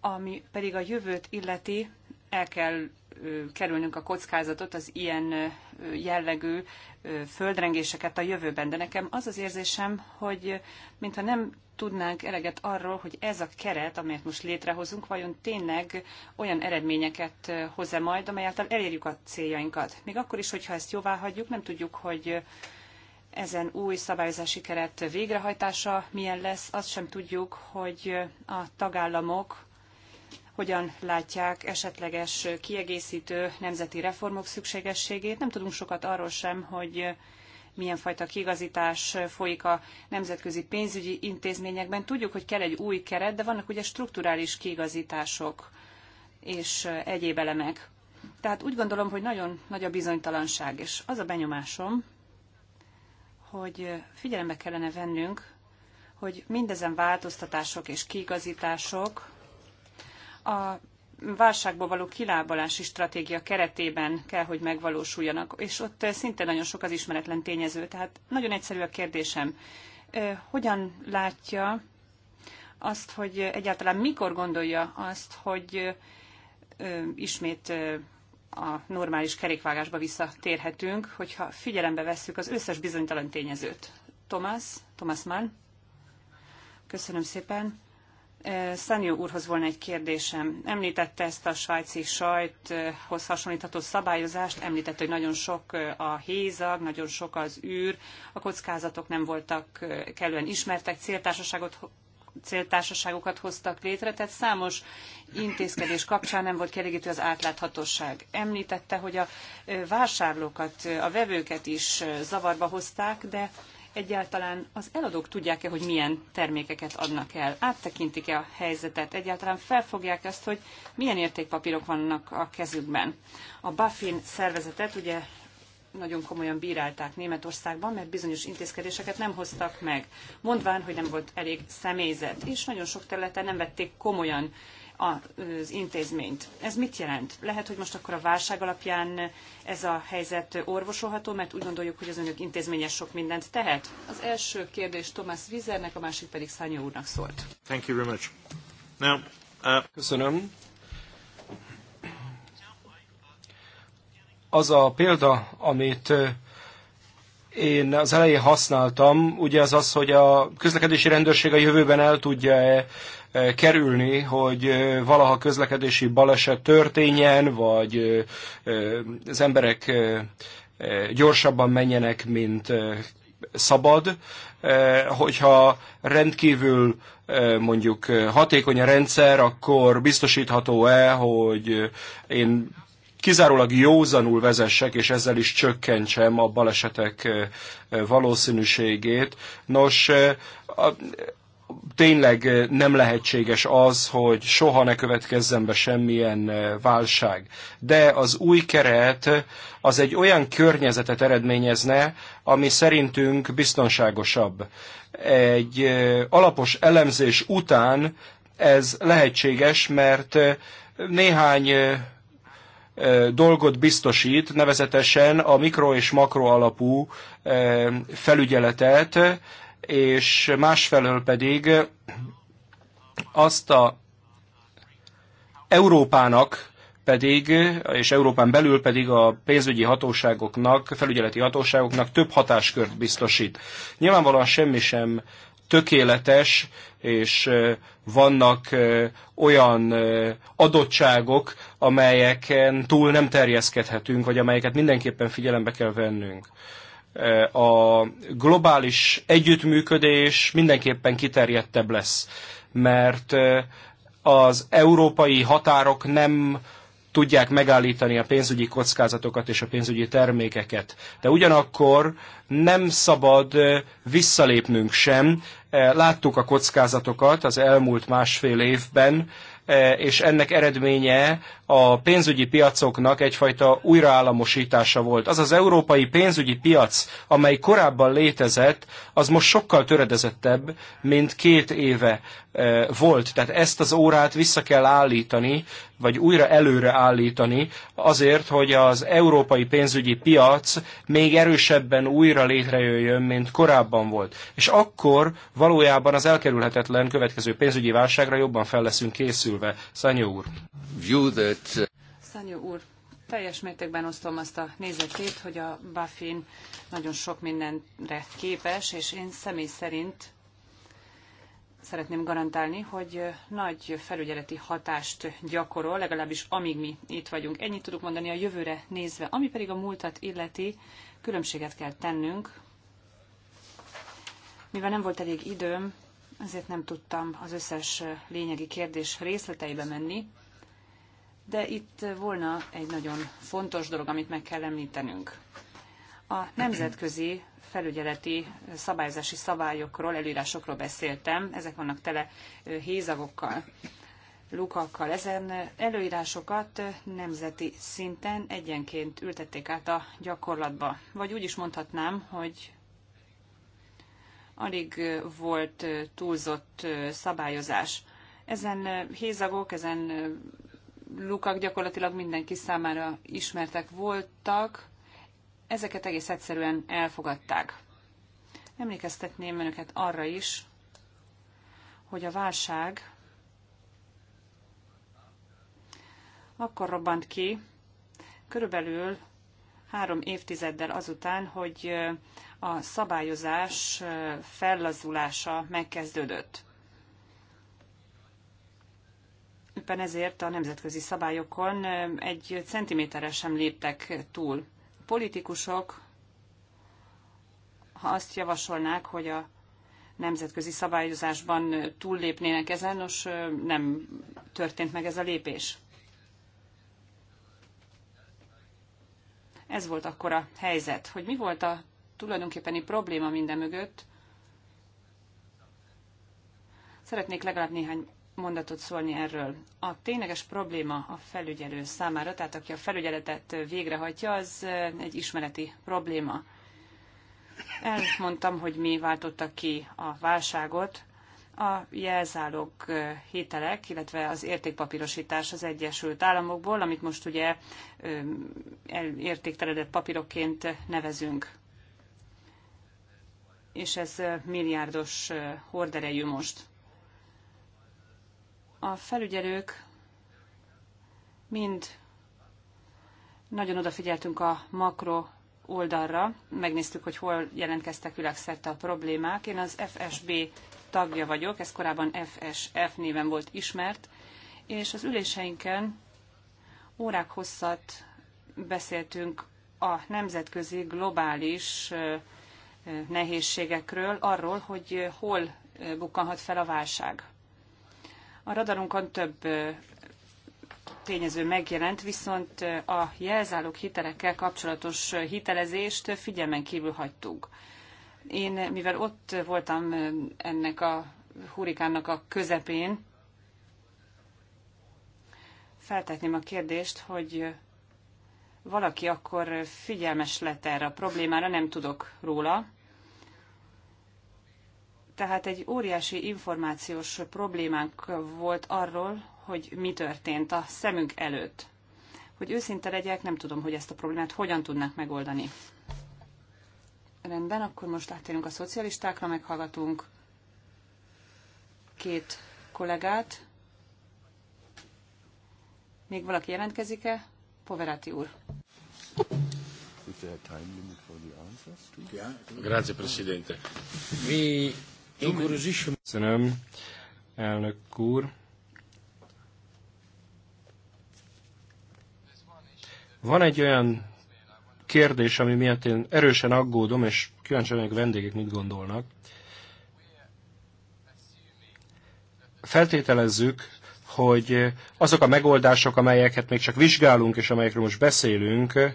D: Ami pedig a jövőt illeti, el kell kerülnünk a kockázatot, az ilyen jellegű földrengéseket a jövőben. De nekem az az érzésem, hogy mintha nem tudnánk eleget arról, hogy ez a keret, amelyet most létrehozunk, vajon tényleg olyan eredményeket hoz-e majd, amely által elérjük a céljainkat. Még akkor is, hogyha ezt jóvá hagyjuk, nem tudjuk, hogy ezen új szabályozási keret végrehajtása milyen lesz, azt sem tudjuk, hogy a tagállamok hogyan látják esetleges kiegészítő nemzeti reformok szükségességét. Nem tudunk sokat arról sem, hogy milyen fajta kigazítás folyik a nemzetközi pénzügyi intézményekben. Tudjuk, hogy kell egy új keret, de vannak ugye strukturális kigazítások és egyéb elemek. Tehát úgy gondolom, hogy nagyon nagy a bizonytalanság, és az a benyomásom, hogy figyelembe kellene vennünk, hogy mindezen változtatások és kiigazítások a válságból való kilábalási stratégia keretében kell, hogy megvalósuljanak, és ott szinte nagyon sok az ismeretlen tényező. Tehát nagyon egyszerű a kérdésem. Hogyan látja azt, hogy egyáltalán mikor gondolja azt, hogy ismét a normális kerékvágásba visszatérhetünk, hogyha figyelembe vesszük az összes bizonytalan tényezőt. Tomás, Tomás Mann, köszönöm szépen. Eh, Szányó úrhoz volna egy kérdésem. Említette ezt a svájci sajthoz hasonlítható szabályozást, említette, hogy nagyon sok eh, a hézag, nagyon sok az űr, a kockázatok nem voltak eh, kellően ismertek, céltársaságot céltársaságokat hoztak létre, tehát számos intézkedés kapcsán nem volt kielégítő az átláthatóság. Említette, hogy a vásárlókat, a vevőket is zavarba hozták, de Egyáltalán az eladók tudják-e, hogy milyen termékeket adnak el? Áttekintik-e a helyzetet? Egyáltalán felfogják ezt, hogy milyen értékpapírok vannak a kezükben? A Buffin szervezetet ugye nagyon komolyan bírálták Németországban, mert bizonyos intézkedéseket nem hoztak meg, mondván, hogy nem volt elég személyzet, és nagyon sok területen nem vették komolyan az intézményt. Ez mit jelent? Lehet, hogy most akkor a válság alapján ez a helyzet orvosolható, mert úgy gondoljuk, hogy az önök intézménye sok mindent tehet. Az első kérdés Thomas Vizernek, a másik pedig Szányó úrnak szólt.
A: Thank you very much. Now, uh... Köszönöm. Az a példa, amit uh, én az elején használtam, ugye az az, hogy a közlekedési rendőrség a jövőben el tudja -e kerülni, hogy valaha közlekedési baleset történjen, vagy az emberek gyorsabban menjenek, mint szabad, hogyha rendkívül mondjuk hatékony a rendszer, akkor biztosítható-e, hogy én kizárólag józanul vezessek, és ezzel is csökkentsem a balesetek valószínűségét. Nos, tényleg eh, nem lehetséges az, hogy soha ne következzen be semmilyen eh, válság. De az új keret eh, az egy olyan környezetet eredményezne, ami szerintünk biztonságosabb. Egy alapos elemzés után ez lehetséges, mert néhány dolgot biztosít, nevezetesen a mikro és makro alapú felügyeletet, és másfelől pedig azt a Európának pedig, és Európán belül pedig a pénzügyi hatóságoknak, felügyeleti hatóságoknak több hatáskört biztosít. Nyilvánvalóan semmi sem tökéletes, és vannak olyan adottságok, amelyeken túl nem terjeszkedhetünk, vagy amelyeket mindenképpen figyelembe kell vennünk. Eh, a globális együttműködés mindenképpen kiterjedtebb lesz, mert eh, az európai határok nem tudják megállítani a pénzügyi kockázatokat és a pénzügyi termékeket. De ugyanakkor nem szabad eh, visszalépnünk sem. Láttuk a kockázatokat az elmúlt másfél évben, E, és ennek eredménye a pénzügyi piacoknak egyfajta újraállamosítása volt. Az az európai pénzügyi piac, amely korábban létezett, az most sokkal töredezettebb, mint két éve e, volt. Tehát ezt az órát vissza kell állítani, vagy újra előre állítani, azért, hogy az európai pénzügyi piac még erősebben újra létrejöjjön, mint korábban volt. És akkor valójában az elkerülhetetlen következő pénzügyi válságra jobban fel leszünk készülve készülve. Szanyó úr. View that...
D: Szanyó úr, teljes mértékben osztom azt a nézetét, hogy a Buffin nagyon sok mindenre képes, és én személy szerint szeretném garantálni, hogy nagy felügyeleti hatást gyakorol, legalábbis amíg mi itt vagyunk. Ennyit tudok mondani a jövőre nézve. Ami pedig a múltat illeti, különbséget kell tennünk. Mivel nem volt elég időm, ezért nem tudtam az összes lényegi kérdés részleteibe menni, de itt volna egy nagyon fontos dolog, amit meg kell említenünk. A nemzetközi felügyeleti szabályzási szabályokról, előírásokról beszéltem, ezek vannak tele hézagokkal, lukakkal. Ezen előírásokat nemzeti szinten egyenként ültették át a gyakorlatba. Vagy úgy is mondhatnám, hogy alig volt túlzott szabályozás. Ezen hézagok, ezen lukak gyakorlatilag mindenki számára ismertek voltak, ezeket egész egyszerűen elfogadták. Emlékeztetném önöket arra is, hogy a válság akkor robbant ki, körülbelül három évtizeddel azután, hogy a szabályozás fellazulása megkezdődött. Éppen ezért a nemzetközi szabályokon egy centiméterre sem léptek túl. A politikusok, ha azt javasolnák, hogy a nemzetközi szabályozásban túllépnének ezen, nos nem történt meg ez a lépés. Ez volt akkor a helyzet, hogy mi volt a tulajdonképpeni probléma minden mögött. Szeretnék legalább néhány mondatot szólni erről. A tényleges probléma a felügyelő számára, tehát aki a felügyeletet végrehajtja, az eh, egy ismereti probléma. Elmondtam, hogy mi váltotta ki a válságot. A jelzálog eh, hitelek, illetve az értékpapírosítás az Egyesült Államokból, amit most ugye eh, elértékteledett papírokként nevezünk és ez milliárdos horderejű most. A felügyelők mind nagyon odafigyeltünk a makro oldalra, megnéztük, hogy hol jelentkeztek világszerte a problémák. Én az FSB tagja vagyok, ez korábban FSF néven volt ismert, és az üléseinken órák hosszat beszéltünk a nemzetközi globális nehézségekről, arról, hogy hol eh, bukkanhat fel a válság. A radarunkon több eh, tényező megjelent, viszont eh, a jelzálók hitelekkel kapcsolatos hitelezést figyelmen kívül hagytuk. Én, mivel ott voltam ennek a hurikánnak a közepén, feltetném a kérdést, hogy valaki akkor figyelmes lett erre a problémára, nem tudok róla. Tehát egy óriási információs problémánk volt arról, hogy mi történt a szemünk előtt. Hogy őszinte legyek, nem tudom, hogy ezt a problémát hogyan tudnak megoldani. Rendben, akkor most áttérünk a szocialistákra, meghallgatunk két kollégát. Még valaki jelentkezik-e? Poverati úr.
B: Grazie, Presidente.
A: Mi incuriosisce... Köszönöm, elnök úr. Van egy olyan kérdés, ami miatt én erősen aggódom, és kíváncsi vagyok, vendégek mit gondolnak. Feltételezzük, hogy eh, azok a megoldások, amelyeket még csak vizsgálunk, és amelyekről most beszélünk,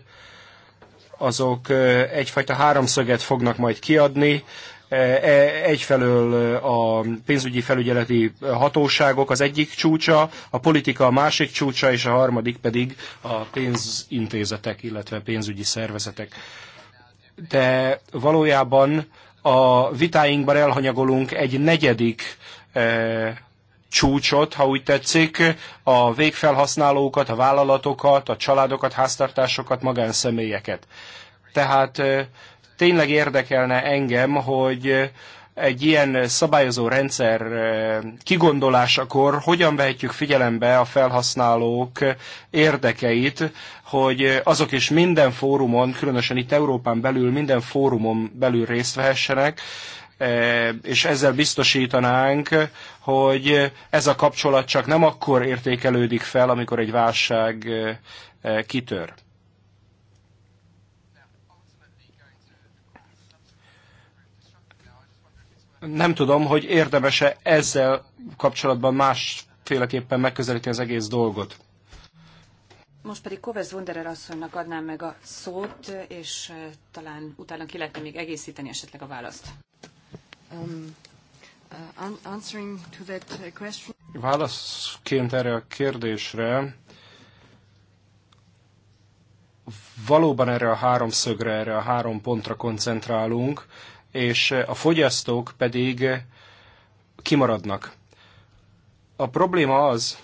A: azok eh, egyfajta háromszöget fognak majd kiadni, eh, egyfelől a pénzügyi felügyeleti hatóságok az egyik csúcsa, a politika a másik csúcsa, és a harmadik pedig a pénzintézetek, illetve pénzügyi szervezetek. De valójában a vitáinkban elhanyagolunk egy negyedik csúcsot, ha úgy tetszik, a végfelhasználókat, a vállalatokat, a családokat, háztartásokat, magánszemélyeket. Tehát tényleg érdekelne engem, hogy egy ilyen szabályozó rendszer kigondolásakor hogyan vehetjük figyelembe a felhasználók érdekeit, hogy azok is minden fórumon, különösen itt Európán belül, minden fórumon belül részt vehessenek, Eh, és ezzel biztosítanánk, hogy ez a kapcsolat csak nem akkor értékelődik fel, amikor egy válság eh, eh, kitör. Nem tudom, hogy érdemese ezzel kapcsolatban másféleképpen megközelíteni az egész dolgot.
D: Most pedig Kovesz Wunderer asszonynak adnám meg a szót, és talán utána ki lehetne még egészíteni esetleg a választ. Um, uh, uh,
A: Válaszként erre a kérdésre valóban erre a három szögre, erre a három pontra koncentrálunk, és uh, a fogyasztók pedig kimaradnak. A probléma az,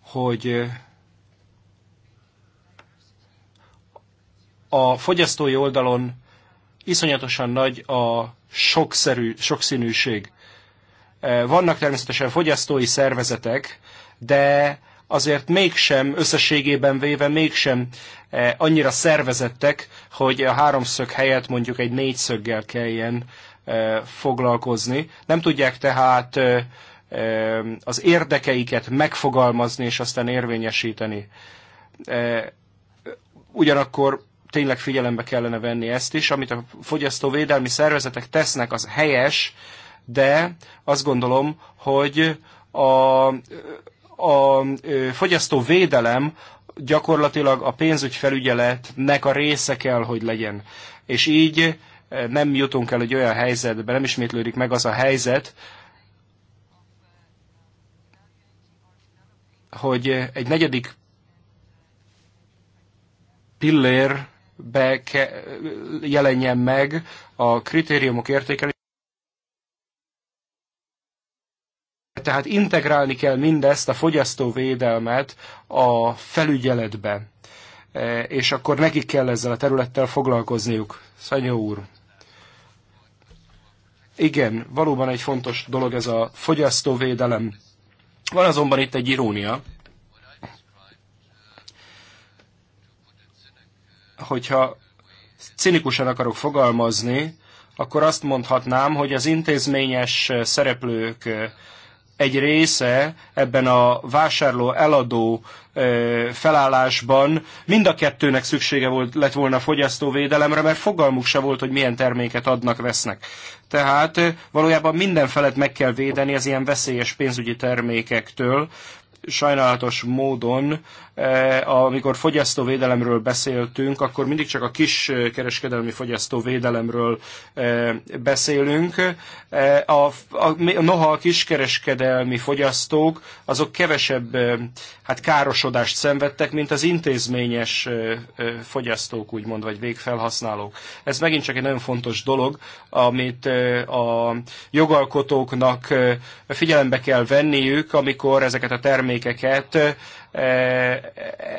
A: hogy a fogyasztói oldalon Iszonyatosan nagy a sokszerű, sokszínűség. E, vannak természetesen fogyasztói szervezetek, de azért mégsem, összességében véve mégsem e, annyira szervezettek, hogy a háromszög helyett mondjuk egy négyszöggel kelljen e, foglalkozni. Nem tudják tehát az érdekeiket megfogalmazni és aztán érvényesíteni. Ugyanakkor tényleg figyelembe kellene venni ezt is, amit a fogyasztóvédelmi szervezetek tesznek, az helyes, de azt gondolom, hogy a, a fogyasztóvédelem gyakorlatilag a pénzügyfelügyeletnek a része kell, hogy legyen. És így nem jutunk el egy olyan helyzetbe, nem ismétlődik meg az a helyzet, hogy egy negyedik pillér be ke, jelenjen meg a kritériumok értékelése. Tehát integrálni kell mindezt, a fogyasztóvédelmet a felügyeletbe, e, és akkor nekik kell ezzel a területtel foglalkozniuk. Szanyó úr! Igen, valóban egy fontos dolog ez a fogyasztóvédelem. Van azonban itt egy irónia, hogyha cinikusan akarok fogalmazni, akkor azt mondhatnám, hogy az intézményes szereplők egy része ebben a vásárló-eladó felállásban mind a kettőnek szüksége volt, lett volna fogyasztóvédelemre, mert fogalmuk se volt, hogy milyen terméket adnak, vesznek. Tehát valójában minden felet meg kell védeni az ilyen veszélyes pénzügyi termékektől, sajnálatos módon, eh, amikor fogyasztóvédelemről beszéltünk, akkor mindig csak a kis eh, kereskedelmi fogyasztóvédelemről eh, beszélünk. A, a, noha a kiskereskedelmi fogyasztók, azok kevesebb hát károsodást szenvedtek, mint az intézményes fogyasztók, úgymond, vagy végfelhasználók. Ez megint csak egy nagyon fontos dolog, amit a jogalkotóknak figyelembe kell venniük, amikor ezeket a termékeket termékeket,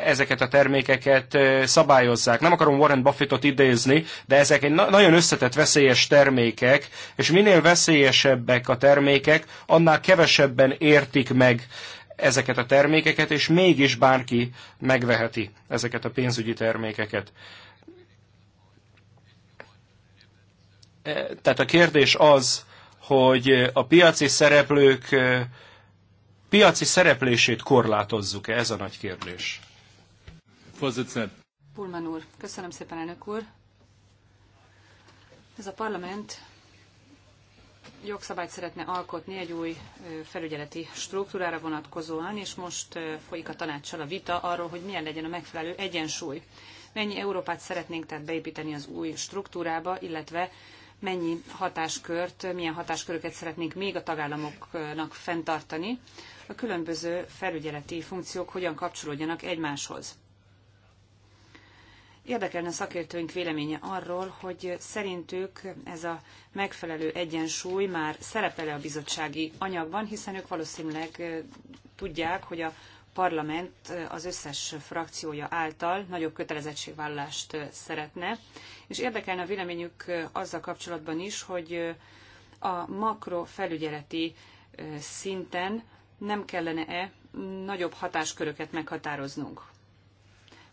A: ezeket a termékeket szabályozzák. Nem akarom Warren Buffettot idézni, de ezek egy nagyon összetett veszélyes termékek, és minél veszélyesebbek a termékek, annál kevesebben értik meg ezeket a termékeket, és mégis bárki megveheti ezeket a pénzügyi termékeket. E, tehát a kérdés az, hogy a piaci szereplők piaci szereplését korlátozzuk-e? Ez a nagy kérdés.
D: Pulman úr, köszönöm szépen, elnök úr. Ez a parlament jogszabályt szeretne alkotni egy új felügyeleti struktúrára vonatkozóan, és most folyik a tanácssal a vita arról, hogy milyen legyen a megfelelő egyensúly. Mennyi Európát szeretnénk tehát beépíteni az új struktúrába, illetve mennyi hatáskört, milyen hatásköröket szeretnénk még a tagállamoknak fenntartani, a különböző felügyeleti funkciók hogyan kapcsolódjanak egymáshoz. Érdekelne a szakértőink véleménye arról, hogy szerintük ez a megfelelő egyensúly már szerepele a bizottsági anyagban, hiszen ők valószínűleg tudják, hogy a parlament az összes frakciója által nagyobb kötelezettségvállalást szeretne, és érdekelne a véleményük azzal kapcsolatban is, hogy a makrofelügyeleti szinten nem kellene-e nagyobb hatásköröket meghatároznunk?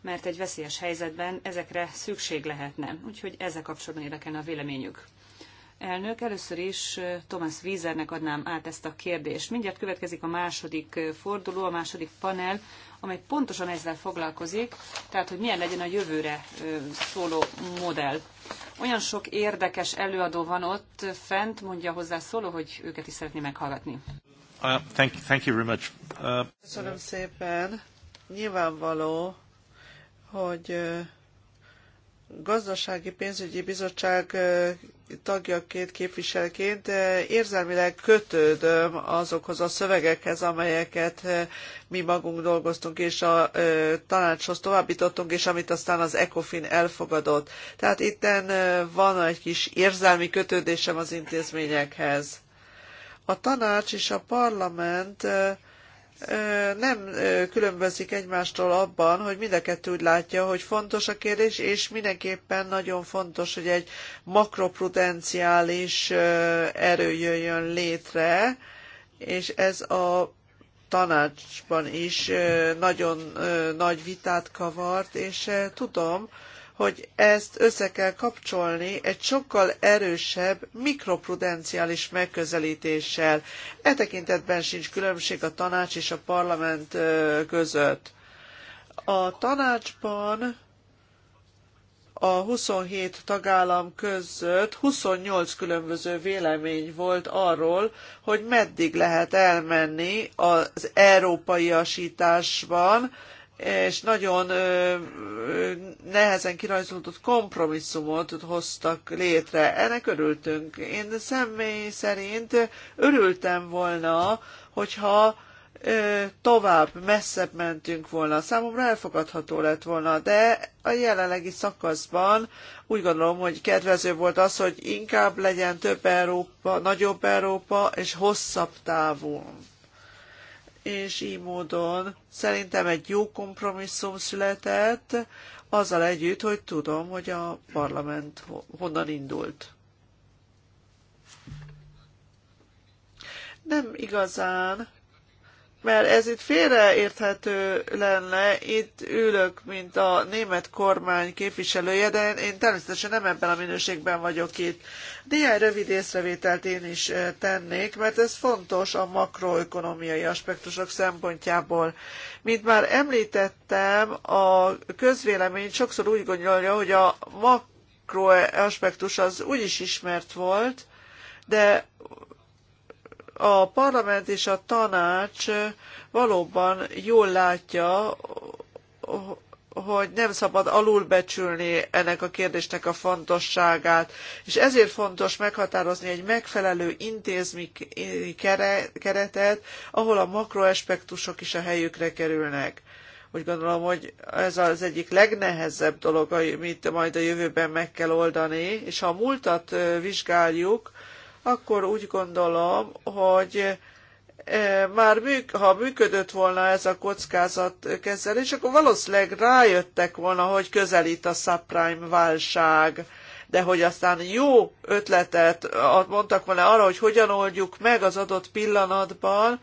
D: Mert egy veszélyes helyzetben ezekre szükség lehetne, úgyhogy ezzel kapcsolatban érdekelne a véleményük. Elnök, először is Thomas Wiesernek adnám át ezt a kérdést. Mindjárt következik a második forduló, a második panel, amely pontosan ezzel foglalkozik, tehát hogy milyen legyen a jövőre szóló modell. Olyan sok érdekes előadó van ott fent, mondja hozzá szóló,
E: hogy őket is szeretné meghallgatni.
A: Uh, thank, thank you very much. Uh... Köszönöm
E: szépen. Nyilvánvaló, hogy gazdasági pénzügyi bizottság tagjaként, képviselként érzelmileg kötődöm azokhoz a szövegekhez, amelyeket mi magunk dolgoztunk, és a tanácshoz továbbítottunk, és amit aztán az ECOFIN elfogadott. Tehát itten van egy kis érzelmi kötődésem az intézményekhez. A tanács és a parlament nem különbözik egymástól abban, hogy mind a kettő úgy látja, hogy fontos a kérdés, és mindenképpen nagyon fontos, hogy egy makroprudenciális erő jöjjön létre, és ez a tanácsban is nagyon nagy vitát kavart, és tudom, hogy ezt össze kell kapcsolni egy sokkal erősebb mikroprudenciális megközelítéssel. E tekintetben sincs különbség a tanács és a parlament között. A tanácsban a 27 tagállam között 28 különböző vélemény volt arról, hogy meddig lehet elmenni az európaiasításban, és nagyon nehezen kirajzolódott kompromisszumot hoztak létre. Ennek örültünk. Én személy szerint örültem volna, hogyha tovább, messzebb mentünk volna. Számomra elfogadható lett volna, de a jelenlegi szakaszban úgy gondolom, hogy kedvező volt az, hogy inkább legyen több Európa, nagyobb Európa és hosszabb távú és így módon szerintem egy jó kompromisszum született, azzal együtt, hogy tudom, hogy a parlament honnan indult. Nem igazán mert ez itt félreérthető lenne, itt ülök, mint a német kormány képviselője, de én természetesen nem ebben a minőségben vagyok itt. Néhány rövid észrevételt én is eh, tennék, mert ez fontos a makroökonomiai aspektusok szempontjából. Mint már említettem, a közvélemény sokszor úgy gondolja, hogy a makro aspektus az is ismert volt, de a parlament és a tanács valóban jól látja, hogy nem szabad alulbecsülni ennek a kérdésnek a fontosságát, és ezért fontos meghatározni egy megfelelő intézmény keretet, ahol a makroaspektusok is a helyükre kerülnek. Úgy gondolom, hogy ez az egyik legnehezebb dolog, amit majd a jövőben meg kell oldani, és ha a múltat vizsgáljuk, akkor úgy gondolom, hogy e, már műk, ha működött volna ez a kockázatkezelés, akkor valószínűleg rájöttek volna, hogy közelít a subprime válság de hogy aztán jó ötletet mondtak volna arra, hogy hogyan oldjuk meg az adott pillanatban,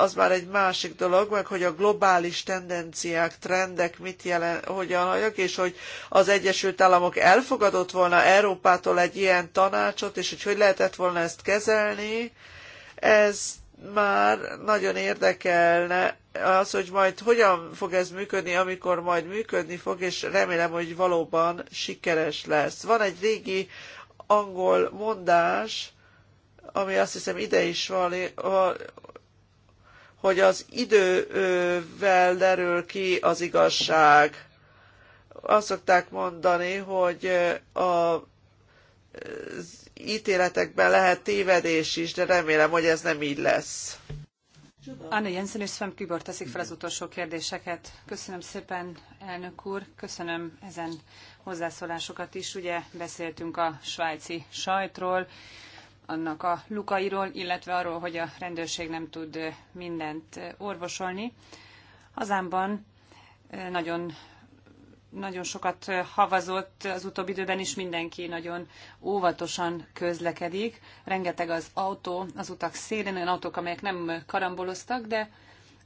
E: az már egy másik dolog, meg hogy a globális tendenciák, trendek mit jelent, hogyan halljak, és hogy az Egyesült Államok elfogadott volna Európától egy ilyen tanácsot, és hogy hogy lehetett volna ezt kezelni, ez már nagyon érdekelne az, hogy majd hogyan fog ez működni, amikor majd működni fog, és remélem, hogy valóban sikeres lesz. Van egy régi angol mondás, ami azt hiszem ide is van, hogy az idővel derül ki az igazság. Azt szokták mondani, hogy a ítéletekben lehet tévedés is, de remélem, hogy ez nem így lesz.
D: Anna Jensen és Sven Kibor teszik fel az utolsó kérdéseket. Köszönöm szépen, elnök úr, köszönöm ezen hozzászólásokat is. Ugye beszéltünk a svájci sajtról, annak a lukairól, illetve arról, hogy a rendőrség nem tud mindent orvosolni. Hazámban nagyon nagyon sokat havazott az utóbbi időben is, mindenki nagyon óvatosan közlekedik. Rengeteg az autó az utak szélén, olyan autók, amelyek nem karamboloztak, de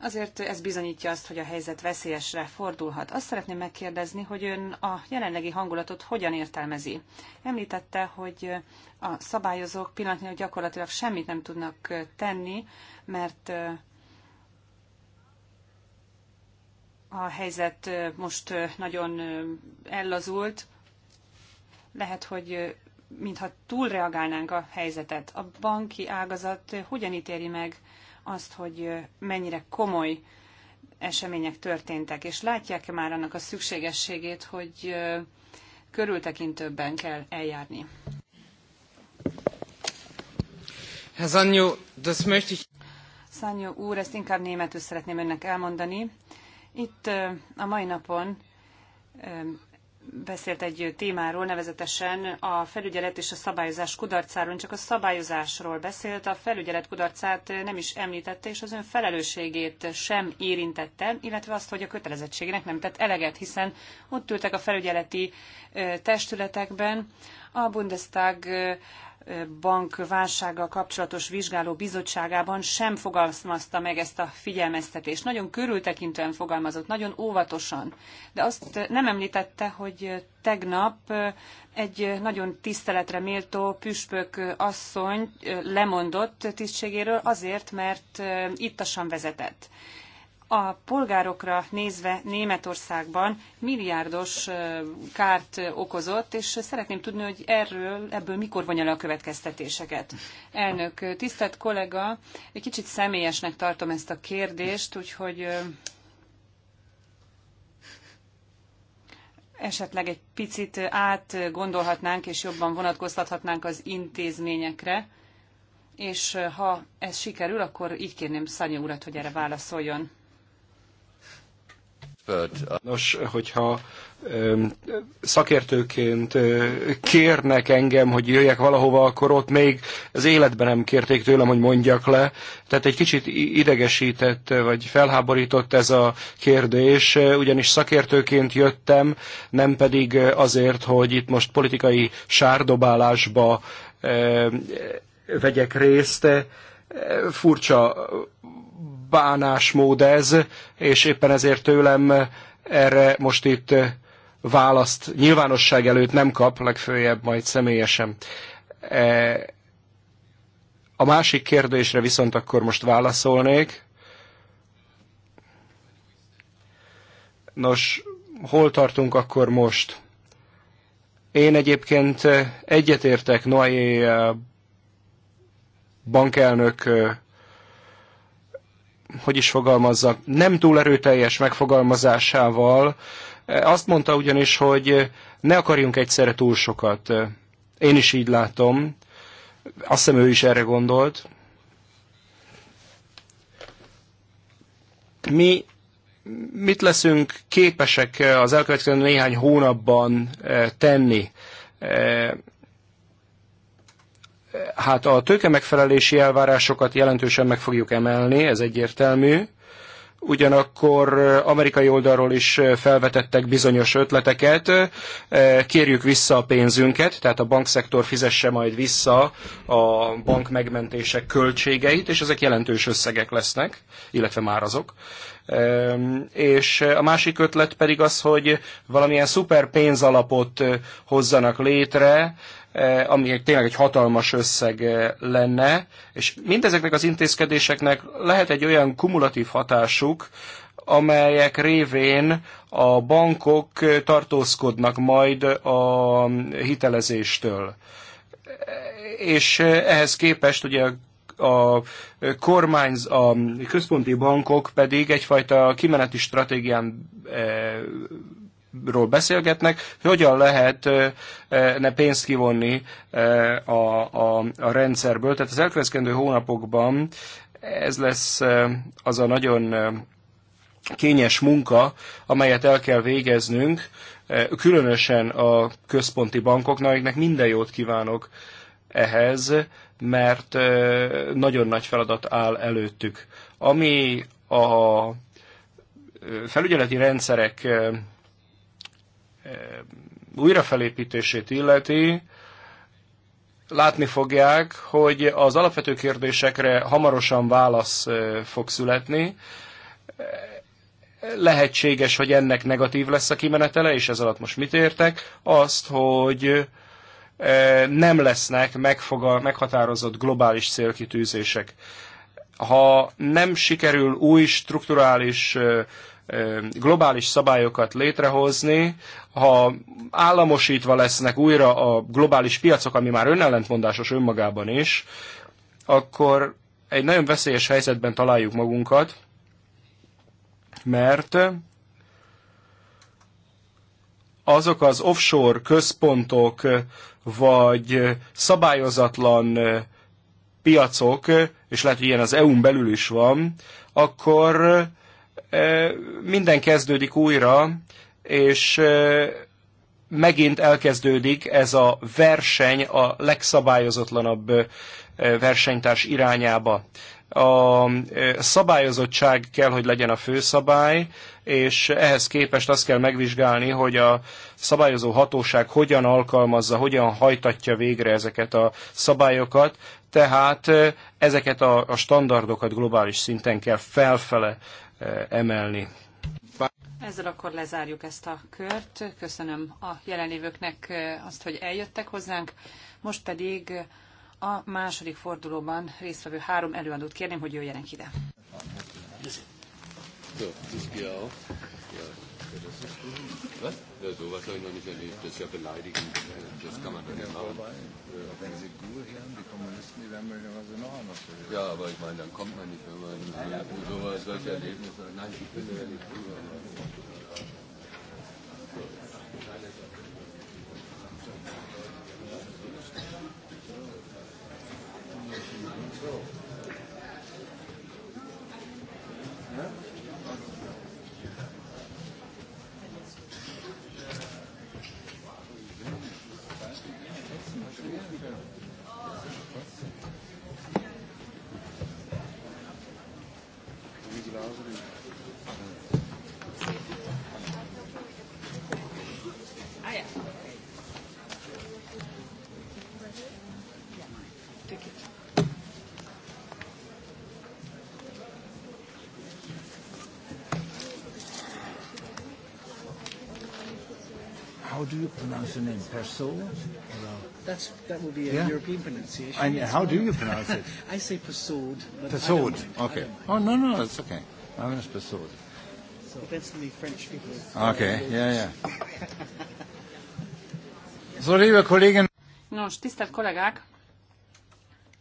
D: Azért ez bizonyítja azt, hogy a helyzet veszélyesre fordulhat. Azt szeretném megkérdezni, hogy ön a jelenlegi hangulatot hogyan értelmezi. Említette, hogy a szabályozók pillanatnyilag gyakorlatilag semmit nem tudnak tenni, mert a helyzet most nagyon ellazult. Lehet, hogy mintha túlreagálnánk a helyzetet. A banki ágazat hogyan ítéri meg azt, hogy mennyire komoly események történtek, és látják-e már annak a szükségességét, hogy körültekintőbben kell eljárni? Szanyó úr, ezt inkább németül szeretném önnek elmondani. Itt a mai napon beszélt egy témáról, nevezetesen a felügyelet és a szabályozás kudarcáról, csak a szabályozásról beszélt, a felügyelet kudarcát nem is említette, és az ön felelősségét sem érintette, illetve azt, hogy a kötelezettségének nem tett eleget, hiszen ott ültek a felügyeleti testületekben, a Bundestag bankválsággal kapcsolatos vizsgáló bizottságában sem fogalmazta meg ezt a figyelmeztetést. Nagyon körültekintően fogalmazott, nagyon óvatosan, de azt nem említette, hogy tegnap egy nagyon tiszteletre méltó püspök asszony lemondott tisztségéről azért, mert ittasan vezetett a polgárokra nézve Németországban milliárdos kárt okozott, és szeretném tudni, hogy erről, ebből mikor vonja le a következtetéseket. Elnök, tisztelt kollega, egy kicsit személyesnek tartom ezt a kérdést, úgyhogy esetleg egy picit átgondolhatnánk és jobban vonatkoztathatnánk az intézményekre, és ha ez sikerül, akkor így kérném Szanyi urat, hogy erre válaszoljon.
A: Nos, hogyha szakértőként kérnek engem, hogy jöjjek valahova, akkor ott még az életben nem kérték tőlem, hogy mondjak le. Tehát egy kicsit idegesített, vagy felháborított ez a kérdés, ugyanis szakértőként jöttem, nem pedig azért, hogy itt most politikai sárdobálásba vegyek részt. Furcsa bánásmód ez, és éppen ezért tőlem erre most itt választ nyilvánosság előtt nem kap, legfőjebb majd személyesen. E, a másik kérdésre viszont akkor most válaszolnék. Nos, hol tartunk akkor most? Én egyébként egyetértek Noé e, bankelnök e, hogy is fogalmazzak, nem túl erőteljes megfogalmazásával. E, azt mondta ugyanis, hogy ne akarjunk egyszerre túl sokat. E, én is így látom. Azt hiszem ő is erre gondolt. Mi mit leszünk képesek az elkövetkező néhány hónapban e, tenni? Hát a tőke megfelelési elvárásokat jelentősen meg fogjuk emelni, ez egyértelmű. Ugyanakkor eh, amerikai oldalról is eh, felvetettek bizonyos ötleteket, eh, kérjük vissza a pénzünket, tehát a bankszektor fizesse majd vissza a bank megmentések költségeit, és ezek jelentős összegek lesznek, illetve már azok. Ehm, és a másik ötlet pedig az, hogy valamilyen szuper pénzalapot hozzanak létre, Eh, ami tényleg egy hatalmas összeg eh, lenne, és mindezeknek az intézkedéseknek lehet egy olyan kumulatív hatásuk, amelyek révén a bankok eh, tartózkodnak majd a hitelezéstől. És ehhez képest ugye a kormányz, a központi bankok pedig egyfajta kimeneti stratégián ról beszélgetnek, hogy hogyan lehet ne pénzt kivonni a, a, a rendszerből. Tehát az elkövetkezendő hónapokban ez lesz az a nagyon kényes munka, amelyet el kell végeznünk, különösen a központi bankoknak, akiknek minden jót kívánok ehhez, mert nagyon nagy feladat áll előttük. Ami a felügyeleti rendszerek Eh, újrafelépítését illeti, látni fogják, hogy az alapvető kérdésekre hamarosan válasz eh, fog születni. Eh, lehetséges, hogy ennek negatív lesz a kimenetele, és ez alatt most mit értek? Azt, hogy nem lesznek megfoga, meghatározott globális célkitűzések. Ha nem sikerül új strukturális globális szabályokat létrehozni, ha államosítva lesznek újra a globális piacok, ami már önellentmondásos önmagában is, akkor egy nagyon veszélyes helyzetben találjuk magunkat, mert azok az offshore központok vagy szabályozatlan piacok, és lehet, hogy ilyen az EU-n belül is van, akkor minden kezdődik újra, és megint elkezdődik ez a verseny a legszabályozatlanabb versenytárs irányába. A szabályozottság kell, hogy legyen a főszabály, és ehhez képest azt kell megvizsgálni, hogy a szabályozó hatóság hogyan alkalmazza, hogyan hajtatja végre ezeket a szabályokat, tehát ezeket a, a standardokat globális szinten kell felfele Eh, emelni.
D: Ezzel akkor lezárjuk ezt a kört. Köszönöm a jelenlévőknek eh, azt, hogy eljöttek hozzánk. Most pedig a második fordulóban résztvevő három előadót kérném, hogy jöjjenek ide. Köszönöm
B: das ist Was? Ja, sowas habe ich noch nicht erlebt. Das ist ja beleidigend. Das kann man doch nicht machen. Wenn Sie
C: Gur hören, die Kommunisten, die werden möglicherweise noch anders hören. Ja, aber ich meine, dann kommt man nicht, wenn man sowas, solche Erlebnisse... Nein, ich bin ja nicht drüber. pronounce the name? Persaud? That's, that would be a yeah? European pronunciation. And how do you pronounce it? I say Persaud. Persaud, okay. Oh, no, no, that's okay. I'm going to Persaud.
E: So eventually French people. Okay,
C: yeah, yeah. so, liebe Kollegen.
D: Nos, tisztelt kollégák,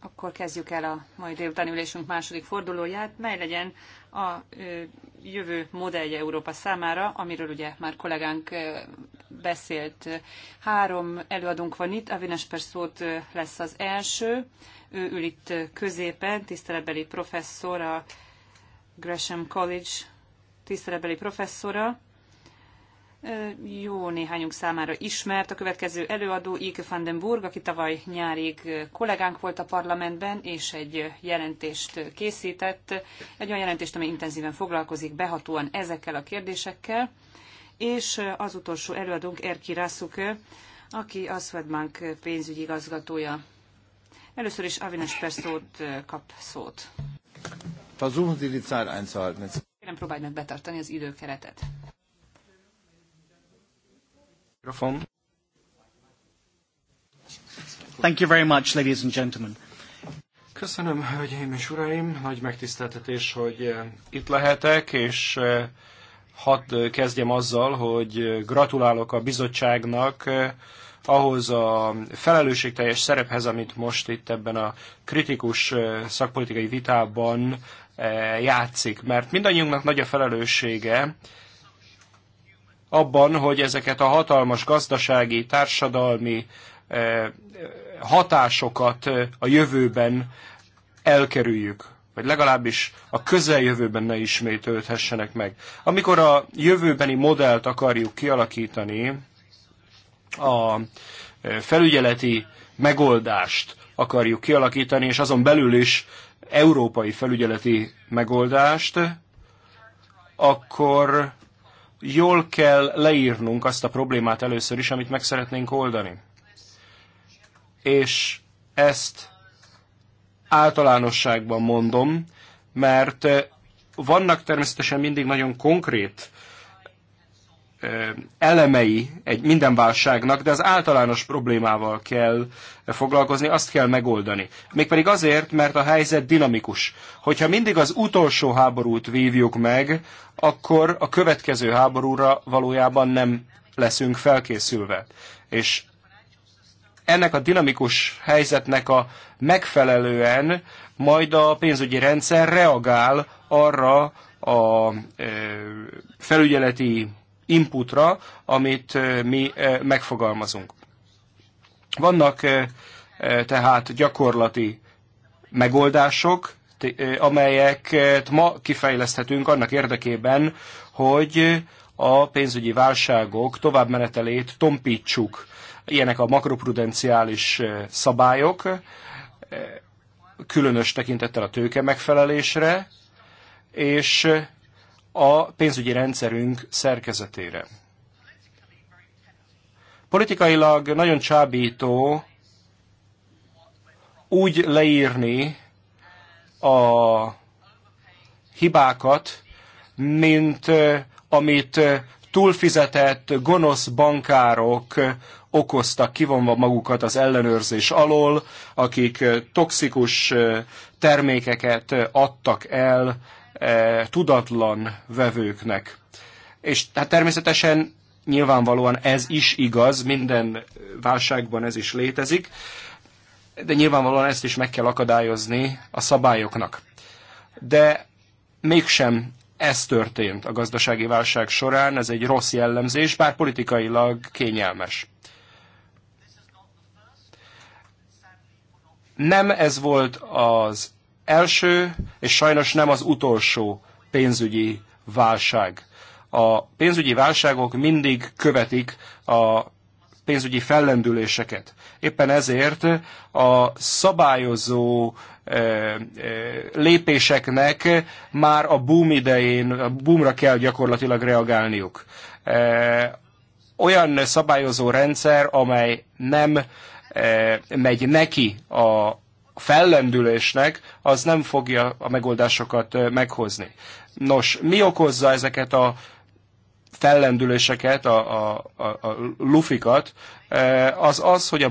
D: akkor kezdjük el a mai délutáni ülésünk második fordulóját, mely legyen a jövő modellje Európa számára, amiről ugye már kollégánk beszélt. Három előadónk van itt, Avines Perszót lesz az első, ő ül itt középen, tiszteletbeli professzor, a Gresham College tiszteletbeli professzora. Jó néhányunk számára ismert a következő előadó, Ike van den Burg, aki tavaly nyárig kollégánk volt a parlamentben, és egy jelentést készített, egy olyan jelentést, ami intenzíven foglalkozik behatóan ezekkel a kérdésekkel és az utolsó előadónk Erki Rászukő, aki a Swedbank pénzügyi igazgatója. Először is Avines Perszót kap szót. Kérem, próbálj meg betartani az időkeretet.
A: Mikrofon. Thank you very much, ladies and gentlemen. Köszönöm, hölgyeim és uraim, nagy megtiszteltetés, hogy itt lehetek, és hadd kezdjem azzal, hogy gratulálok a bizottságnak ahhoz a felelősségteljes szerephez, amit most itt ebben a kritikus szakpolitikai vitában játszik. Mert mindannyiunknak nagy a felelőssége abban, hogy ezeket a hatalmas gazdasági, társadalmi hatásokat a jövőben elkerüljük vagy legalábbis a közeljövőben ne ismétődhessenek meg. Amikor a jövőbeni modellt akarjuk kialakítani, a e, felügyeleti megoldást akarjuk kialakítani, és azon belül is európai felügyeleti megoldást, akkor jól kell leírnunk azt a problémát először is, amit meg szeretnénk oldani. És ezt általánosságban mondom, mert eh, vannak természetesen mindig nagyon konkrét eh, elemei egy minden válságnak, de az általános problémával kell eh, foglalkozni, azt kell megoldani. Mégpedig azért, mert a helyzet dinamikus. Hogyha mindig az utolsó háborút vívjuk meg, akkor a következő háborúra valójában nem leszünk felkészülve. És ennek a dinamikus helyzetnek a megfelelően majd a pénzügyi rendszer reagál arra a felügyeleti inputra, amit mi megfogalmazunk. Vannak tehát gyakorlati megoldások, amelyeket ma kifejleszthetünk annak érdekében, hogy a pénzügyi válságok továbbmenetelét tompítsuk. Ilyenek a makroprudenciális szabályok, különös tekintettel a tőke megfelelésre, és a pénzügyi rendszerünk szerkezetére. Politikailag nagyon csábító úgy leírni a hibákat, mint amit túlfizetett gonosz bankárok okoztak kivonva magukat az ellenőrzés alól, akik toxikus termékeket adtak el tudatlan vevőknek. És hát természetesen nyilvánvalóan ez is igaz, minden válságban ez is létezik, de nyilvánvalóan ezt is meg kell akadályozni a szabályoknak. De mégsem ez történt a gazdasági válság során, ez egy rossz jellemzés, bár politikailag kényelmes. Nem ez volt az első, és sajnos nem az utolsó pénzügyi válság. A pénzügyi válságok mindig követik a pénzügyi fellendüléseket. Éppen ezért a szabályozó e, e, lépéseknek már a boom idején, a boomra kell gyakorlatilag reagálniuk. E, olyan szabályozó rendszer, amely nem E, megy neki a fellendülésnek, az nem fogja a megoldásokat e, meghozni. Nos, mi okozza ezeket a fellendüléseket, a, a, a, a lufikat? E, az az, hogy a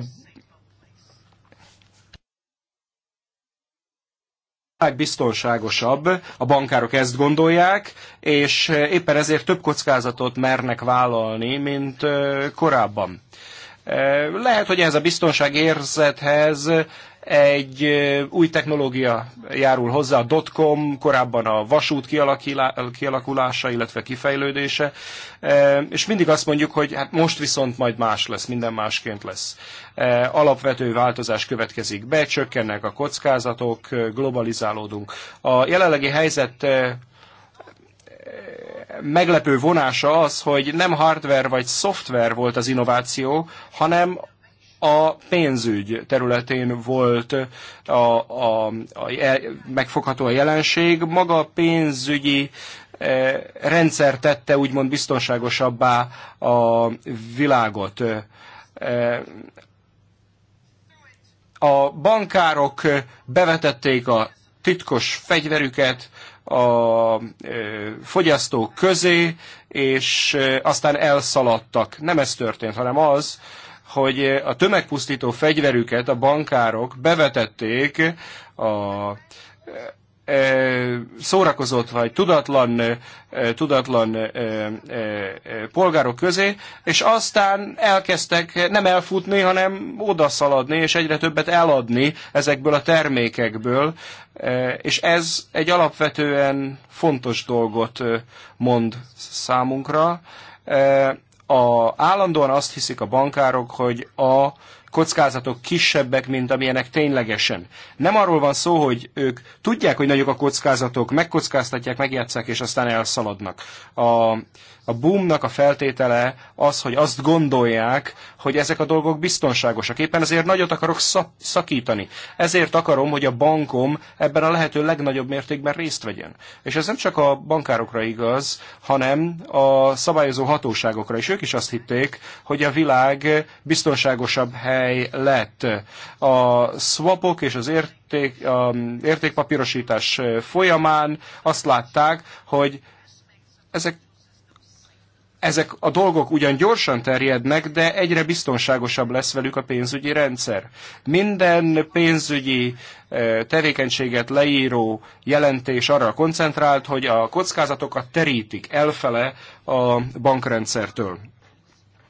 A: biztonságosabb, a bankárok ezt gondolják, és éppen ezért több kockázatot mernek vállalni, mint korábban. Lehet, hogy ez a biztonságérzethez egy új technológia járul hozzá, a dotcom, korábban a vasút kialakulása, illetve kifejlődése, és mindig azt mondjuk, hogy hát most viszont majd más lesz, minden másként lesz. Alapvető változás következik be, csökkennek a kockázatok, globalizálódunk. A jelenlegi helyzet meglepő vonása az, hogy nem hardware vagy szoftver volt az innováció, hanem a pénzügy területén volt a, a, a, megfogható a jelenség. Maga a pénzügyi e, rendszer tette úgymond biztonságosabbá a világot. E, a bankárok bevetették a titkos fegyverüket, a fogyasztók közé, és aztán elszaladtak. Nem ez történt, hanem az, hogy a tömegpusztító fegyverüket a bankárok bevetették a szórakozott vagy tudatlan, tudatlan polgárok közé, és aztán elkezdtek nem elfutni, hanem odaszaladni, és egyre többet eladni ezekből a termékekből, és ez egy alapvetően fontos dolgot mond számunkra. A, állandóan azt hiszik a bankárok, hogy a kockázatok kisebbek, mint amilyenek ténylegesen. Nem arról van szó, hogy ők tudják, hogy nagyok a kockázatok, megkockáztatják, megjátszák, és aztán elszaladnak. A a boomnak a feltétele az, hogy azt gondolják, hogy ezek a dolgok biztonságosak. Éppen ezért nagyot akarok szakítani. Ezért akarom, hogy a bankom ebben a lehető legnagyobb mértékben részt vegyen. És ez nem csak a bankárokra igaz, hanem a szabályozó hatóságokra is. Ők is azt hitték, hogy a világ biztonságosabb hely lett. A swapok és az érték, a értékpapírosítás folyamán azt látták, hogy ezek ezek a dolgok ugyan gyorsan terjednek, de egyre biztonságosabb lesz velük a pénzügyi rendszer. Minden pénzügyi e, tevékenységet leíró jelentés arra koncentrált, hogy a kockázatokat terítik elfele a bankrendszertől.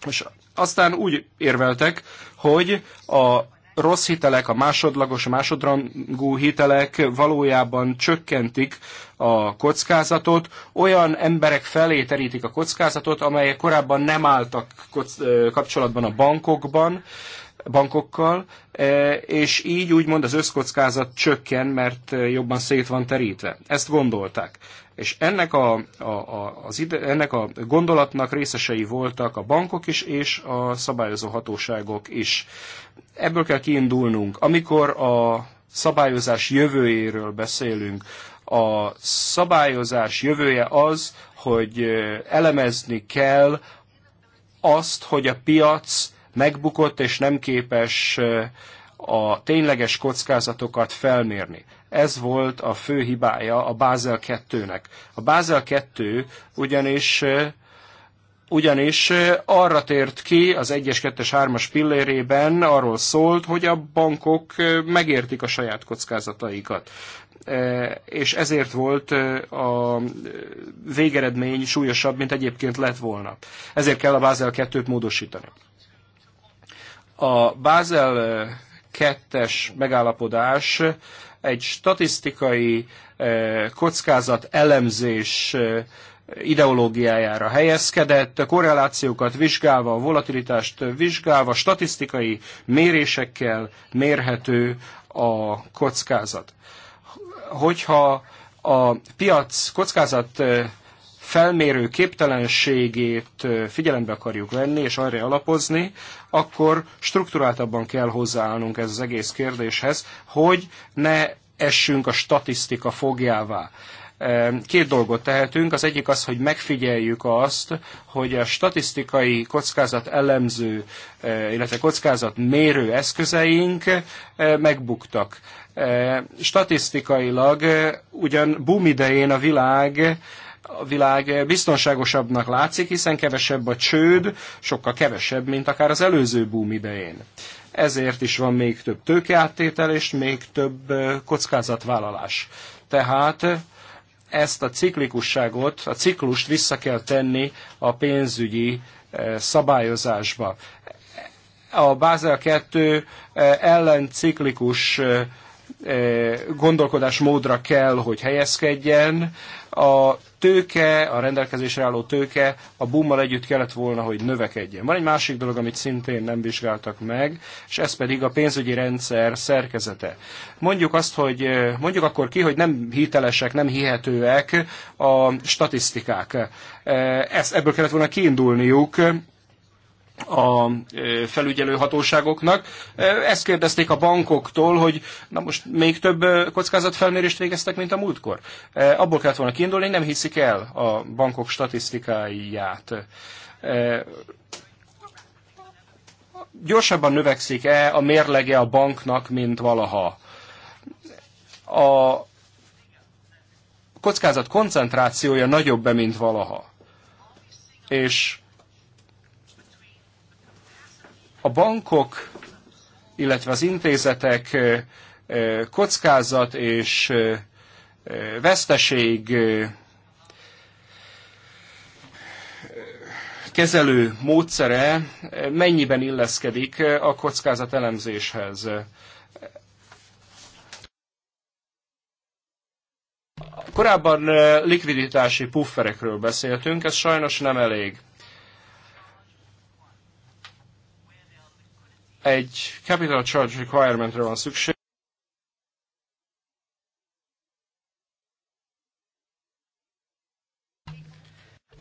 A: És aztán úgy érveltek, hogy a rossz hitelek, a másodlagos, másodrangú hitelek valójában csökkentik a kockázatot, olyan emberek felé terítik a kockázatot, amelyek korábban nem álltak kapcsolatban a bankokban, bankokkal, e, és így úgymond az összkockázat csökken, mert jobban szét van terítve. Ezt gondolták. És ennek a, a, a, az ide, ennek a gondolatnak részesei voltak a bankok is, és a szabályozó hatóságok is. Ebből kell kiindulnunk. Amikor a szabályozás jövőjéről beszélünk, a szabályozás jövője az, hogy elemezni kell azt, hogy a piac megbukott és nem képes a tényleges kockázatokat felmérni. Ez volt a fő hibája a Bázel 2-nek. A Bázel 2 ugyanis ugyanis arra tért ki az 1-es, 2-es, 3-as pillérében, arról szólt, hogy a bankok megértik a saját kockázataikat. És ezért volt a végeredmény súlyosabb, mint egyébként lett volna. Ezért kell a Bázel 2-t módosítani. A Bázel 2-es megállapodás egy statisztikai eh, kockázat elemzés eh, ideológiájára helyezkedett, korrelációkat vizsgálva, a volatilitást vizsgálva, statisztikai mérésekkel mérhető a kockázat. Hogyha a piac kockázat eh, felmérő képtelenségét figyelembe akarjuk venni és arra alapozni, akkor strukturáltabban kell hozzáállnunk ez az egész kérdéshez, hogy ne essünk a statisztika fogjává. Két dolgot tehetünk, az egyik az, hogy megfigyeljük azt, hogy a statisztikai kockázat elemző, illetve kockázat mérő eszközeink megbuktak. Statisztikailag ugyan boom idején a világ a világ biztonságosabbnak látszik, hiszen kevesebb a csőd, sokkal kevesebb, mint akár az előző búm idején. Ezért is van még több tőkeáttétel és még több kockázatvállalás. Tehát ezt a ciklikusságot, a ciklust vissza kell tenni a pénzügyi szabályozásba. A Bázel 2 ellenciklikus gondolkodásmódra kell, hogy helyezkedjen. A tőke, a rendelkezésre álló tőke a bummal együtt kellett volna, hogy növekedjen. Van egy másik dolog, amit szintén nem vizsgáltak meg, és ez pedig a pénzügyi rendszer szerkezete. Mondjuk azt, hogy mondjuk akkor ki, hogy nem hitelesek, nem hihetőek a statisztikák. Ezt, ebből kellett volna kiindulniuk a felügyelő hatóságoknak. Ezt kérdezték a bankoktól, hogy na most még több kockázatfelmérést végeztek, mint a múltkor. Abból kellett volna kiindulni, nem hiszik el a bankok statisztikáját. Gyorsabban növekszik-e a mérlege a banknak, mint valaha? A kockázat koncentrációja nagyobb-e, mint valaha? És a bankok, illetve az intézetek kockázat és veszteség kezelő módszere mennyiben illeszkedik a kockázat elemzéshez. Korábban likviditási pufferekről beszéltünk, ez sajnos nem elég. egy capital charge requirementre van szükség,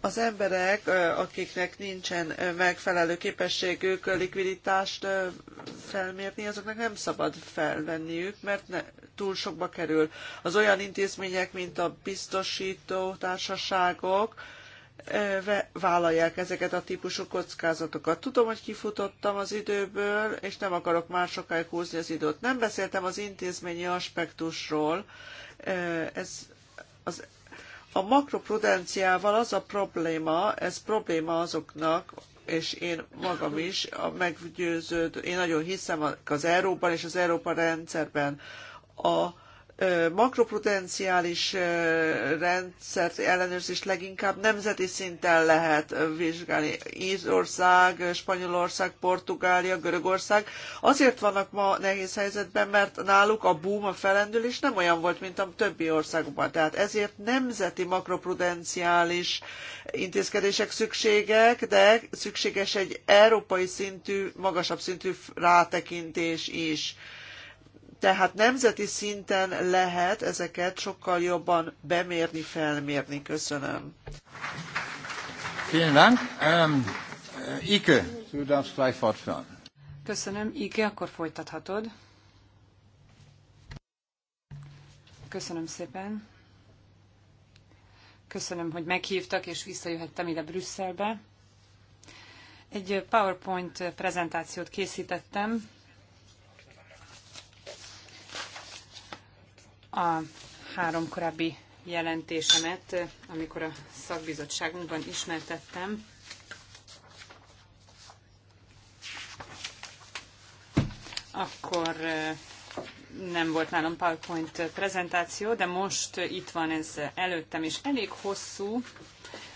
E: az emberek, akiknek nincsen megfelelő képességük likviditást felmérni, azoknak nem szabad felvenniük, mert ne, túl sokba kerül. Az olyan intézmények, mint a biztosító társaságok, vállalják ezeket a típusú kockázatokat. Tudom, hogy kifutottam az időből, és nem akarok már sokáig húzni az időt. Nem beszéltem az intézményi aspektusról. Ez az a makroprudenciával az a probléma, ez probléma azoknak, és én magam is a meggyőződ, én nagyon hiszem az Euróban és az Európa rendszerben. A, makroprudenciális rendszert ellenőrzést leginkább nemzeti szinten lehet vizsgálni. Ízország, Spanyolország, Portugália, Görögország azért vannak ma nehéz helyzetben, mert náluk a boom, a felendülés nem olyan volt, mint a többi országokban. Tehát ezért nemzeti makroprudenciális intézkedések szükségek, de szükséges egy európai szintű, magasabb szintű rátekintés is tehát nemzeti szinten lehet ezeket sokkal jobban bemérni, felmérni. Köszönöm.
C: Vielen Dank. Um, Ike, du darfst gleich
D: Köszönöm. Ike, akkor folytathatod. Köszönöm szépen. Köszönöm, hogy meghívtak, és visszajöhettem ide Brüsszelbe. Egy PowerPoint prezentációt készítettem, a három korábbi jelentésemet, amikor a szakbizottságunkban ismertettem, akkor nem volt nálam PowerPoint prezentáció, de most itt van ez előttem, és elég hosszú,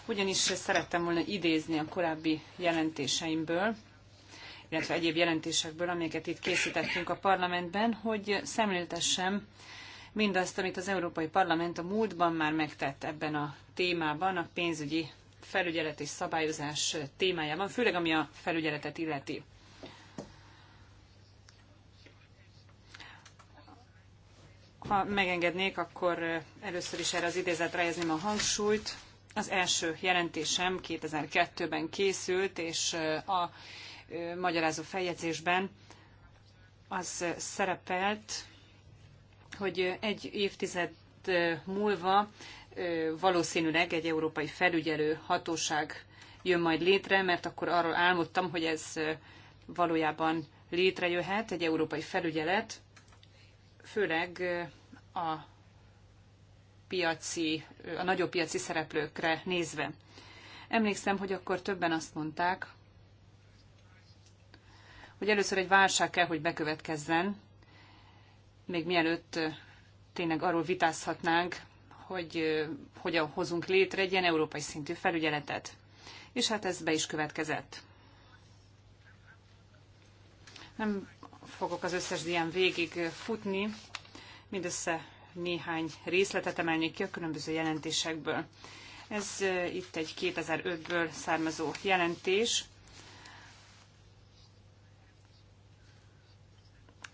D: ugyanis szerettem volna idézni a korábbi jelentéseimből, illetve egyéb jelentésekből, amelyeket itt készítettünk a parlamentben, hogy szemléltessem mindazt, amit az Európai Parlament a múltban már megtett ebben a témában, a pénzügyi felügyelet és szabályozás témájában, főleg ami a felügyeletet illeti. Ha megengednék, akkor először is erre az idézetre helyezném a hangsúlyt. Az első jelentésem 2002-ben készült, és a magyarázó feljegyzésben az szerepelt, hogy egy évtized múlva valószínűleg egy európai felügyelő hatóság jön majd létre, mert akkor arról álmodtam, hogy ez valójában létrejöhet, egy európai felügyelet, főleg a piaci, a nagyobb piaci szereplőkre nézve. Emlékszem, hogy akkor többen azt mondták, hogy először egy válság kell, hogy bekövetkezzen, még mielőtt tényleg arról vitázhatnánk, hogy hogyan hozunk létre egy ilyen európai szintű felügyeletet. És hát ez be is következett. Nem fogok az összes dián végig futni, mindössze néhány részletet emelnék ki a különböző jelentésekből. Ez itt egy 2005-ből származó jelentés,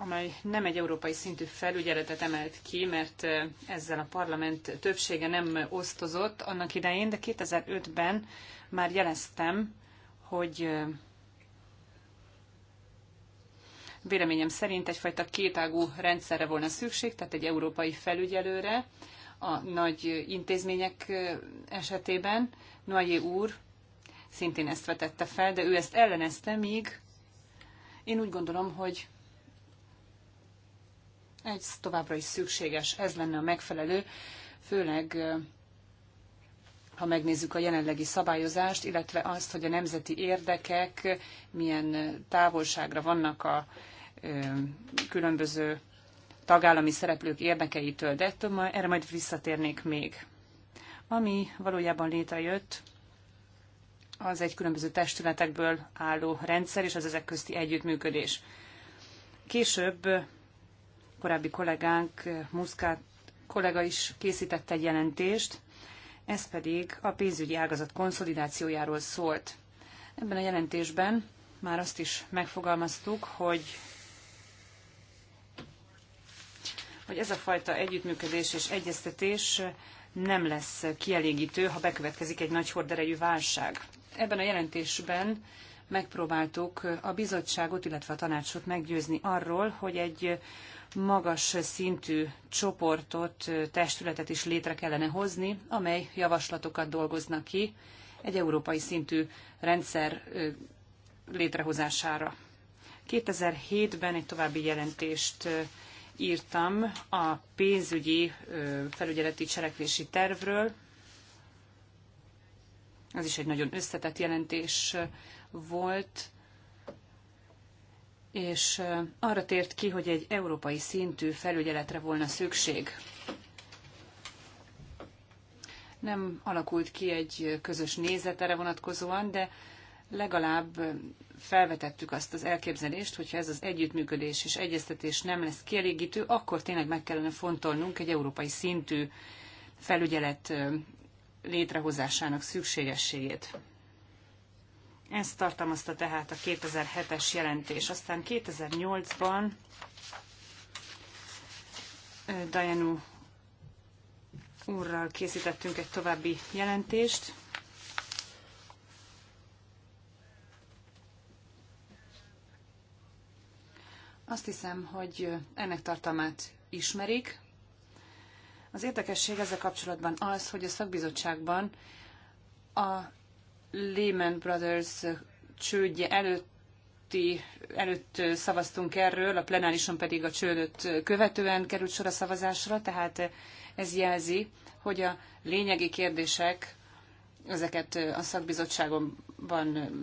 D: amely nem egy európai szintű felügyeletet emelt ki, mert ezzel a parlament többsége nem osztozott annak idején, de 2005-ben már jeleztem, hogy véleményem szerint egyfajta kétágú rendszerre volna szükség, tehát egy európai felügyelőre a nagy intézmények esetében. Noyé úr szintén ezt vetette fel, de ő ezt ellenezte, míg én úgy gondolom, hogy egy továbbra is szükséges, ez lenne a megfelelő, főleg ha megnézzük a jelenlegi szabályozást, illetve azt, hogy a nemzeti érdekek milyen távolságra vannak a különböző tagállami szereplők érdekeitől, de ettől ma, erre majd visszatérnék még. Ami valójában létrejött, az egy különböző testületekből álló rendszer, és az ezek közti együttműködés. Később korábbi kollégánk, Muszkát kollega is készített egy jelentést, ez pedig a pénzügyi ágazat konszolidációjáról szólt. Ebben a jelentésben már azt is megfogalmaztuk, hogy hogy ez a fajta együttműködés és egyeztetés nem lesz kielégítő, ha bekövetkezik egy nagy horderejű válság. Ebben a jelentésben megpróbáltuk a bizottságot, illetve a tanácsot meggyőzni arról, hogy egy magas szintű csoportot, testületet is létre kellene hozni, amely javaslatokat dolgoznak ki egy európai szintű rendszer létrehozására. 2007-ben egy további jelentést írtam a pénzügyi felügyeleti cselekvési tervről. Ez is egy nagyon összetett jelentés volt, és arra tért ki, hogy egy európai szintű felügyeletre volna szükség. Nem alakult ki egy közös nézet erre vonatkozóan, de legalább felvetettük azt az elképzelést, hogyha ez az együttműködés és egyeztetés nem lesz kielégítő, akkor tényleg meg kellene fontolnunk egy európai szintű felügyelet létrehozásának szükségességét. Ezt tartalmazta tehát a 2007-es jelentés. Aztán 2008-ban Dajanu úrral készítettünk egy további jelentést. Azt hiszem, hogy ennek tartalmát ismerik. Az érdekesség ezzel kapcsolatban az, hogy a szakbizottságban a Lehman Brothers csődje előtti, előtt szavaztunk erről, a plenárison pedig a csődöt követően került sor a szavazásra, tehát ez jelzi, hogy a lényegi kérdések, ezeket a szakbizottságban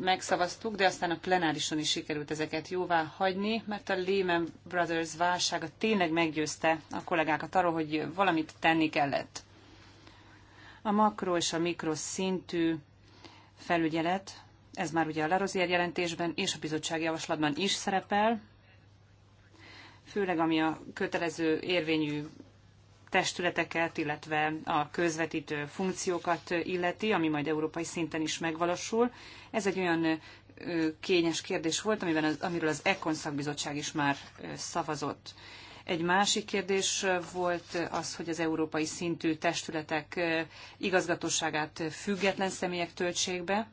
D: megszavaztuk, de aztán a plenárison is sikerült ezeket jóvá hagyni, mert a Lehman Brothers válsága tényleg meggyőzte a kollégákat arról, hogy valamit tenni kellett. A makro és a mikroszintű felügyelet, ez már ugye a Larozier jelentésben és a bizottság javaslatban is szerepel, főleg ami a kötelező érvényű testületeket, illetve a közvetítő funkciókat illeti, ami majd európai szinten is megvalósul. Ez egy olyan kényes kérdés volt, amiben az, amiről az Ekon szakbizottság is már szavazott. Egy másik kérdés volt az, hogy az európai szintű testületek igazgatóságát független személyek töltsék be,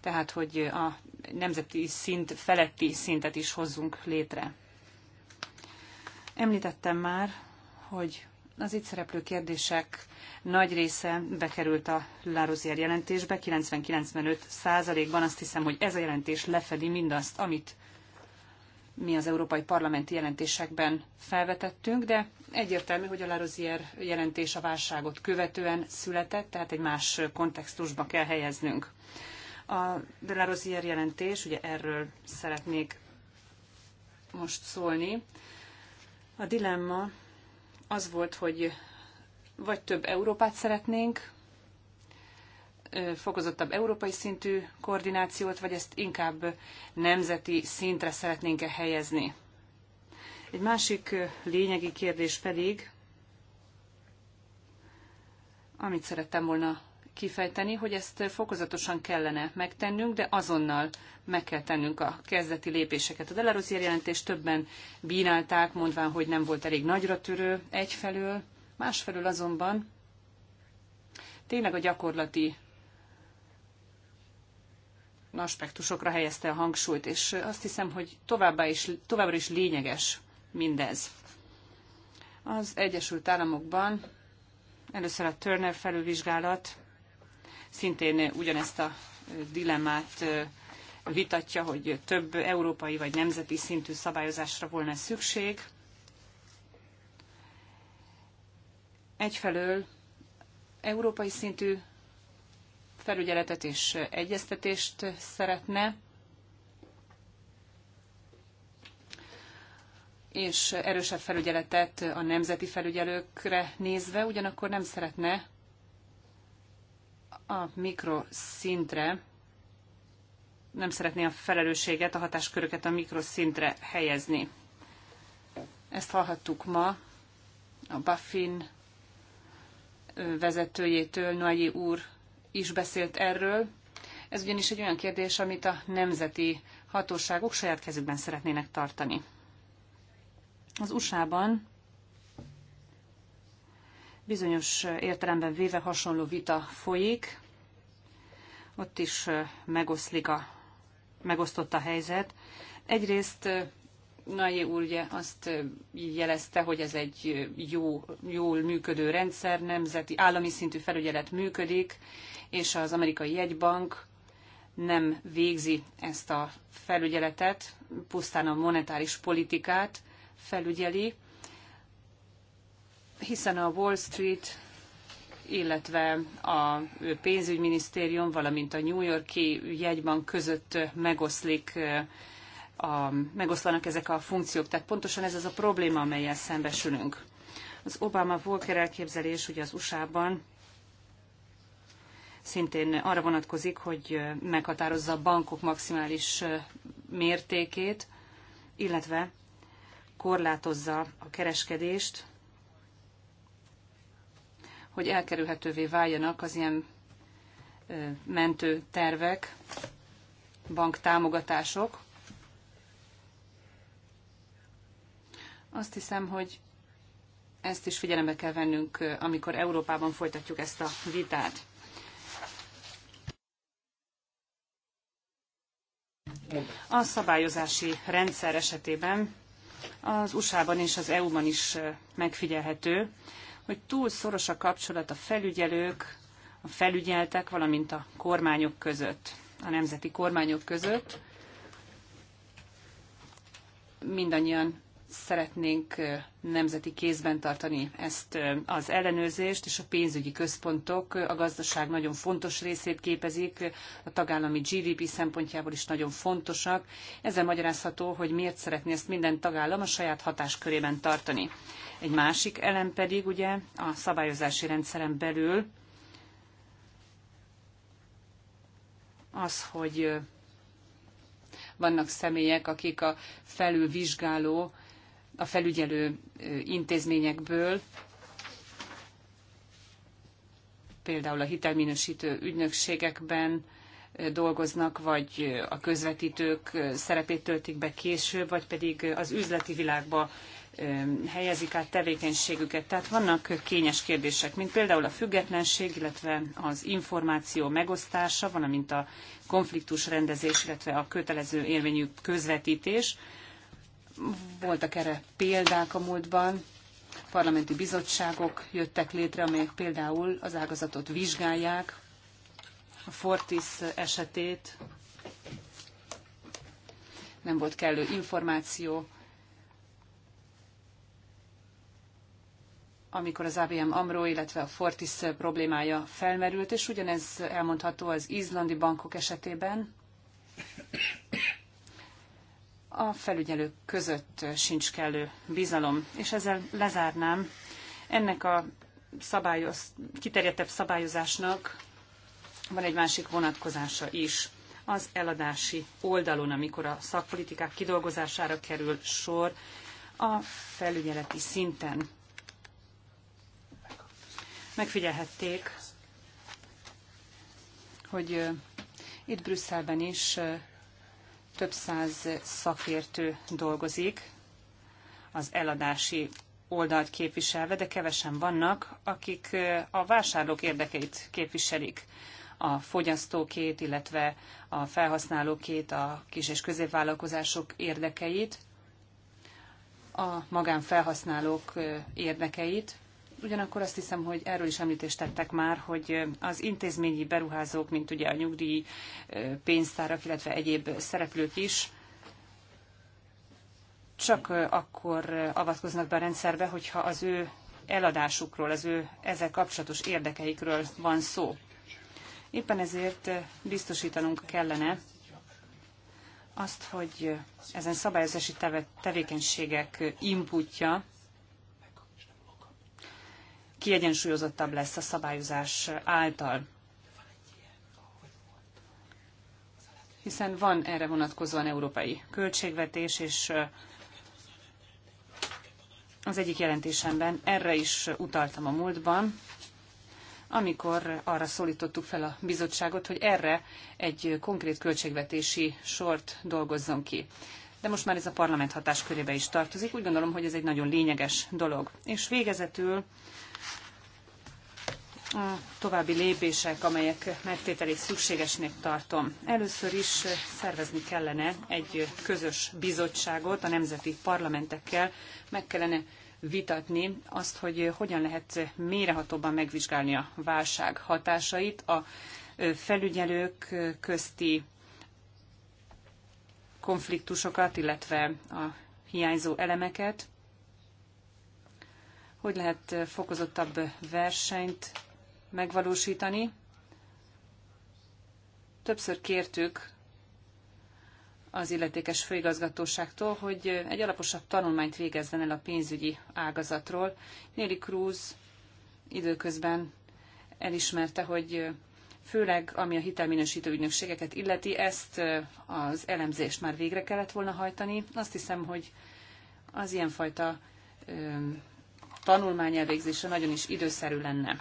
D: tehát hogy a nemzeti szint feletti szintet is hozzunk létre. Említettem már, hogy az itt szereplő kérdések nagy része bekerült a Lározier jelentésbe, 90-95 százalékban. Azt hiszem, hogy ez a jelentés lefedi mindazt, amit mi az európai parlamenti jelentésekben felvetettünk, de egyértelmű, hogy a Larozier jelentés a válságot követően született, tehát egy más kontextusba kell helyeznünk. A de Larosier jelentés, ugye erről szeretnék most szólni. A dilemma az volt, hogy vagy több Európát szeretnénk, fokozottabb európai szintű koordinációt, vagy ezt inkább nemzeti szintre szeretnénk-e helyezni. Egy másik lényegi kérdés pedig, amit szerettem volna kifejteni, hogy ezt fokozatosan kellene megtennünk, de azonnal meg kell tennünk a kezdeti lépéseket. A Delarozier jelentést többen bínálták, mondván, hogy nem volt elég nagyra törő egyfelől, másfelől azonban tényleg a gyakorlati aspektusokra helyezte a hangsúlyt, és azt hiszem, hogy továbbá is, továbbra is lényeges mindez. Az Egyesült Államokban először a Turner felülvizsgálat szintén ugyanezt a dilemmát vitatja, hogy több európai vagy nemzeti szintű szabályozásra volna szükség. Egyfelől európai szintű felügyeletet és egyeztetést szeretne, és erősebb felügyeletet a nemzeti felügyelőkre nézve, ugyanakkor nem szeretne a mikroszintre, nem szeretné a felelősséget, a hatásköröket a mikroszintre helyezni. Ezt hallhattuk ma a Buffin vezetőjétől, Noyi úr is beszélt erről. Ez ugyanis egy olyan kérdés, amit a nemzeti hatóságok saját kezükben szeretnének tartani. Az USA-ban bizonyos értelemben véve hasonló vita folyik. Ott is megoszlik a, megosztott a helyzet. Egyrészt Nagyé úr ugye azt jelezte, hogy ez egy jó, jól működő rendszer, nemzeti, állami szintű felügyelet működik, és az amerikai jegybank nem végzi ezt a felügyeletet, pusztán a monetáris politikát felügyeli, hiszen a Wall Street, illetve a pénzügyminisztérium, valamint a New Yorki jegybank között megoszlik a, megoszlanak ezek a funkciók. Tehát pontosan ez az a probléma, amelyel szembesülünk. Az Obama-Volker elképzelés ugye az USA-ban szintén arra vonatkozik, hogy meghatározza a bankok maximális mértékét, illetve korlátozza a kereskedést, hogy elkerülhetővé váljanak az ilyen mentő tervek, banktámogatások. Azt hiszem, hogy ezt is figyelembe kell vennünk, amikor Európában folytatjuk ezt a vitát. A szabályozási rendszer esetében az USA-ban és az EU-ban is megfigyelhető, hogy túl szoros a kapcsolat a felügyelők, a felügyeltek, valamint a kormányok között, a nemzeti kormányok között. Mindannyian szeretnénk nemzeti kézben tartani ezt az ellenőrzést, és a pénzügyi központok a gazdaság nagyon fontos részét képezik, a tagállami GDP szempontjából is nagyon fontosak. Ezzel magyarázható, hogy miért szeretné ezt minden tagállam a saját hatáskörében tartani. Egy másik elem pedig ugye a szabályozási rendszeren belül az, hogy vannak személyek, akik a felülvizsgáló a felügyelő intézményekből, például a hitelminősítő ügynökségekben dolgoznak, vagy a közvetítők szerepét töltik be később, vagy pedig az üzleti világba helyezik át tevékenységüket. Tehát vannak kényes kérdések, mint például a függetlenség, illetve az információ megosztása, valamint a konfliktus rendezés, illetve a kötelező érvényű közvetítés, voltak erre példák a múltban, parlamenti bizottságok jöttek létre, amelyek például az ágazatot vizsgálják, a Fortis esetét, nem volt kellő információ, amikor az ABM AMRO, illetve a Fortis problémája felmerült, és ugyanez elmondható az izlandi bankok esetében a felügyelők között sincs kellő bizalom. És ezzel lezárnám ennek a szabályoz, kiterjedtebb szabályozásnak van egy másik vonatkozása is. Az eladási oldalon, amikor a szakpolitikák kidolgozására kerül sor, a felügyeleti szinten. Megfigyelhették, hogy itt Brüsszelben is több száz szakértő dolgozik az eladási oldalt képviselve, de kevesen vannak, akik a vásárlók érdekeit képviselik a fogyasztókét, illetve a felhasználókét, a kis- és középvállalkozások érdekeit, a magánfelhasználók érdekeit, Ugyanakkor azt hiszem, hogy erről is említést tettek már, hogy az intézményi beruházók, mint ugye a nyugdíj pénztárak, illetve egyéb szereplők is, csak akkor avatkoznak be a rendszerbe, hogyha az ő eladásukról, az ő ezzel kapcsolatos érdekeikről van szó. Éppen ezért biztosítanunk kellene azt, hogy ezen szabályozási tevékenységek inputja kiegyensúlyozottabb lesz a szabályozás által. Hiszen van erre vonatkozóan európai költségvetés, és az egyik jelentésemben erre is utaltam a múltban, amikor arra szólítottuk fel a bizottságot, hogy erre egy konkrét költségvetési sort dolgozzon ki. De most már ez a parlament hatáskörébe is tartozik, úgy gondolom, hogy ez egy nagyon lényeges dolog. És végezetül a további lépések, amelyek megtételét szükségesnek tartom. Először is szervezni kellene egy közös bizottságot a nemzeti parlamentekkel, meg kellene vitatni azt, hogy hogyan lehet mérehatóban megvizsgálni a válság hatásait, a felügyelők közti konfliktusokat, illetve a hiányzó elemeket, hogy lehet fokozottabb versenyt megvalósítani. Többször kértük az illetékes főigazgatóságtól, hogy egy alaposabb tanulmányt végezzen el a pénzügyi ágazatról. Néli Cruz időközben elismerte, hogy főleg ami a hitelminősítő ügynökségeket illeti, ezt az elemzést már végre kellett volna hajtani. Azt hiszem, hogy az ilyenfajta tanulmány elvégzése nagyon is időszerű lenne.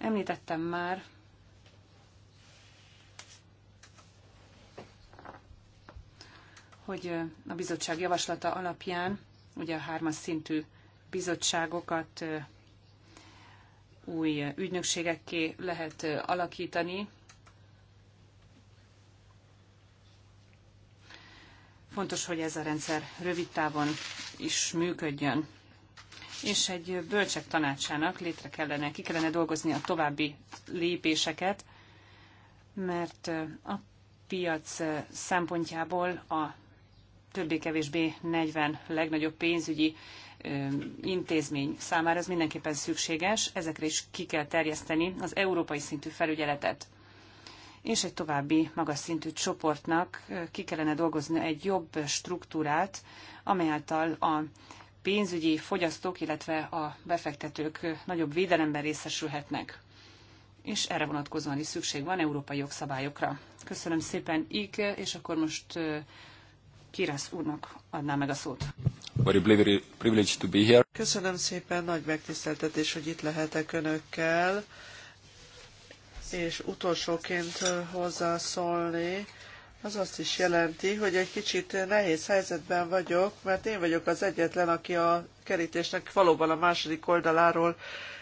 D: Említettem már, hogy a bizottság javaslata alapján ugye a hármas szintű bizottságokat új ügynökségekké lehet alakítani. Fontos, hogy ez a rendszer rövid távon is működjön és egy bölcsek tanácsának létre kellene, ki kellene dolgozni a további lépéseket, mert a piac szempontjából a többé-kevésbé 40 legnagyobb pénzügyi intézmény számára ez mindenképpen szükséges, ezekre is ki kell terjeszteni az európai szintű felügyeletet. És egy további magas szintű csoportnak ki kellene dolgozni egy jobb struktúrát, amely által a pénzügyi fogyasztók, illetve a befektetők nagyobb védelemben részesülhetnek. És erre vonatkozóan is szükség van európai jogszabályokra. Köszönöm szépen, Ike, és akkor most Kirász úrnak
E: adnám meg a szót. Köszönöm szépen, nagy megtiszteltetés, hogy itt lehetek önökkel. És utolsóként hozzászólni az azt is jelenti, hogy egy kicsit nehéz helyzetben vagyok, mert én vagyok az egyetlen, aki a kerítésnek valóban a második oldaláról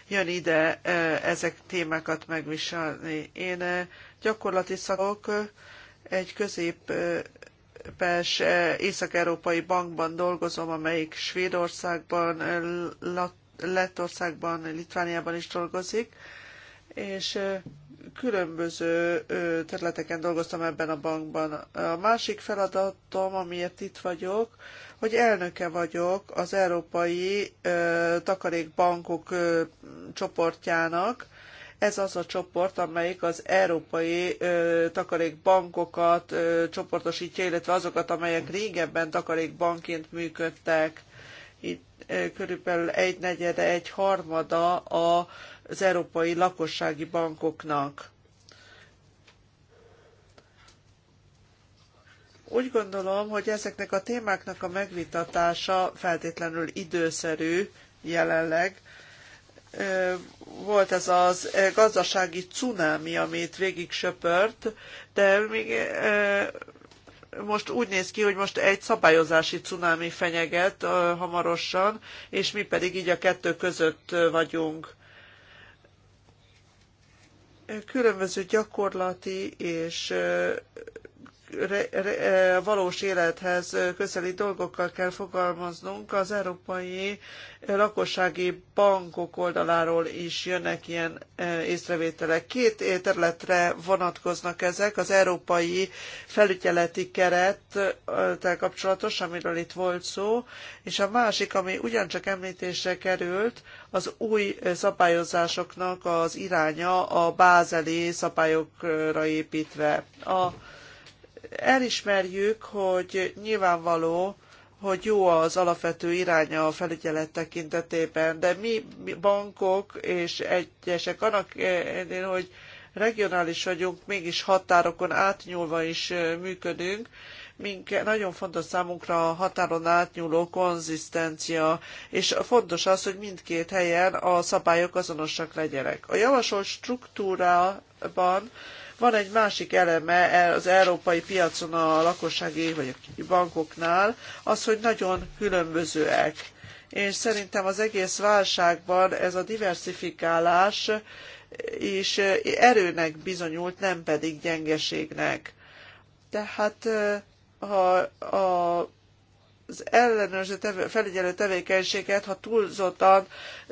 E: jön ide e, ezek témákat megviselni. Én e, gyakorlati szakok e, egy közép Pes észak-európai bankban dolgozom, amelyik Svédországban, Lettországban, Litvániában is dolgozik, és különböző területeken dolgoztam ebben a bankban. A másik feladatom, amiért itt vagyok, hogy elnöke vagyok az Európai Takarékbankok csoportjának. Ez az a csoport, amelyik az európai ö, takarékbankokat ö, csoportosítja, illetve azokat, amelyek régebben takarékbankként működtek. Itt ö, körülbelül egy negyede, egy harmada a az európai lakossági bankoknak. Úgy gondolom, hogy ezeknek a témáknak a megvitatása feltétlenül időszerű jelenleg. Volt ez az gazdasági cunámi, amit végig söpört, de még most úgy néz ki, hogy most egy szabályozási cunámi fenyeget hamarosan, és mi pedig így a kettő között vagyunk különböző gyakorlati és E, valós élethez közeli dolgokkal kell fogalmaznunk. Az európai lakossági bankok oldaláról is jönnek ilyen e, észrevételek. Két e, területre vonatkoznak ezek. Az európai felügyeleti kerettel kapcsolatos, amiről itt volt szó, és a másik, ami ugyancsak említésre került, az új szabályozásoknak az iránya a bázeli szabályokra építve. A Elismerjük, hogy nyilvánvaló, hogy jó az alapvető iránya a felügyelet tekintetében, de mi bankok és egyesek annak ellenére, hogy regionális vagyunk, mégis határokon átnyúlva is működünk, minket, nagyon fontos számunkra a határon átnyúló konzisztencia, és fontos az, hogy mindkét helyen a szabályok azonosak legyenek. A javasolt struktúrában van egy másik eleme az európai piacon a lakossági vagy a bankoknál, az, hogy nagyon különbözőek. És szerintem az egész válságban ez a diversifikálás is erőnek bizonyult, nem pedig gyengeségnek. Tehát ha a az ellenőrző felügyelő tevékenységet, ha túlzottan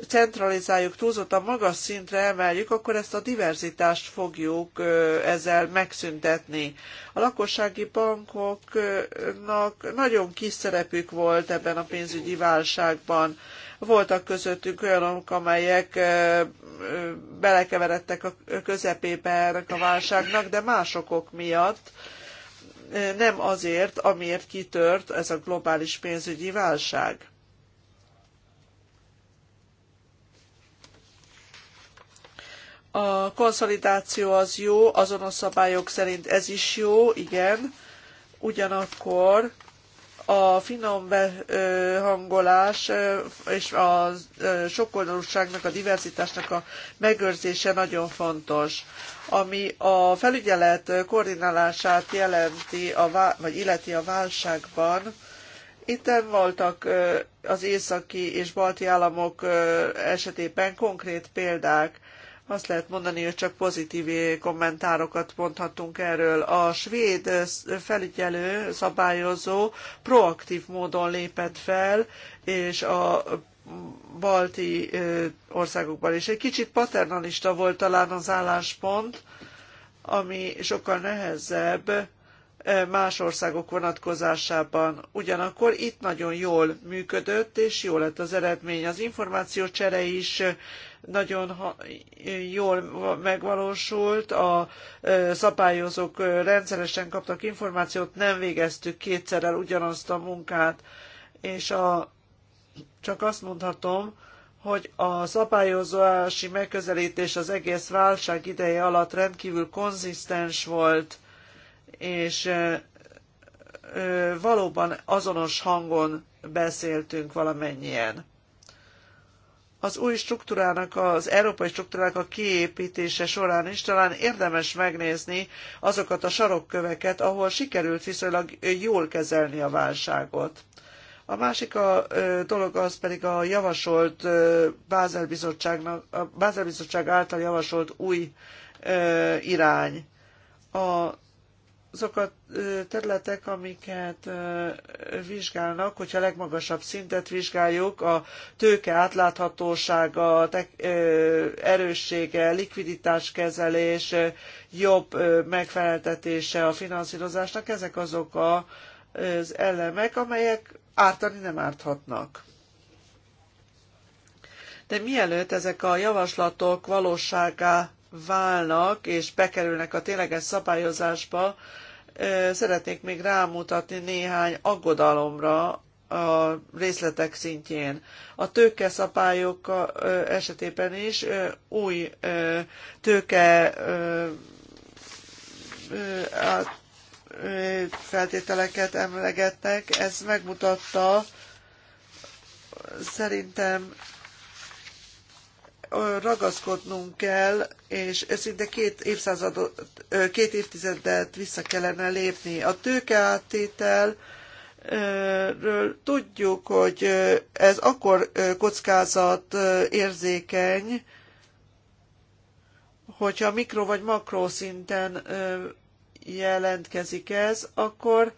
E: centralizáljuk, túlzottan magas szintre emeljük, akkor ezt a diverzitást fogjuk ezzel megszüntetni. A lakossági bankoknak nagyon kis szerepük volt ebben a pénzügyi válságban. Voltak közöttük olyanok, amelyek belekeveredtek a közepébe ennek a válságnak, de másokok miatt nem azért, amiért kitört ez a globális pénzügyi válság. A konszolidáció az jó, azonos szabályok szerint ez is jó, igen. Ugyanakkor a finom behangolás és a sokoldalúságnak, a diverzitásnak a megőrzése nagyon fontos. Ami a felügyelet koordinálását jelenti, a, vagy illeti a válságban, itt voltak az északi és balti államok esetében konkrét példák. Azt lehet mondani, hogy csak pozitív kommentárokat mondhatunk erről. A svéd felügyelő, szabályozó proaktív módon lépett fel, és a balti országokban is. Egy kicsit paternalista volt talán az álláspont, ami sokkal nehezebb más országok vonatkozásában. Ugyanakkor itt nagyon jól működött, és jó lett az eredmény. Az információcsere is nagyon jól megvalósult, a szabályozók rendszeresen kaptak információt, nem végeztük kétszerrel ugyanazt a munkát, és a, csak azt mondhatom, hogy a szabályozási megközelítés az egész válság ideje alatt rendkívül konzisztens volt, és valóban azonos hangon beszéltünk valamennyien az új struktúrának, az európai struktúrának a kiépítése során is talán érdemes megnézni azokat a sarokköveket, ahol sikerült viszonylag jól kezelni a válságot. A másik a, dolog az pedig a javasolt ö, a bizottság által javasolt új irány. A azok a területek, amiket vizsgálnak, hogyha a legmagasabb szintet vizsgáljuk, a tőke átláthatósága, erőssége, likviditáskezelés, jobb megfeleltetése a finanszírozásnak, ezek azok az elemek, amelyek ártani nem árthatnak. De mielőtt ezek a javaslatok valóságá válnak és bekerülnek a tényleges szabályozásba, szeretnék még rámutatni néhány aggodalomra, a részletek szintjén. A tőkeszabályok esetében is új tőke feltételeket emlegetnek. Ez megmutatta szerintem ragaszkodnunk kell, és szinte két, évszázadot, két évtizedet vissza kellene lépni. A tőkeáttétel tudjuk, hogy ez akkor kockázat érzékeny, hogyha mikro vagy makró szinten jelentkezik ez, akkor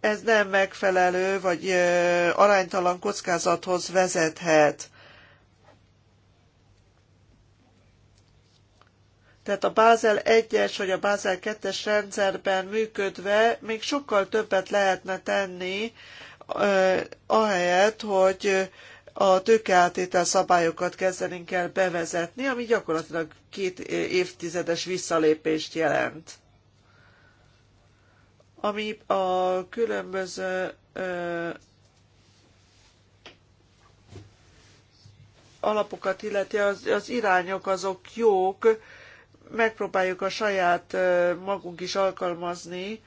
E: ez nem megfelelő, vagy aránytalan kockázathoz vezethet. Tehát a Bázel 1-es vagy a Bázel 2-es rendszerben működve még sokkal többet lehetne tenni, ahelyett, hogy a tőkeáttétel szabályokat kezdenénk el bevezetni, ami gyakorlatilag két évtizedes visszalépést jelent ami a különböző alapokat illeti, az, az irányok azok jók, megpróbáljuk a saját magunk is alkalmazni,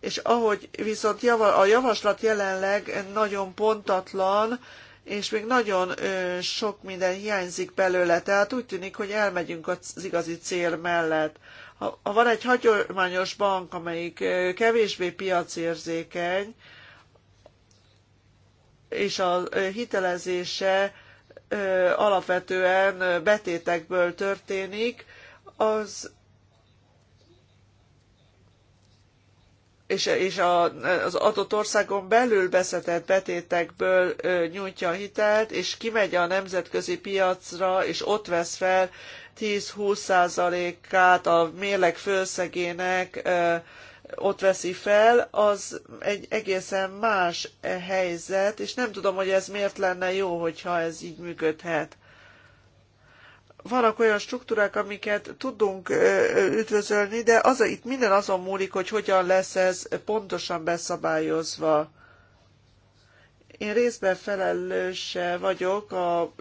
E: és ahogy viszont a javaslat jelenleg nagyon pontatlan, és még nagyon sok minden hiányzik belőle, tehát úgy tűnik, hogy elmegyünk az igazi cél mellett. Ha van egy hagyományos bank, amelyik kevésbé piacérzékeny, és a hitelezése alapvetően betétekből történik, az és, és a, az adott országon belül beszetett betétekből nyújtja a hitelt, és kimegy a nemzetközi piacra, és ott vesz fel 10-20 százalékát a mérleg főszegének ott veszi fel, az egy egészen más e helyzet, és nem tudom, hogy ez miért lenne jó, hogyha ez így működhet vannak olyan struktúrák, amiket tudunk üdvözölni, de az, itt minden azon múlik, hogy hogyan lesz ez pontosan beszabályozva. Én részben felelőse vagyok a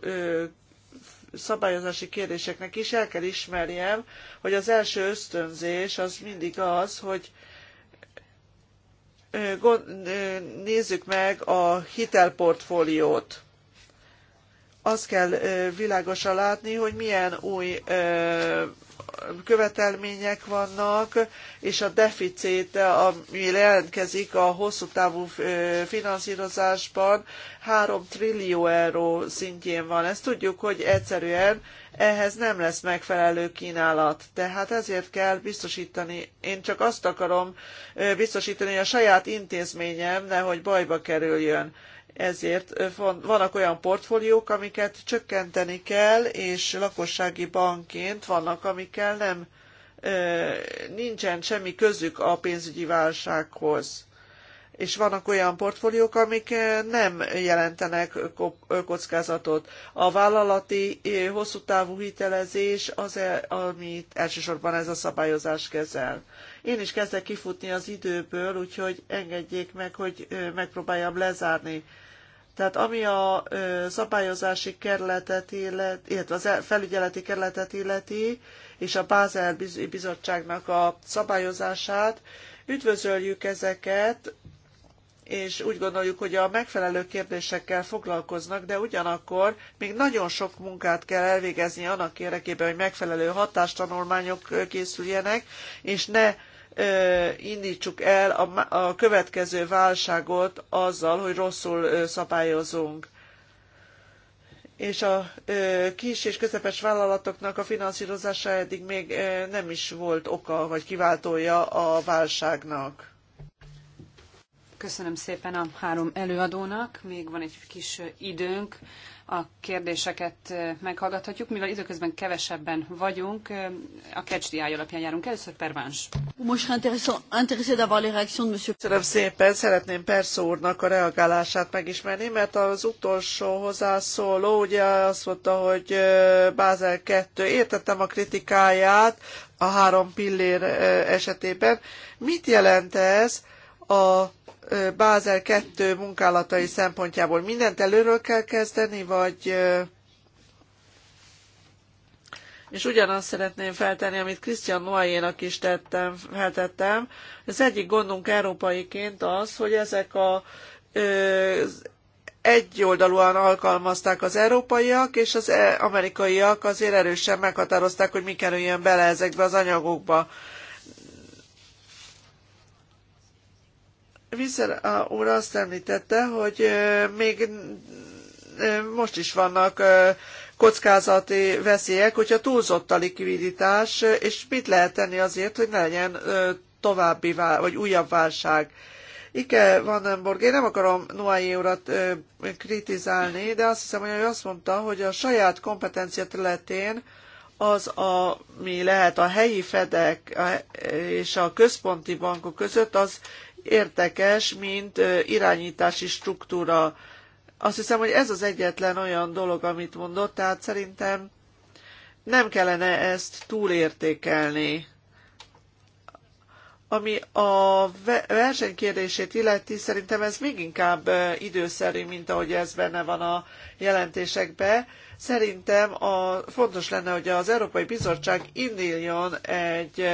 E: szabályozási kérdéseknek is el kell ismerjem, hogy az első ösztönzés az mindig az, hogy nézzük meg a hitelportfóliót azt kell világosan látni, hogy milyen új követelmények vannak, és a deficit, ami jelentkezik a hosszú távú finanszírozásban, 3 trillió euró szintjén van. Ezt tudjuk, hogy egyszerűen ehhez nem lesz megfelelő kínálat. Tehát ezért kell biztosítani, én csak azt akarom biztosítani, hogy a saját intézményem nehogy bajba kerüljön. Ezért vannak olyan portfóliók, amiket csökkenteni kell, és lakossági bankként vannak, amikkel nem nincsen semmi közük a pénzügyi válsághoz. És vannak olyan portfóliók, amik nem jelentenek kockázatot. A vállalati hosszú távú hitelezés az, e, amit elsősorban ez a szabályozás kezel. Én is kezdek kifutni az időből, úgyhogy engedjék meg, hogy megpróbáljam lezárni tehát ami a szabályozási kerületet illet, illetve az felügyeleti kerületet illeti, és a Bázel bizottságnak a szabályozását, üdvözöljük ezeket, és úgy gondoljuk, hogy a megfelelő kérdésekkel foglalkoznak, de ugyanakkor még nagyon sok munkát kell elvégezni annak érdekében, hogy megfelelő hatástanulmányok készüljenek, és ne indítsuk el a, a következő válságot azzal, hogy rosszul szabályozunk és a kis és közepes vállalatoknak a finanszírozása eddig még nem is volt oka vagy kiváltója a válságnak.
D: Köszönöm szépen a három előadónak. Még van egy kis időnk a kérdéseket meghallgathatjuk, mivel időközben kevesebben vagyunk, a KCDI
E: alapján járunk.
D: Először Perváns.
E: Köszönöm szépen, szeretném Perszó úrnak a reagálását megismerni, mert az utolsó hozzászóló ugye azt mondta, hogy Bázel 2, értettem a kritikáját a három pillér esetében. Mit jelent ez? a Bázel 2 munkálatai szempontjából mindent előről kell kezdeni, vagy és ugyanazt szeretném feltenni, amit Krisztián Noájénak is tettem, feltettem. Az egyik gondunk európaiként az, hogy ezek a egyoldalúan alkalmazták az európaiak, és az e- amerikaiak azért erősen meghatározták, hogy mi kerüljön bele ezekbe az anyagokba. Viszer úr azt említette, hogy még most is vannak kockázati veszélyek, hogyha túlzott a likviditás, és mit lehet tenni azért, hogy ne legyen további vagy újabb válság. Ike Vandenborg, én nem akarom Noai urat kritizálni, de azt hiszem, hogy ő azt mondta, hogy a saját kompetencia területén az, ami lehet a helyi fedek és a központi bankok között, az érdekes, mint irányítási struktúra. Azt hiszem, hogy ez az egyetlen olyan dolog, amit mondott, tehát szerintem nem kellene ezt túlértékelni. Ami a versenykérdését illeti, szerintem ez még inkább időszerű, mint ahogy ez benne van a jelentésekbe. Szerintem a, fontos lenne, hogy az Európai Bizottság induljon egy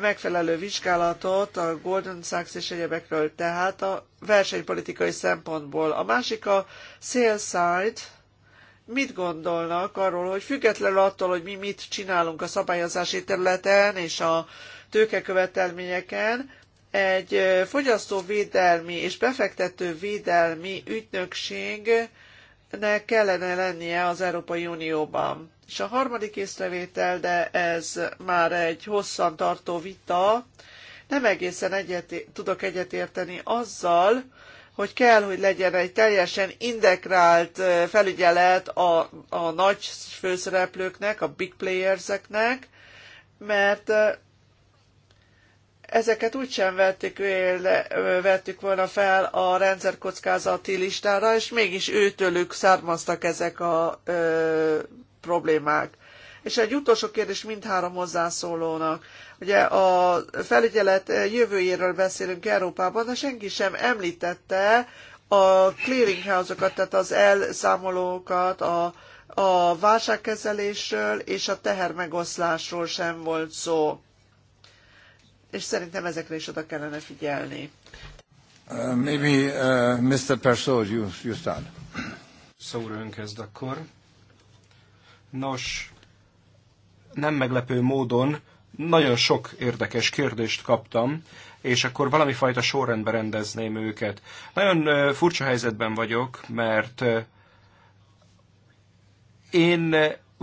E: megfelelő vizsgálatot a Golden Sachs és egyebekről, tehát a versenypolitikai szempontból. A másik a Saleside, mit gondolnak arról, hogy függetlenül attól, hogy mi mit csinálunk a szabályozási területen és a tőkekövetelményeken, egy fogyasztóvédelmi és befektetővédelmi ügynökségnek kellene lennie az Európai Unióban. És a harmadik észrevétel, de ez már egy hosszan tartó vita, nem egészen egyet, tudok egyetérteni azzal, hogy kell, hogy legyen egy teljesen indekrált felügyelet a, a nagy főszereplőknek, a big playerseknek, mert ezeket úgysem vettük, vettük volna fel a rendszerkockázati listára, és mégis őtőlük származtak ezek a problémák. És egy utolsó kérdés mindhárom hozzászólónak. Ugye a felügyelet jövőjéről beszélünk Európában, de senki sem említette a clearinghousokat, tehát az elszámolókat, a, a válságkezelésről és a tehermegoszlásról sem volt szó. És szerintem ezekre is oda kellene figyelni.
A: Uh, maybe uh, Mr. Persaud, you, you start. Szóra önkezd akkor. Nos, nem meglepő módon nagyon sok érdekes kérdést kaptam, és akkor valami fajta sorrendbe rendezném őket. Nagyon furcsa helyzetben vagyok, mert én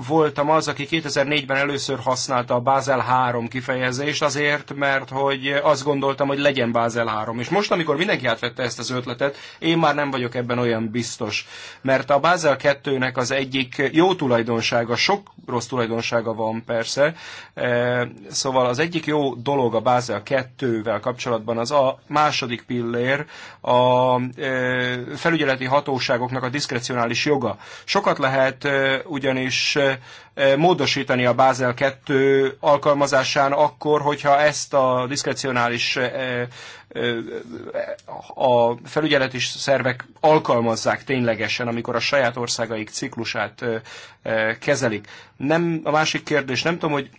A: voltam az, aki 2004-ben először használta a Basel 3 kifejezést, azért, mert hogy azt gondoltam, hogy legyen Basel 3. És most, amikor mindenki átvette ezt az ötletet, én már nem vagyok ebben olyan biztos. Mert a Basel 2-nek az egyik jó tulajdonsága, sok rossz tulajdonsága van persze, e, szóval az egyik jó dolog a Basel 2-vel kapcsolatban az a második pillér, a e, felügyeleti hatóságoknak a diszkrecionális joga. Sokat lehet e, ugyanis módosítani a Bázel 2 alkalmazásán akkor, hogyha ezt a diszkrecionális a felügyeleti szervek alkalmazzák ténylegesen, amikor a saját országaik ciklusát kezelik. Nem, a másik kérdés, nem tudom, hogy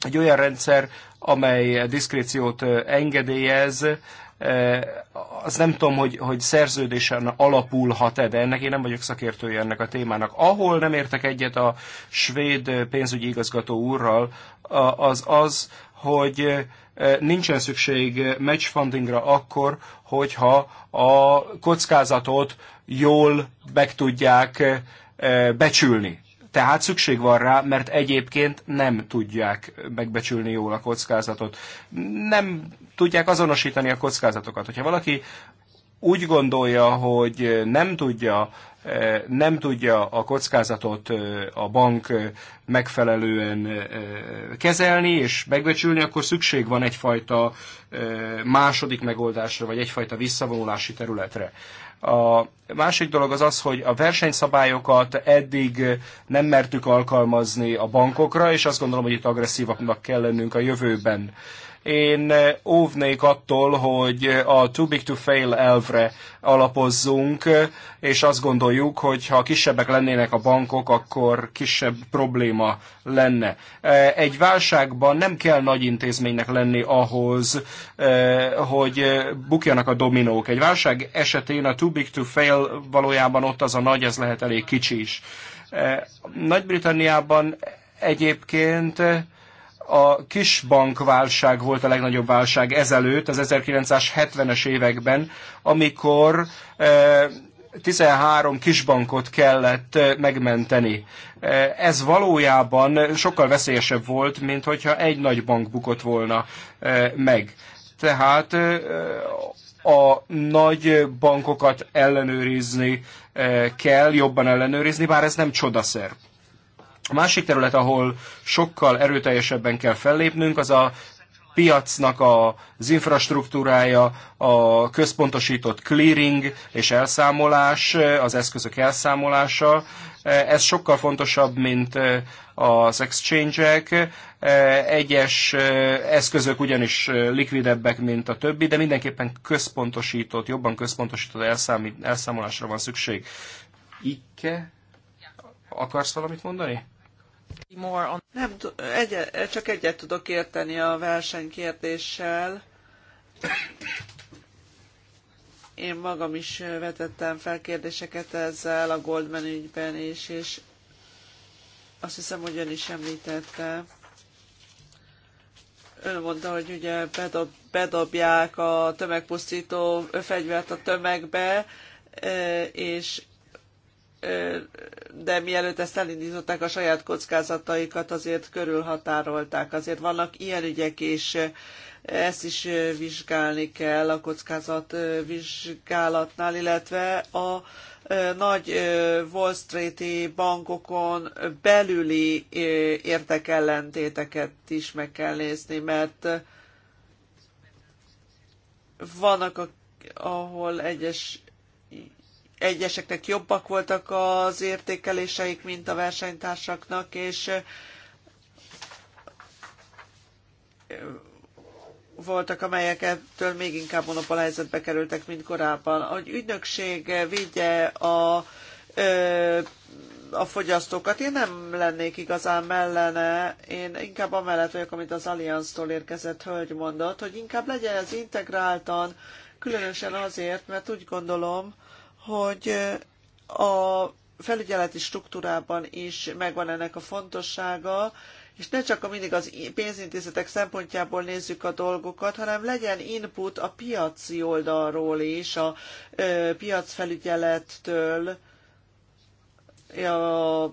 A: egy olyan rendszer, amely diszkréciót engedélyez, Eh, az nem tudom, hogy, hogy szerződésen alapulhat-e, de ennek én nem vagyok szakértője ennek a témának. Ahol nem értek egyet a svéd pénzügyi igazgató úrral, az az, hogy eh, nincsen szükség match fundingra akkor, hogyha a kockázatot jól meg tudják eh, becsülni. Tehát szükség van rá, mert egyébként nem tudják megbecsülni jól a kockázatot. Nem tudják azonosítani a kockázatokat. Hogyha valaki úgy gondolja, hogy eh, nem tudja eh, nem tudja a kockázatot eh, a bank megfelelően kezelni és megbecsülni, akkor szükség van egyfajta második megoldásra, vagy egyfajta visszavonulási területre. A másik dolog az az, hogy a versenyszabályokat eddig nem mertük alkalmazni a bankokra, és azt gondolom, hogy itt agresszívaknak kell lennünk a jövőben. Én eh, óvnék attól, hogy eh, a too big to fail elvre alapozzunk, eh, és azt gondoljuk, hogy ha kisebbek lennének a bankok, akkor kisebb probléma lenne. Egy válságban nem kell nagy intézménynek lenni ahhoz, hogy bukjanak a dominók. Egy válság esetén a too big to fail valójában ott az a nagy, ez lehet elég kicsi is. Nagy-Britanniában egyébként a kisbankválság volt a legnagyobb válság ezelőtt, az 1970-es években, amikor 13 e, kisbankot kellett e, megmenteni. E, ez valójában sokkal veszélyesebb volt, mint hogyha egy nagy bank bukott volna meg. Tehát a nagy bankokat ellenőrizni kell, jobban ellenőrizni, bár ez nem csodaszer. A másik terület, ahol sokkal erőteljesebben kell fellépnünk, az a piacnak az infrastruktúrája, a központosított clearing és elszámolás, az eszközök elszámolása. Ez sokkal fontosabb, mint az exchange-ek. Egyes eszközök ugyanis likvidebbek, mint a többi, de mindenképpen központosított, jobban központosított elszámolásra van szükség. Ike, Akarsz valamit mondani?
E: Nem, egyet, csak egyet tudok érteni a versenykérdéssel. Én magam is vetettem fel kérdéseket ezzel a Goldman ügyben is, és azt hiszem, hogy ön is említette. Ön mondta, hogy ugye bedob, bedobják a tömegpusztító fegyvert a tömegbe, és de mielőtt ezt elindították a saját kockázataikat, azért körülhatárolták. Azért vannak ilyen ügyek is, ezt is vizsgálni kell a kockázat vizsgálatnál, illetve a nagy Wall Street-i bankokon belüli értekellentéteket is meg kell nézni, mert vannak, ahol egyes egyeseknek jobbak voltak az értékeléseik, mint a versenytársaknak, és voltak, amelyek ettől még inkább monopól helyzetbe kerültek, mint korábban. A ügynökség vigye a, a fogyasztókat, én nem lennék igazán mellene, én inkább amellett vagyok, amit az Allianz-tól érkezett hölgy mondott, hogy inkább legyen ez integráltan, különösen azért, mert úgy gondolom, hogy a felügyeleti struktúrában is megvan ennek a fontossága, és ne csak mindig az pénzintézetek szempontjából nézzük a dolgokat, hanem legyen input a piaci oldalról is, a piacfelügyelettől, a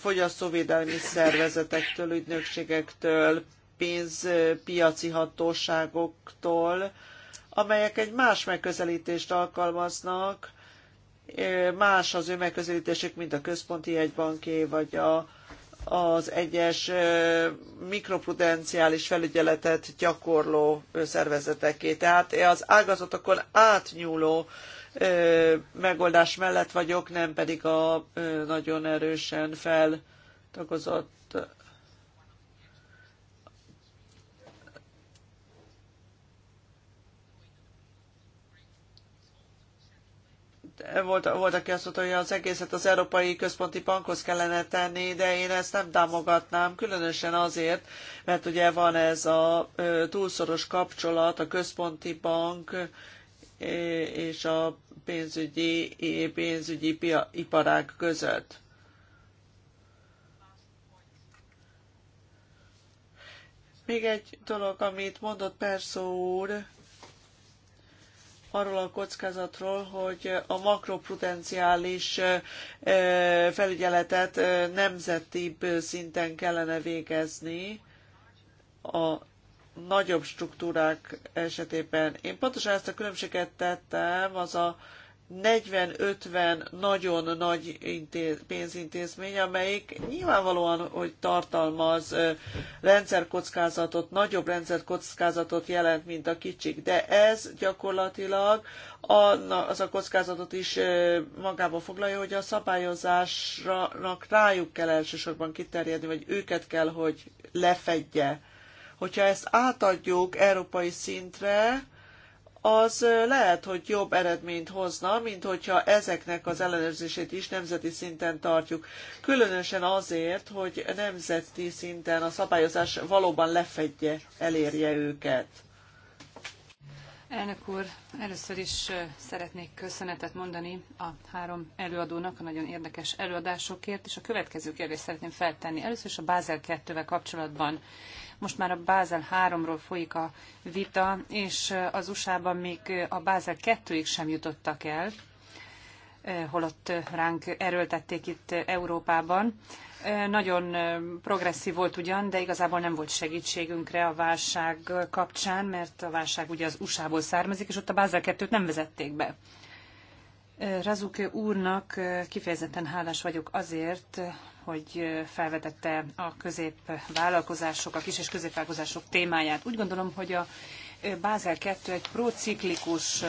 E: fogyasztóvédelmi szervezetektől, ügynökségektől, pénzpiaci hatóságoktól, amelyek egy más megközelítést alkalmaznak, más az ő megközelítésük, mint a központi jegybanké, vagy a, az egyes mikroprudenciális felügyeletet gyakorló szervezeteké. Tehát az ágazatokon átnyúló megoldás mellett vagyok, nem pedig a nagyon erősen feltagozott volt, volt, aki azt mondta, hogy az egészet az Európai Központi Bankhoz kellene tenni, de én ezt nem támogatnám, különösen azért, mert ugye van ez a túlszoros kapcsolat a Központi Bank és a pénzügyi, pénzügyi iparág között. Még egy dolog, amit mondott Perszó úr, arról a kockázatról, hogy a makroprudenciális felügyeletet nemzetibb szinten kellene végezni a nagyobb struktúrák esetében. Én pontosan ezt a különbséget tettem, az a 40-50 nagyon nagy intéz, pénzintézmény, amelyik nyilvánvalóan, hogy tartalmaz rendszerkockázatot, nagyobb rendszerkockázatot jelent, mint a kicsik, de ez gyakorlatilag az a kockázatot is magába foglalja, hogy a szabályozásnak rájuk kell elsősorban kiterjedni, vagy őket kell, hogy lefedje. Hogyha ezt átadjuk európai szintre, az lehet, hogy jobb eredményt hozna, mint hogyha ezeknek az ellenőrzését is nemzeti szinten tartjuk. Különösen azért, hogy nemzeti szinten a szabályozás valóban lefedje, elérje őket.
D: Elnök úr, először is szeretnék köszönetet mondani a három előadónak a nagyon érdekes előadásokért, és a következő kérdést szeretném feltenni. Először is a Bázel 2-vel kapcsolatban most már a Bázel 3-ról folyik a vita, és az USA-ban még a Bázel 2-ig sem jutottak el, eh, holott ránk erőltették itt Európában. Eh, nagyon eh, progresszív volt ugyan, de igazából nem volt segítségünkre a válság kapcsán, mert a válság ugye az USA-ból származik, és ott a Bázel 2-t nem vezették be. Razuk úrnak kifejezetten hálás vagyok azért, hogy felvetette a középvállalkozások, a kis és középvállalkozások témáját. Úgy gondolom, hogy a Bázel 2 egy prociklikus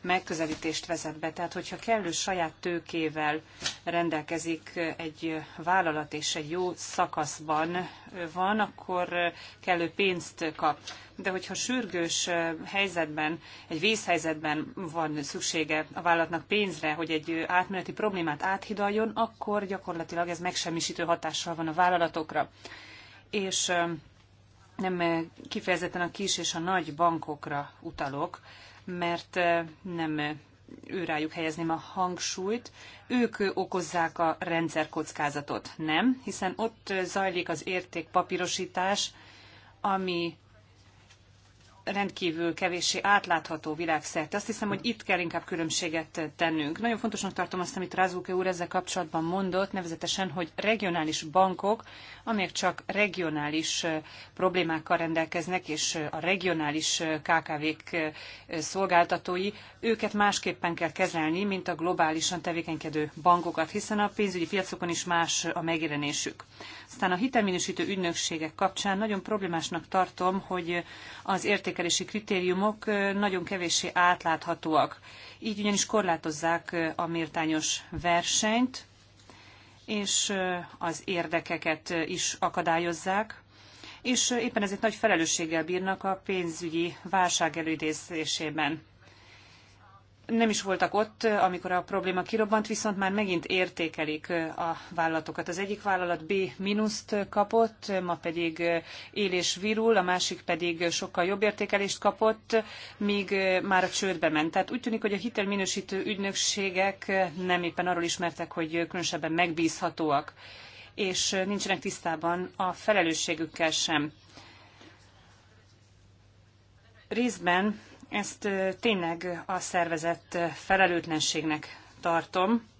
D: megközelítést vezet be, tehát hogyha kellő saját tőkével rendelkezik egy vállalat és egy jó szakaszban van, akkor kellő pénzt kap. De hogyha sürgős helyzetben, egy vészhelyzetben van szüksége a vállalatnak pénzre, hogy egy átmeneti problémát áthidaljon, akkor gyakorlatilag ez megsemmisítő hatással van a vállalatokra. És nem eh, kifejezetten a kis és a nagy bankokra utalok, mert eh, nem eh, őrájuk helyezném a hangsúlyt, ők okozzák a rendszerkockázatot, nem? Hiszen ott zajlik az értékpapírosítás, ami rendkívül kevéssé átlátható világszerte. Azt hiszem, hogy itt kell inkább különbséget tennünk. Nagyon fontosnak tartom azt, amit Rázuke úr ezzel kapcsolatban mondott, nevezetesen, hogy regionális bankok, amelyek csak regionális problémákkal rendelkeznek, és a regionális KKV-k szolgáltatói, őket másképpen kell kezelni, mint a globálisan tevékenykedő bankokat, hiszen a pénzügyi piacokon is más a megjelenésük. Aztán a hitelminősítő ügynökségek kapcsán nagyon problémásnak tartom, hogy az érték értékelési kritériumok nagyon kevéssé átláthatóak. Így ugyanis korlátozzák a méltányos versenyt, és az érdekeket is akadályozzák, és éppen ezért nagy felelősséggel bírnak a pénzügyi válság előidézésében nem is voltak ott, amikor a probléma kirobbant, viszont már megint értékelik a vállalatokat. Az egyik vállalat B mínuszt kapott, ma pedig él és virul, a másik pedig sokkal jobb értékelést kapott, míg már a csődbe ment. Tehát úgy tűnik, hogy a hitelminősítő ügynökségek nem éppen arról ismertek, hogy különösebben megbízhatóak, és nincsenek tisztában a felelősségükkel sem. Részben ezt tényleg a szervezet felelőtlenségnek tartom.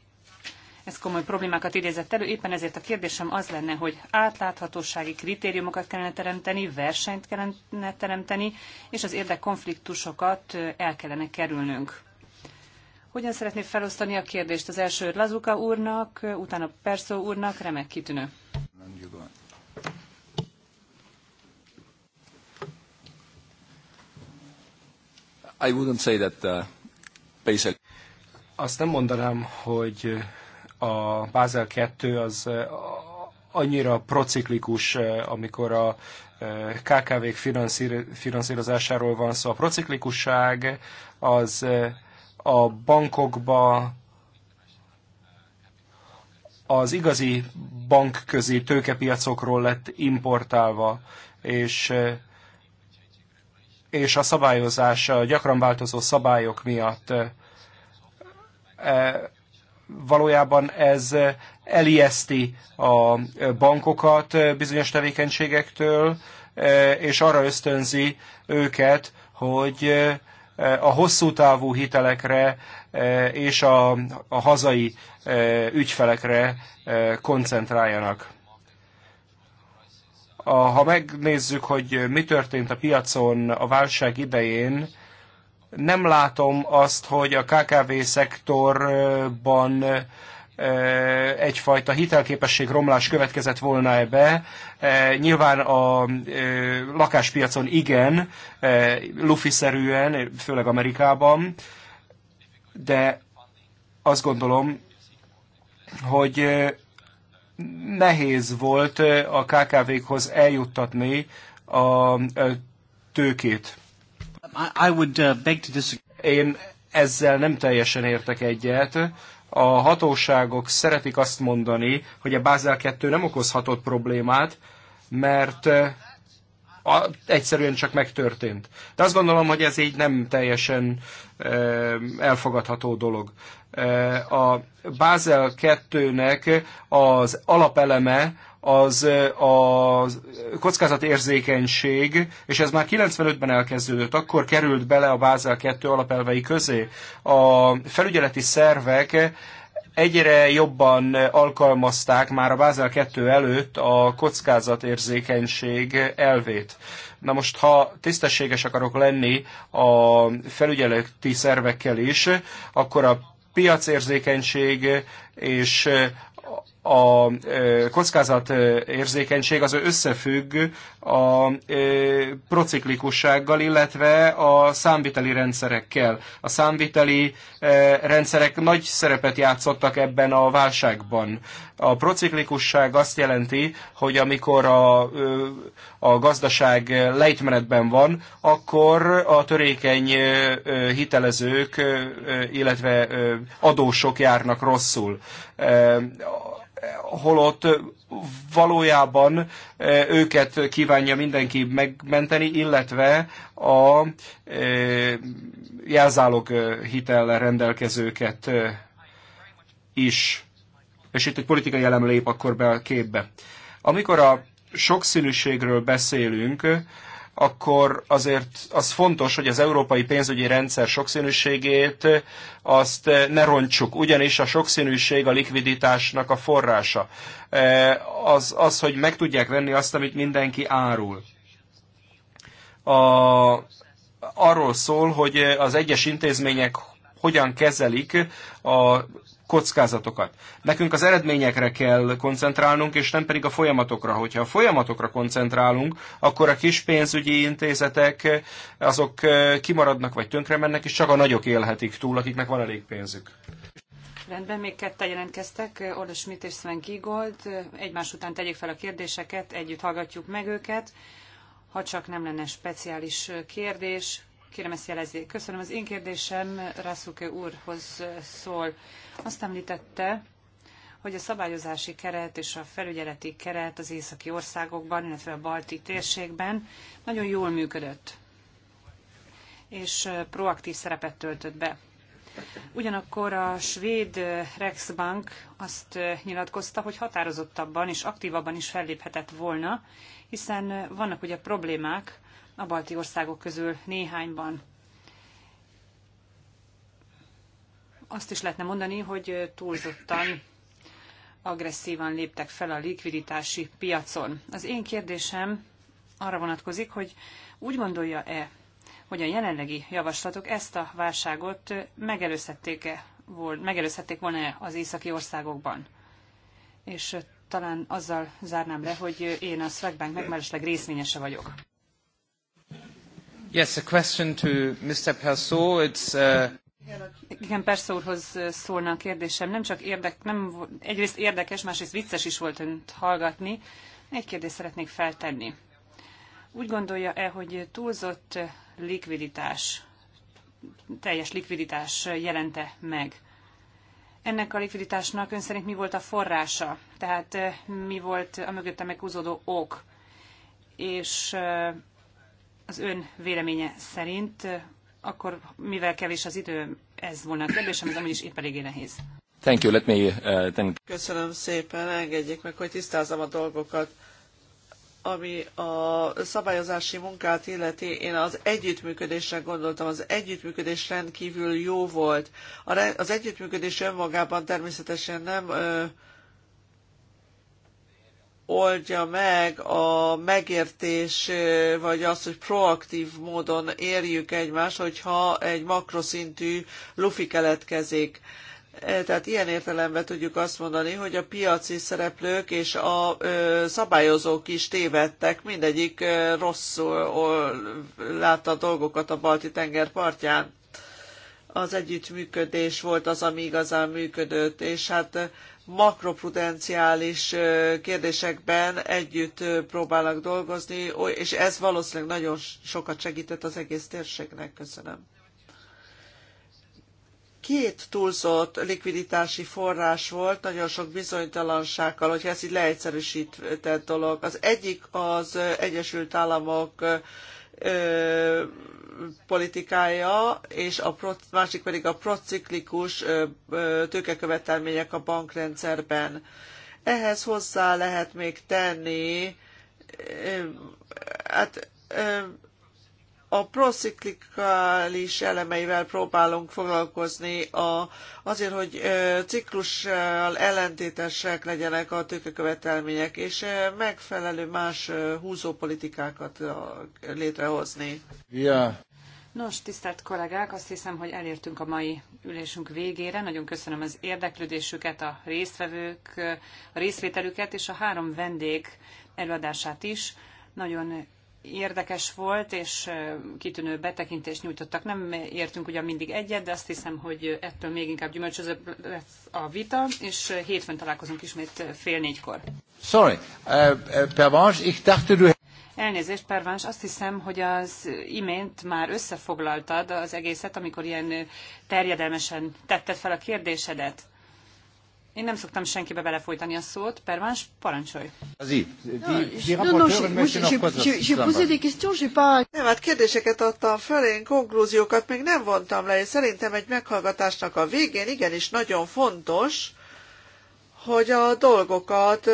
D: Ez komoly problémákat idézett elő, éppen ezért a kérdésem az lenne, hogy átláthatósági kritériumokat kellene teremteni, versenyt kellene teremteni, és az érdekkonfliktusokat el kellene kerülnünk. Hogyan szeretné felosztani a kérdést az első Lazuka úrnak, utána Perszó úrnak? Remek, kitűnő.
B: I wouldn't say that uh, basic.
A: Azt nem mondanám, hogy a Basel 2 az uh, annyira prociklikus, uh, amikor a uh, KKV-k finanszírozásáról van szó. A prociklikusság az a bankokba az igazi bankközi tőkepiacokról lett importálva, és és a szabályozás, a gyakran változó szabályok miatt valójában ez elijeszti a bankokat bizonyos tevékenységektől, és arra ösztönzi őket, hogy a hosszú távú hitelekre és a, a hazai ügyfelekre koncentráljanak. A, ha megnézzük, hogy mi történt a piacon a válság idején, nem látom azt, hogy a KKV szektorban egyfajta hitelképesség romlás következett volna ebbe. Nyilván a lakáspiacon igen, lufiszerűen, főleg Amerikában, de azt gondolom, hogy nehéz volt a KKV-khoz eljuttatni a tőkét. I would uh, beg to Én ezzel nem teljesen értek egyet. A hatóságok szeretik azt mondani, hogy a Bázel 2 nem okozhatott problémát, mert a, egyszerűen csak megtörtént. De azt gondolom, hogy ez így nem teljesen e, elfogadható dolog. E, a Basel 2-nek az alapeleme az a kockázatérzékenység, és ez már 95-ben elkezdődött, akkor került bele a Basel 2 alapelvei közé. A felügyeleti szervek egyre jobban alkalmazták már a Bázel 2 előtt a kockázatérzékenység elvét. Na most, ha tisztességes akarok lenni a felügyeleti szervekkel is, akkor a piacérzékenység és a kockázat érzékenység az összefügg a prociklikussággal, illetve a számviteli rendszerekkel. A számviteli rendszerek nagy szerepet játszottak ebben a válságban. A prociklikusság azt jelenti, hogy amikor a, a gazdaság lejtmenetben van, akkor a törékeny hitelezők, illetve adósok járnak rosszul. Holott valójában őket kívánja mindenki megmenteni, illetve a jelzálog hitellel rendelkezőket is és itt egy politikai elem lép akkor be a képbe. Amikor a sokszínűségről beszélünk, akkor azért az fontos, hogy az európai pénzügyi rendszer sokszínűségét azt eh, ne rontsuk, ugyanis a sokszínűség a likviditásnak a forrása. Eh, az, az hogy meg tudják venni azt, amit mindenki árul. A, arról szól, hogy az egyes intézmények hogyan kezelik a kockázatokat. Nekünk az eredményekre kell koncentrálnunk, és nem pedig a folyamatokra. Hogyha a folyamatokra koncentrálunk, akkor a kis pénzügyi intézetek azok kimaradnak vagy tönkre mennek, és csak a nagyok élhetik túl, akiknek van elég pénzük.
D: Rendben, még ketten jelentkeztek, Ola Schmidt és Sven Kigold. Egymás után tegyék fel a kérdéseket, együtt hallgatjuk meg őket. Ha csak nem lenne speciális kérdés, Kérem ezt jelezzék. Köszönöm. Az én kérdésem Rászulke úrhoz szól. Azt említette, hogy a szabályozási keret és a felügyeleti keret az északi országokban, illetve a balti térségben nagyon jól működött, és proaktív szerepet töltött be. Ugyanakkor a svéd Rexbank azt nyilatkozta, hogy határozottabban és aktívabban is felléphetett volna, hiszen vannak ugye problémák a balti országok közül néhányban. Azt is lehetne mondani, hogy túlzottan agresszívan léptek fel a likviditási piacon. Az én kérdésem arra vonatkozik, hogy úgy gondolja-e, hogy a jelenlegi javaslatok ezt a válságot megelőzhették-e, megelőzhették volna-e az északi országokban? És talán azzal zárnám le, hogy én a Swagbank megmeresleg részvényese
A: vagyok. Yes, a question to Mr. Perso. It's, uh...
D: Igen, Perso úrhoz szólna a kérdésem. Nem csak érdek, nem, egyrészt érdekes, másrészt vicces is volt önt hallgatni. Egy kérdést szeretnék feltenni. Úgy gondolja-e, hogy túlzott likviditás, teljes likviditás jelente meg? Ennek a likviditásnak ön szerint mi volt a forrása? Tehát mi volt a mögötte meghúzódó ok? És az ön véleménye szerint, akkor mivel kevés az
E: idő, ez volna a kérdésem, ez amúgy is épp eléggé nehéz.
A: Thank you, let me, uh, thank...
E: Köszönöm szépen, engedjék meg, hogy tisztázzam a dolgokat. Ami a szabályozási munkát illeti, én az együttműködésre gondoltam, az együttműködés rendkívül jó volt. A, az együttműködés önmagában természetesen nem... Uh, oldja meg a megértés, eh, vagy azt, hogy proaktív módon érjük egymást, hogyha egy makroszintű lufi keletkezik. Eh, tehát ilyen értelemben tudjuk azt mondani, hogy a piaci szereplők és a szabályozók is tévedtek, mindegyik rosszul látta a dolgokat a balti tenger partján. Az együttműködés volt az, ami igazán működött, és hát makroprudenciális kérdésekben együtt próbálnak dolgozni, és ez valószínűleg nagyon sokat segített az egész térségnek. Köszönöm. Két túlzott likviditási forrás volt, nagyon sok bizonytalansággal, hogyha ez így leegyszerűsített dolog. Az egyik az Egyesült Államok politikája, és a pro, másik pedig a prociklikus tőkekövetelmények a bankrendszerben. Ehhez hozzá lehet még tenni, hát a prociklikális elemeivel próbálunk foglalkozni a, azért, hogy ciklussal ellentétesek legyenek a tőkekövetelmények, és megfelelő más húzópolitikákat létrehozni. Yeah.
D: Nos, tisztelt kollégák, azt hiszem, hogy elértünk a mai ülésünk végére. Nagyon köszönöm az érdeklődésüket, a résztvevők, a részvételüket és a három vendég előadását is. Nagyon érdekes volt, és kitűnő betekintést nyújtottak. Nem értünk ugyan mindig egyet, de azt hiszem, hogy ettől még inkább gyümölcsözőbb lesz a vita, és hétfőn találkozunk ismét fél négykor.
C: Sorry, uh, Pervans, ich dachte du...
D: Elnézést, Pervans, azt hiszem, hogy az imént már összefoglaltad az egészet, amikor ilyen terjedelmesen tetted fel a kérdésedet. Én nem szoktam senkibe belefolytani a szót. Pervans, parancsolj.
E: Nem, hát kérdéseket adtam föl, én konklúziókat még nem vontam le, és szerintem egy meghallgatásnak a végén igenis nagyon fontos, hogy a dolgokat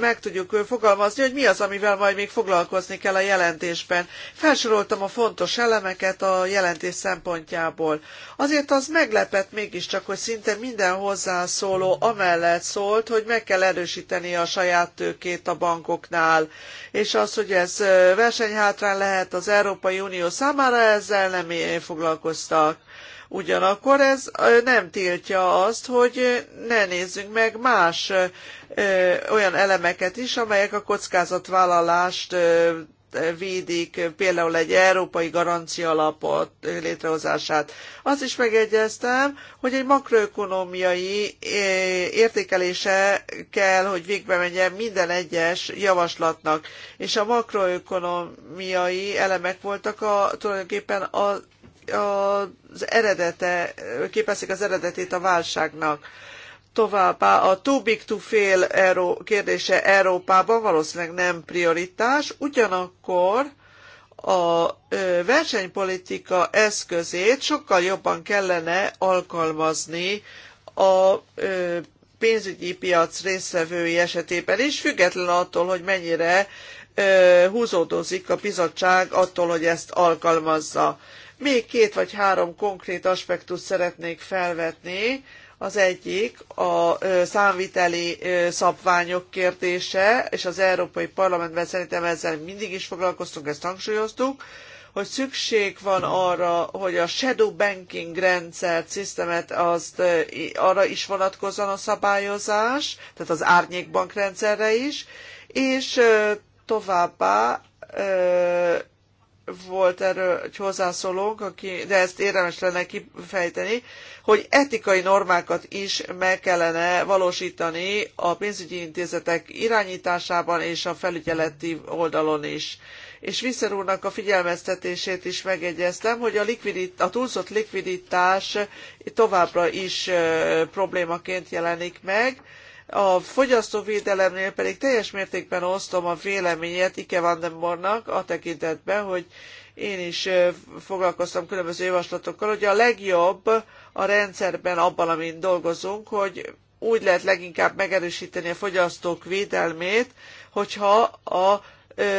E: meg tudjuk fogalmazni, hogy mi az, amivel majd még foglalkozni kell a jelentésben. Felsoroltam a fontos elemeket a jelentés szempontjából. Azért az meglepett mégiscsak, hogy szinte minden hozzászóló amellett szólt, hogy meg kell erősíteni a saját tőkét a bankoknál, és az, hogy ez versenyhátrán lehet az Európai Unió számára, ezzel nem foglalkoztak. Ugyanakkor ez nem tiltja azt, hogy ne nézzünk meg más olyan elemeket is, amelyek a kockázatvállalást védik például egy európai garancia alapot létrehozását. Azt is megegyeztem, hogy egy makroökonomiai értékelése kell, hogy végbe menjen minden egyes javaslatnak, és a makroökonomiai elemek voltak a, tulajdonképpen a az eredete, képezik az eredetét a válságnak. Továbbá a too big to fail Euró kérdése Európában valószínűleg nem prioritás, ugyanakkor a versenypolitika eszközét sokkal jobban kellene alkalmazni a pénzügyi piac részvevői esetében is, független attól, hogy mennyire húzódozik a bizottság attól, hogy ezt alkalmazza. Még két vagy három konkrét aspektust szeretnék felvetni. Az egyik a számviteli szabványok kérdése, és az Európai Parlamentben szerintem ezzel mindig is foglalkoztunk, ezt hangsúlyoztuk, hogy szükség van arra, hogy a shadow banking rendszer, szisztemet, azt arra is vonatkozzon a szabályozás, tehát az árnyékbank rendszerre is, és továbbá volt erről egy hozzászólónk, aki, de ezt érdemes lenne kifejteni, hogy etikai normákat is meg kellene valósítani a pénzügyi intézetek irányításában és a felügyeleti oldalon is. És Viszer úrnak a figyelmeztetését is megjegyeztem, hogy a, likvidit, a túlzott likviditás továbbra is problémaként jelenik meg, a fogyasztóvédelemnél pedig teljes mértékben osztom a véleményét Ike Vandenbornak a tekintetben, hogy én is foglalkoztam különböző javaslatokkal, hogy a legjobb a rendszerben abban, amin dolgozunk, hogy úgy lehet leginkább megerősíteni a fogyasztók védelmét, hogyha a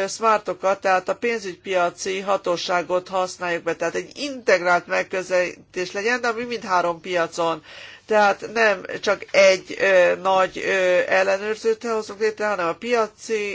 E: smartokat, tehát a pénzügypiaci hatóságot használjuk be, tehát egy integrált megközelítés legyen, de ami mindhárom piacon. Tehát nem csak egy ö, nagy ö, ellenőrzőt hozunk létre, hanem a piaci